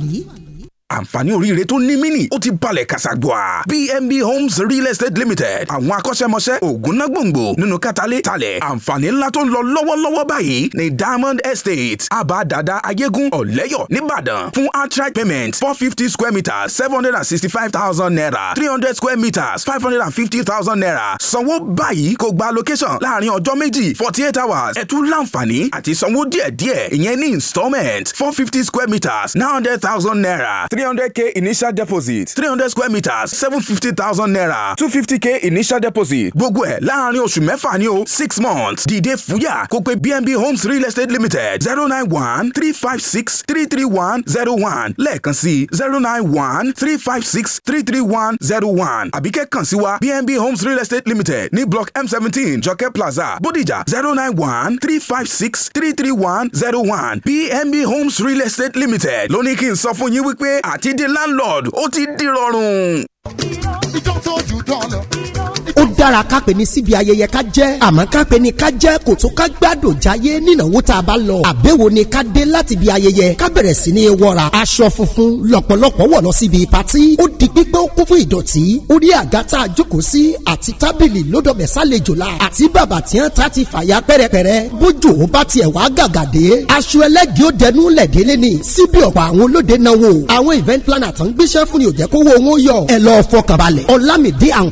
àǹfààní oríire tó ní mínì ó ti balẹ̀ kàṣàgbọ́à bnb homes real estate limited àwọn akọ́ṣẹ́mọṣẹ́ ògúnnágbòǹgbò nínú kátálé talẹ̀ àǹfààní ńlá tó ń lọ lọ́wọ́lọ́wọ́ báyìí ní diamond estate abadada ayégún ọ̀lẹ́yọ̀ nìbàdàn fún outright payment four fifty square meters seven hundred and sixty five thousand naira three hundred square meters five hundred and fifty thousand naira sanwó báyìí kò gba location láàrin ọjọ́ méjì forty eight hours ẹ̀tú láǹfààní àti sanwó díẹ̀díẹ̀ ìyẹn ní installment four fifty square meters nine hundred thousand naira three 300 k initial deposit 300 square meters 750,000 naira 250 k initial deposit gbogbo ẹ̀ láàrin oṣù mẹ́fà ni o six months dìde fúyà kó pe bnb homes real estate limited zero nine one three five six three lẹ́ẹ̀kan sí zero nine one àbíkẹ́ kàn sí wa bnb homes real estate limited ní block m 17 jọkẹ́ plaza bódìjà zero nine one bnb homes real estate limited ló ní kí n sọ fún yín wípé àti di landlord ó ti dìrọ̀rùn. ìjọ tó jù dán lọ dára ká pè ní síbi ayẹyẹ ká jẹ́ àmọ́ ká pè ní ká jẹ́ kò tó ká gbádùn jáyé nínáwó tá a bá lọ àbẹ̀wò ni ká dé láti ibi ayẹyẹ ká bẹ̀rẹ̀ sí ní wọ́ra aṣọ funfun lọ́pọ̀lọpọ̀ wọ̀ lọ síbi patí ó di gbígbẹ́ ó kún fún ìdọ̀tí orí àga tá a jókòó sí àti tábìlì lódọ̀bẹ̀ sálejò la àti bàbà tí wọ́n ta ti fàya pẹ́rẹpẹ́rẹ bójú ó bá tiẹ̀ wá gàgàdé aṣọ ẹlẹ́gì ó dẹnu lẹ̀dẹ́lẹ́ ni síbi ọ̀pọ̀ àwọn olóde náwó àwọn event planner tó ń gbéṣẹ́ fún ni ò jẹ́ kówó wọn yọ ẹ lọ́ọ́ fọkànbalẹ̀ Olamide and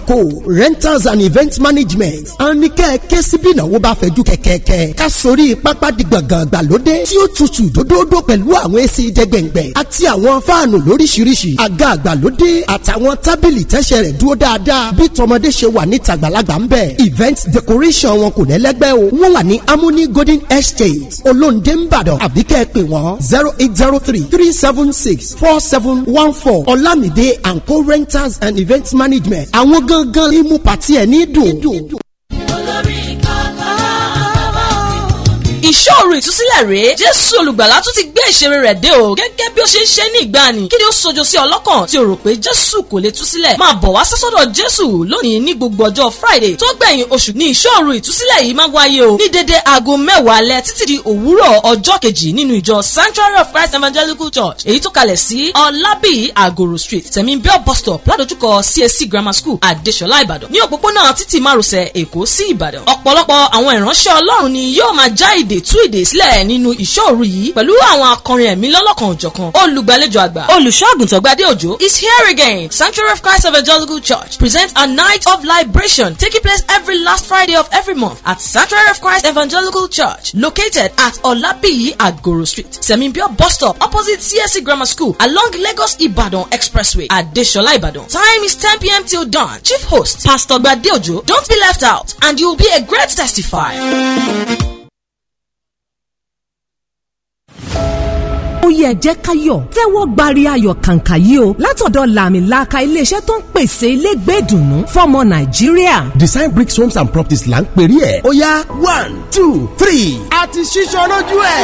rentals and and event management a ní kẹ́ ẹ ké síbi ìnáwó bá fẹ́ ju kẹ̀kẹ́kẹ́ ká sórí pápá di gbọ̀ngàn gbàlódé tí ó tutù dódódó pẹ̀lú àwọn èsì jẹgbẹ̀ngbẹ̀ àti àwọn fáànù lóríṣiríṣi àga àgbàlódé àtàwọn tábìlì tẹ́sẹ̀ rẹ̀ dúró dáadáa bí tọmọdé ṣe wà ní tàgbàlagbà ń bẹ̀ event decoration wọn kò lẹ́lẹ́gbẹ́ o wọ́n wà ní amúní golden estate olóńdé ńbàdàn àbí kẹ́ ẹ pè wọ́n zero eight zero three three seven six four seven one four olamide and co rentals and event management àwọn gangan imú pàtí ẹ̀ ní dùn. iṣẹ́ òru ìtúsílẹ̀ rèé jésù olùgbàlà tún ti gbé ìṣeré rẹ̀ dé o gẹ́gẹ́ bí ó ṣe ń ṣe ní ìgbàanì kí ni ó sojo sí ọlọ́kàn tí o rò pé jésù kò lè túsílẹ̀ máa bọ̀ wá sọ́sọ́dọ̀ jésù lónìí ní gbogbo ọjọ́ friday tó gbẹ̀yìn oṣù ní iṣẹ́ òru ìtúsílẹ̀ yìí máa wáyé o ní dédé aago mẹ́wàá alẹ́ títí di òwúrọ̀ ọjọ́ kejì nínú ìjọ sanctuary of christ evangelical church èyí tó kalẹ̀ sí ọlábì àgòrò street tẹ̀mí bell bus stop ládojúkọ csc grammar school àdéṣọlá ìbàdàn ní òpópónà títí márosẹ̀ èkó sí ìbàdàn ọ̀pọ̀lọpọ̀ àwọn ìránṣẹ́ ọlọ́run ni yóò máa já ìdè tú ìdè sílẹ̀ nínú ìṣòro yìí pẹ̀lú àwọn akọrin ẹ̀mí lọ́lọ́kan òjọ̀kan olùgbàlejò àgbà olùṣọ́àgùntàn Gbadé Òjó is here again Sanctuary of Christ Evangelical Church presents a night of liberation taking place every last Friday of every month at Sanctuary of Christ Evangelical Church located at Olapiyi Agoro Street Semimbio bus stop opposite CSC Grammar School along Lagos Ibadan Expressway at Deshola Ibadan time is 10 p.m. till dawn chief host Pastor Gbadé Òjó don't be left out and you will be a great testifier. ó yẹ jẹ́ káyọ̀ tẹ́wọ́ gbari ayọ̀ kàǹkà yìí o látọ̀dọ̀ làmìlaka iléeṣẹ́ tó ń pèsè ilé gbẹ́dùnú fọmọ nàìjíríà. design bricks homes and properties là ń pèrè ẹ̀ ó yá one two three àti ṣíṣọ́ lójú ẹ̀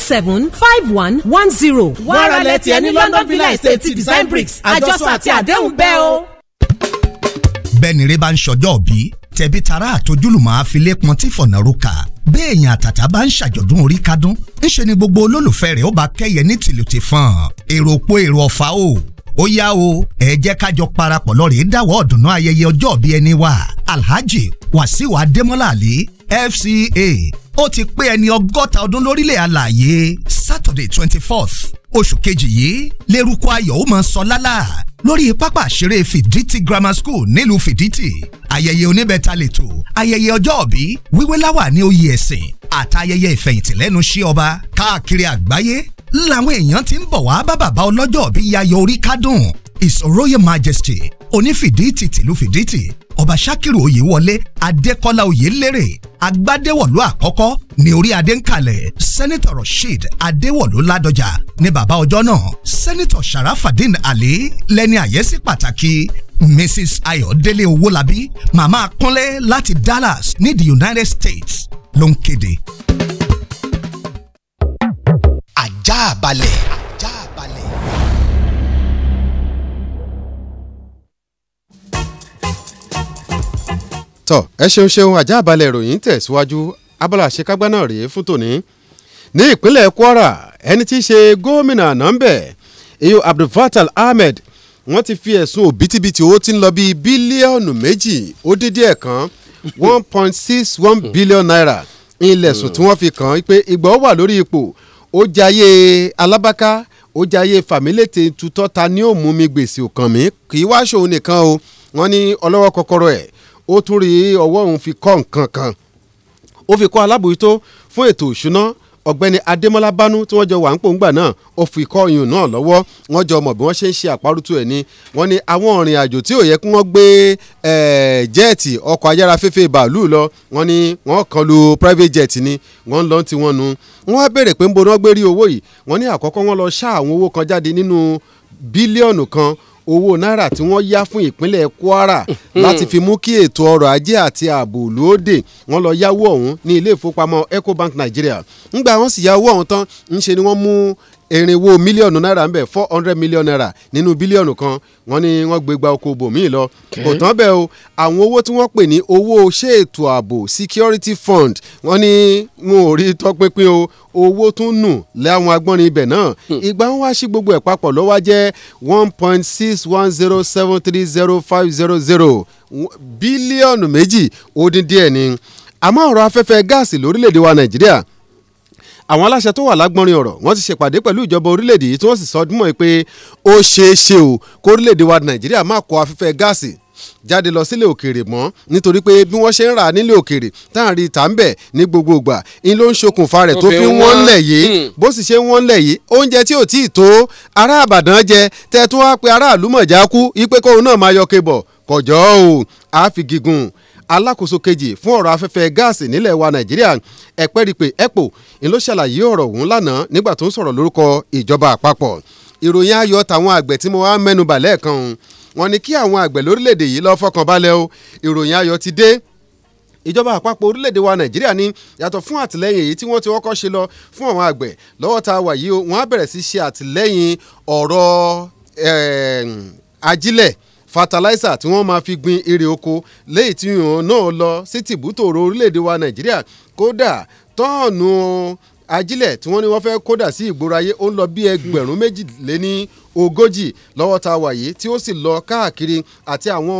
seven five one one zero. wàrà lẹ́tì ẹni London Villa Estate ti Design Bricks àjọsọ àti àdéhùn bẹ́ẹ̀ o. bẹ́ẹ̀ni rẹ bá ń ṣọjọ́ bí tẹ̀bí tará àtojúlùmọ̀ àfilẹ́ pọn tí fọ̀nà ro kà béèyàn àtàtà bá ń ṣàjọ̀dún orí kádún ńṣe ni gbogbo olólùfẹ́ rẹ̀ ó bá kẹ́yẹ ní tìlùtìfọ̀n èrò po èrò ọ̀fà o ó yá o ẹ jẹ́ kájọ parapọ̀ lọ́ọ̀rẹ́ dáwọ́ ọ̀dùnnú ayẹyẹ ọjọ́ bíi ẹni wà Alhaji Wasiu Adémọ́lá Ali FCA ó ti pé ẹni ọgọ́ta ọdún lórílẹ̀ alààyè Saturday twenty fourth oṣù kejì yìí lérúkọ ayọ̀ ó máa sọ lálá lórí pápá àṣeré Fìdítì Grammar School nílùú Fìdítì ayẹyẹ oníbẹ̀ta lètò ayẹyẹ ọjọ́ òbí wíwé láwà ní oyè ẹ̀sìn àtayẹyẹ ìfẹ̀yìntì lẹ́nu sí ọba káàkiri àgbáyé làwọn èèyàn ti ń bọ̀ wá bá bàbá ọlọ́jọ́ òbí yayọ orí kádùn His Majesty onífìdíìtì tìlú fìdíìtì ọba ṣakiru oyèwọlé adékọ́lá oyèlérè agbádéwọ̀lú àkọ́kọ́ ní orí adé ń kalẹ̀ sẹ́nitọ̀ rasheed adéwọ̀lú ládọjà ní bàbá ọjọ́ náà sẹ́nitọ̀ sharafadin ali lẹ́ni àyẹ́sí pàtàkì mrs ayọ̀délé owólabí màmá kúnlé láti dallas ní the united states ló ń kéde. ajá balẹ̀. tọ́ ẹ ṣeun ṣeun ajá balẹ̀ ìròyìn tẹ̀síwájú abala àṣekágbá náà rèé fún tòní ní ìpínlẹ̀ Kwara ẹni tí í ṣe gómìnà àná ń bẹ̀ iyo Abdulfatal Ahmed wọ́n ti fi ẹ̀sùn òbítíbitì owó tí ń lọ bíi bílíọ̀nù méjì ó dídí ẹ̀ kan one point six one billion naira ilẹ̀sùn tí wọ́n fi kàn án pé ìgbà ó wà lórí ipò ó jayé alábáká ó jayé fàmílétè tutọ́ ta ni ó mú mi gbèsè ọkàn mi kì í wá ṣòun nìkan o wọ́n ní ọlọ́wọ́ kọ́kọ́rọ́ ẹ̀ ó tún rí ọwọ́ òun fi kọ́ nǹkan kan ó fi kọ́ alábòójútó fún ètò ìṣúná ọ̀gbẹ́ni adémọ́lá bánú tí wọ́n jọ wà ń pòǹgbà náà ó fi kọ́ iyùn náà lọ́wọ́ wọ́n jọ mọ̀ bí wọ́n ṣe ń ṣe àparùtù ẹ̀ ni wọ́n ní àwọn ìrìn àjò tí ò yẹ kí wọ́n gbé jẹ́ẹ̀tì ọkọ̀ ayára-fẹ́fẹ́ bàálù lọ wọ́n ní wọ́n kan lu private jet ni wọ́n ń lọ tí wọ́n nu wọ́n wá béèrè pé ń bo náà gbé rí owó yìí wọ́n ní àkọ́kọ́ wọ́n lọ ṣá àwọn owó kan jáde nínú bílíọ̀nù kan owó náírà tí wọ́n yá fún ìpínlẹ̀ Kwara hmm. láti fi mú kí ètò ọrọ̀ ajé àti ààbò lóde wọ́n lọ yáwó ọ̀hún ní ilé ìfowópamọ́ Ecobank Nigeria ńgbà wọ́n sì yáwó ọ̀hún tán ńṣe ni wọ́n mú irinwó mílíọ̀nù náírà ń bẹ̀ four hundred million naira nínú bílíọ̀nù kan wọ́n ní wọ́n gbé gba oko bòmíì lọ kò tán bẹ́ẹ̀ o àwọn owó tí wọ́n pè ní owó ṣètò ààbò security fund wọ́n ní wọn ò rí tọpinpin o owó tún nù láwọn agbọ́nrin ibẹ̀ náà hmm. ìgbà ń wá sí gbogbo ẹ̀ papọ̀ ló jẹ́ one point six one zero seven three zero five zero zero bílíọ̀nù méjì ó dín díẹ̀ ni àmọ́ ọ̀rọ̀ afẹ́fẹ́ gáàsì lórílẹ̀‐èdè wa nàìjíríà àwọn aláṣẹ tó wà lágbọ́nrin ọ̀rọ̀ wọ́n ti ṣèpàdé pẹ̀lú ìjọba orílẹ̀-èdè yìí tí wọ́n sì sọ ọdún mọ́ pé ó ṣeé ṣe o kó orílẹ̀-èdè wa nàìjíríà má kó afẹ́fẹ́ gáàsì jáde lọ sílé òkèèrè mọ́ nítorí pé bí wọ́n ṣe ń rà nílé òkèèrè tá à ń rí ìta ń bẹ̀ ní gbogbo ìgbà ń ló ń ṣokùnfà rẹ̀ tó fi wọ́n ń lẹ̀ yìí hmm. bó sì ṣe wọ́n ń lẹ̀ yìí oúnjẹ tí ò tí ì tó ará àbàdàn jẹ tẹ́tún wá pé aráàlú mọ̀já kú ipe kóun náà máa yọ kébọ̀ kọjọ́ o àáfi gígùn alákòóso kejì fún ọ̀rọ̀ afẹ́fẹ́ gáàsì nílẹ̀ wa nàìjíríà ẹ̀pẹ́rìpè epo ń ló ṣàlàyé ọ̀rọ̀ ọ̀hún lánàá nígbà tó ń sọ̀rọ̀ lórúkọ ìjọba àpapọ̀ ìròyìn ayọ̀ tàwọn àgbẹ̀ tí mo wá mẹ́nubà lẹ́ẹ̀kan wọn ni kí àwọn àgbẹ̀ lórílẹ̀‐èdè yìí lọ́ọ́ fọkàn o ìròyìn ayọ̀ ti dé ìjọba àpapọ̀ orílẹ̀-èdè wa nàìjíríà ni yàtọ̀ fún àtìlẹ́yìn èyí tí wọ́n ti kọ́kọ́ ṣe lọ fún àwọn àgbẹ̀ lọ́wọ́ tá a wà yìí o wọ́n á bẹ̀rẹ̀ sí ṣe àtìlẹ́yìn ọ̀rọ̀ ajílẹ̀ fataláísà tí wọ́n máa fi gbin èrè oko léyìí tí wọn náà lọ sí tìbútòrò orílẹ̀-èdè wa nàìjíríà kódà tọ́ọ̀nù ajílẹ̀ tí wọ́n ní wọ́n fẹ́ kódà sí ìgboro ayé ó ń lọ bí ẹgbẹ̀rún méjìléní ogójì lọ́wọ́ tá a wà yìí tí ó sì lọ káàkiri àti àwọn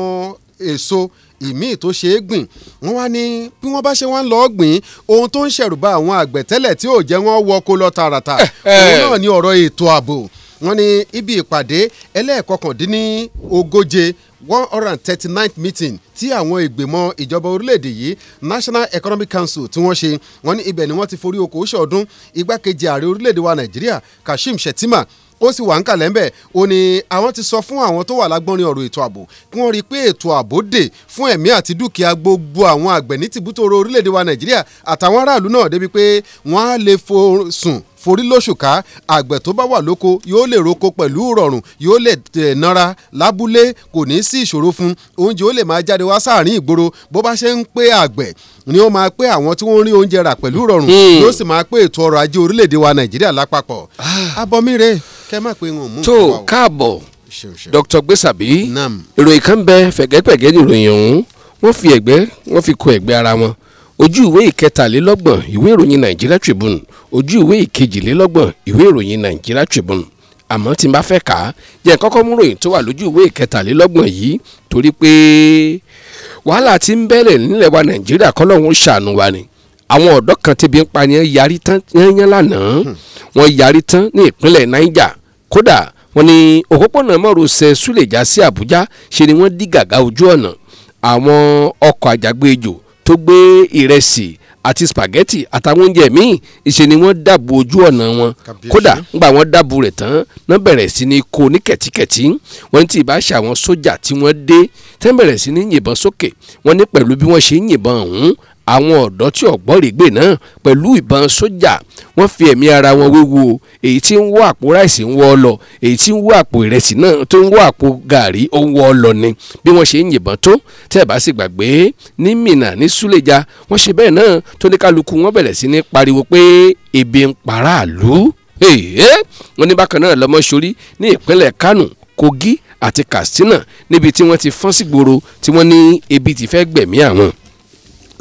èso ìmíì tó ṣe é gbìn wọ́n wá ní bí wọ́n bá ṣe wá lọ gbìn ohun tó ń ṣẹ̀rù bá àwọn àgbẹ̀ tẹ́lẹ̀ tí ò jẹ́ wọ́n wọ́ko lọ tààràtà eh, eh. òun náà ní ọ̀rọ̀ ètò ààbò wọ́n ní ibi ìpàdé ẹlẹ́ẹ̀kọkàndínní ogóje one hundred and thirty nine meeting tí àwọn ìgbìmọ̀ ìjọba orílẹ̀-èdè yìí National Economic Council tí wọ́n ṣe wọ́n ní ibẹ̀ ni wọ́n ti forí oko ṣọ̀ọ́dún igbákejì ààrẹ orílẹ̀-èdè wa Nàìjíríà Kashim Shettima ó sì wà ń kàlẹ́ ń bẹ̀ ó ní àwọn ti sọ fún àwọn tó wà lágbọ́nrin ọ̀rọ̀ ètò ààbò kí wọ́n rí i pé ètò ààbò dè fún ẹ̀mí àti dúkìá gbogbo àwọn àgbẹ̀ ní tìbútòrò orílẹ̀-èdè wa Nàìjíríà àtàwọn aráàlú náà débi pé wọ́n á lè fò sùn forí lóṣù ká àgbẹ̀ tó bá wà lóko yóò lè roko pẹ̀lú rọrùn yóò lè e, nara lábúlé kò ní sí ìṣòro fún oúnjẹ ó lè máa jáde wá sáàrin ìgboro bó bá ṣe ń pé àgbẹ̀ ni ó máa pé àwọn tí wọ́n ń rí oúnjẹ rà pẹ̀lú rọrùn hmm. yóò sì máa pé ètò ọrọ̀ ajé orílẹ̀-èdè wa nàìjíríà lápapọ̀ ah. abọ́mire kẹ́ má pé wọn ò mú tó káàbọ̀ Dr. Gbèsàbí ìròyìn kan bẹ fẹ̀gẹ́fẹ̀gẹ́ ìròyìn ọ̀hún wọ́n fi ẹ̀gbẹ́ wọ́n fi Tribune ojú ìwé ìkejìlélọ́gbọ̀n ìwé ìròyìn Nigeria Tribune àmọ́ tí n bá fẹ́ kà á jẹ́ kọ́kọ́ mú ròyìn tó wà lójú ìwé ìkẹtàlélọ́gbọ̀n yìí torí pé wàhálà tí ń bẹ́lẹ̀ nílẹ̀ wa Nàìjíríà kọ́lọ́hún ṣàánú wa ni àwọn ọ̀dọ́ kan tẹ́bi ń pa yẹn yarí tán yẹn lánàá wọ́n yarí tán ní ìpínlẹ̀ Niger kódà wọ́n ní òpópónà márosẹ̀ Suleja sí Àbújá ṣe ni wọ́n dí gàgà ojú ọ̀nà àwọn ọkọ̀ àjàgbéjò tó gbé ìrẹsì àti spaghetti àtàwọn oúnjẹ míì ìṣe ni wọ́n dàbò ojú ọ̀nà wọn kódà ńgbà wọ́n dàbò rẹ̀ tán náà bẹ̀rẹ̀ sí ni kó ní kẹ̀tíkẹ̀tí wọ́n ti ìbá ṣe àwọn sójà tí wọ́n dé tẹ́ bẹ̀rẹ̀ sí ni yìnbọn sókè wọ́n ní pẹ̀lú bí wọ́n ṣe yìnbọn ọ̀hún àwọn ọ̀dọ́ tí ọ̀gbọ́n rè gbè náà pẹ̀lú ìbọn sójà wọ́n fi ẹ̀mí ara wọn wéwu èyí tí ń wọ́ àpò ráìsì ń wọ́ ọ lọ èyí tí ń wọ́ àpò ìrẹsì náà tó ń wọ́ àpò gàrí ó ń wọ́ ọ lọ ni bí wọ́n ṣe ń yìnbọn tó tẹ́ ẹ̀ bá sì gbàgbé ní Minna ní Súlẹ̀jà wọ́n ṣe bẹ́ẹ̀ náà tó ní kálukú wọn bẹ̀rẹ̀ sí ní pariwo pé ebi ń para àlú wọ́n ní bákan náà lọ́mọ sórí ní ìpínlẹ̀ Kánò Kogi àti Katsina níbi tí wọ́n ti fọ́n sígboro tí wọ́n ní ebi ti fẹ́ gbẹ̀mí àwọn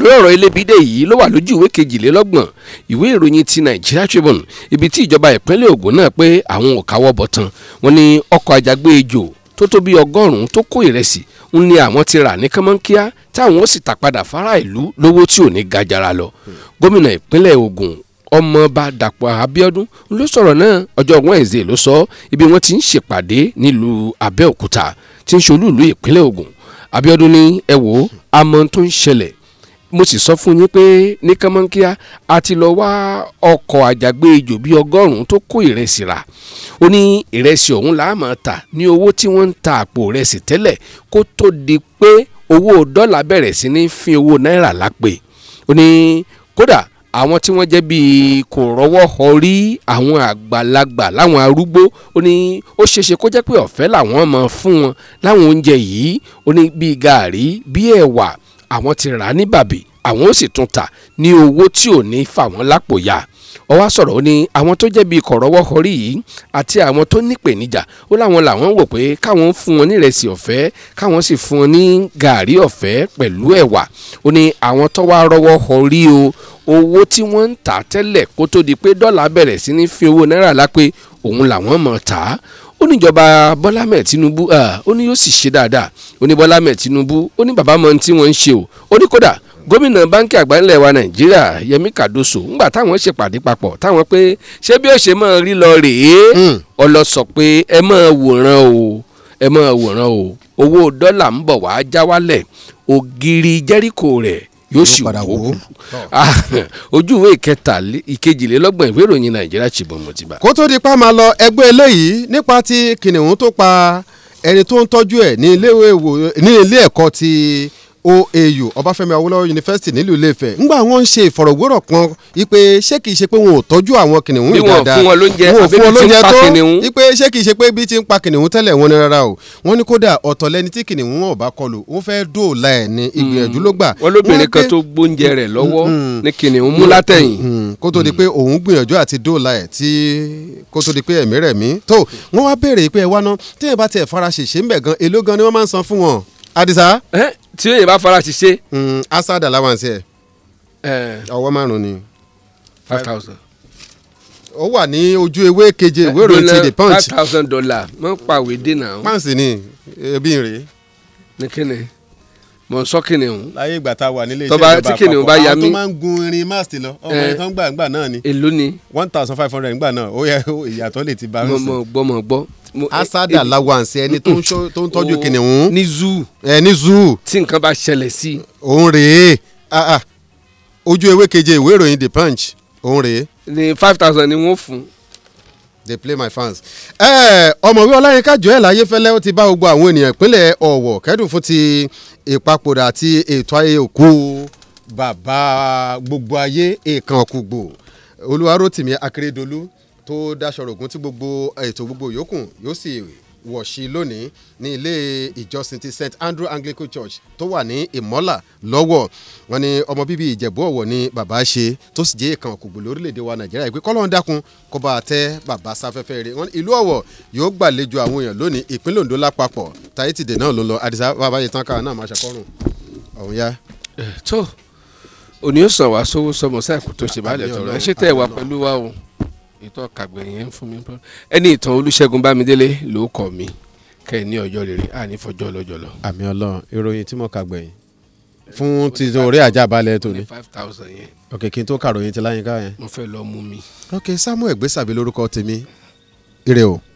lórí ọ̀rọ̀ ilé bídé yìí ló wà lójú ìwé kejìlélọ́gbọ̀n ìwé ìròyìn ti Nigeria Tribune ibi tí ìjọba ìpínlẹ̀ Ògùn náà pé àwọn ò káwọ́ bọ̀ tán wọ́n ní ọkọ̀ àjàgbé ejò tó tó bí ọgọ́rùn-ún tó kó ìrẹsì ń ní àwọn ti rà ní kánmọ́nkíá táwọn ó sì tà padà fara ìlú lówó tí ò ní gajara lọ gómìnà ìpínlẹ̀ Ògùn ọmọọba dàpọ̀ abíọ́dún ló sọ̀rọ̀ náà ọjọ́ Wednesday ló sọ ibi wọ́n ti ń ṣèpàdé nílùú Abẹ́òkúta tí ń ṣolúùlú ìpínlẹ̀ Ògùn abíọ́dún ní ẹ wò á tó ń ṣẹlẹ̀ mo sì sọ fún yín pé ní kánmọ́nkíá a ti lọ wá ọkọ̀ àjàgbé ejò bíi ọgọ́rùn-ún tó kó ìrẹsì rà ó ní ìrẹsì ọ̀hún la máa tà ní owó tí wọ́n ń ta àpò ìrẹsì tẹ́lẹ̀ kó tó di pé owó dọ́là bẹ̀rẹ̀ sí ní fi owó náírà lápè ó ní kódà àwọn tí wọ́n jẹ́ bíi kò rọ́wọ́ họrí àwọn àgbàlagbà láwọn arúgbó ó ní ó ṣeéṣe kó jẹ́ pé ọ̀fẹ́ làwọn máa fún wọn láwọn oúnjẹ yìí ó ní bíi gàárì bíi ẹ̀wà e àwọn ti rà á ní bàbí àwọn ó sì tún tà ní owó tí ò ní fà wọ́n lápò ya ó wá sọ̀rọ̀ ó ní àwọn tó jẹ́ bíi kọ̀rọ̀wọ́ kọrí yìí àti àwọn tó nípèníjà ó láwọn làwọn wò pé káwọn fún wọn ní ìrẹsì ọ̀fẹ́ káwọn sì fún wọn ní gàárì ọ̀fẹ́ pẹ̀lú ẹ̀wà ó ní àwọn tó wá rọwọ́ kọrí o owó tí wọ́n ń tà tẹ́lẹ̀ kó tó di pé dọ́là bẹ̀rẹ̀ sí ní fi owó náírà lápé òun làwọn mọ̀ tà ó ní ìjọba Bọ́lá Ahmed Tinubu ó ní yóò sì ṣe dáadáa ó ní Bọ́lá Ahmed Tinubu ó ní bàbá mọ tí wọ́n ń ṣe o ó ní kódà gómìnà báńkì àgbà ńlẹ̀ wa Nàìjíríà Yẹmí Kàdóso ńgbà táwọn ṣèpàdé papọ̀ táwọn pé ṣé bí ó ṣe máa rí lọ rèé hmm. ọlọ́sọ pé ẹ máa wòran o ẹ máa wòran o owó dọ́là ń bọ̀ wá já wálẹ̀ ògiri jẹ́ríkò rẹ̀ yóò sì wò ó ah, ojú ìwé ìkejìlélọ́gbọ̀n ìwé ìròyìn nàìjíríà ṣìbọn mo ti bá. kó tó di pa máa lọ ẹgbẹ́ eléyìí nípa ti kìnìún tó pa ẹni tó ń tọ́jú ẹ̀ ní ilé ẹ̀kọ́ ti OAU Ọbáfẹ́mi Awólọ́wọ̀ University nílùú Ilé-Ifẹ̀ ńgbà wọ́n ń ṣe ìfọ̀rọ̀wérọ̀ kan ipe ṣé kìí ṣe pé wọn ò tọ́jú àwọn kìnìún yìí dáadáa wọn fún wọn lóúnjẹ àbí bí ti ń pa kìnìún ipe ṣé kìí ṣe pé bí ti ń pa kìnìún tẹ́lẹ̀ wọn ni rárá o wọ́n ní kódà ọ̀tọ̀ lẹni tí kìnìún wọn ò bá kọlù dóòlà ẹ̀ ní ìgbìyànjú ló gbà. Hmm. wọn lóbìnrin kan tó gbóúnjẹ rẹ̀ hmm. lọ́wọ́ hmm. ni kìnìún mú látẹ̀yìn. kó tó di pé òun gbìyànjú àti dóòlà ẹ̀ tí kó tó di pé ẹ̀mí rẹ̀ mí tó wọ́n wá béèrè pé ẹ wá ná tí ẹ bá tiẹ̀ fara ṣèṣe ń bẹ̀ gan elógan ni wọ́n máa ń san fún wọn. Àdìsá. ẹ tí èyàn bá fara ṣiṣẹ́. Mm, asad allowance ẹ ọwọ́ márùn ni. five thousand. ó wà ní ojú ewé keje ìwé ìròyìn ti the punch. five thousand dollar mo pàwé dènà. pàǹsì ni ebi rè. ní kíni mọ̀ ń sọ kìnìún. láyé ìgbà tá a wà nílé iṣẹ́ ìjọba àpapọ̀ tọ́ba tí kìnìún bá ya mí. àwọn tó máa ń gun irin máàsì lọ ọmọ yẹn tó ń gbà ńgbà náà ni. èló ni. one thousand five hundred ńgbà náà ó yẹ ìyàtọ̀ lè ti bá mi mo mọ̀ gbọ́ mọ̀ gbọ́ Eh, asada eh, lawansi ẹni tó ń tọ́jú kìnìún. Oh, ní zoo. ẹ eh, ní zoo. tí nǹkan bá ṣẹlẹ̀ sí. òun rèé ah, ah. ojú ewé keje ìwé ìròyìn the punch òun rèé. ní five thousand ni wọ́n fún. they play my fans. ọmọwé ọláyínká joel ayéfẹ́lẹ́ ó ti bá gbogbo àwọn ènìyàn ìpínlẹ̀ ọ̀wọ̀ kẹ́dùn fún ti ìpapòdà àti ètò ayé òkú bàbá gbogbo ayé èèkàn kùgbò olúwarótìmí tó dáṣọ rògùn tí gbogbo ètò gbogbo yòókù yóò sì wọ̀ṣí lónìí ní ilé ìjọsìn ti St Andrew Anglican Church tó wà ní Ìmọ́là lọ́wọ́ wọn ni ọmọ bíbí Ìjẹ̀bú Ọ̀wọ̀ ni bàbá ṣe tó sì jẹ́ ìkan òkùnkùn lórílẹ̀‐èdè wa Nàìjíríà ìpè kọ́lọ́n dákun kó bá a tẹ́ bàbá sáfẹ́fẹ́ rẹ̀ wọn ìlú Ọ̀wọ̀ yóò gbàlejò àwọn èèyàn lónìí ìpínlẹ̀ Ondo lápapọ̀ tàyítìdè náà ló ń lọ Àdìsá bàbá tán káà náà máa ìtọ́ kàgbẹ̀yìn ń fún mi ẹni ìtàn Olúṣẹ́gun Bámidélé ló kọ̀ mí kẹ́ ẹ ní ọjọ́ rere àní fọjọ́ lọ́jọ́ lọ. àmì Ọlọ́run ìròyìn tí mo kàgbẹ̀yìn fún ti orí àjàbalẹ̀ tòní. five thousand yẹn. ok kí n tó kàròyìn ti láyínká yẹn. mo fẹ́ lọ mú mi. ok Samuel gbèsàbí lórúkọ tèmi ire o.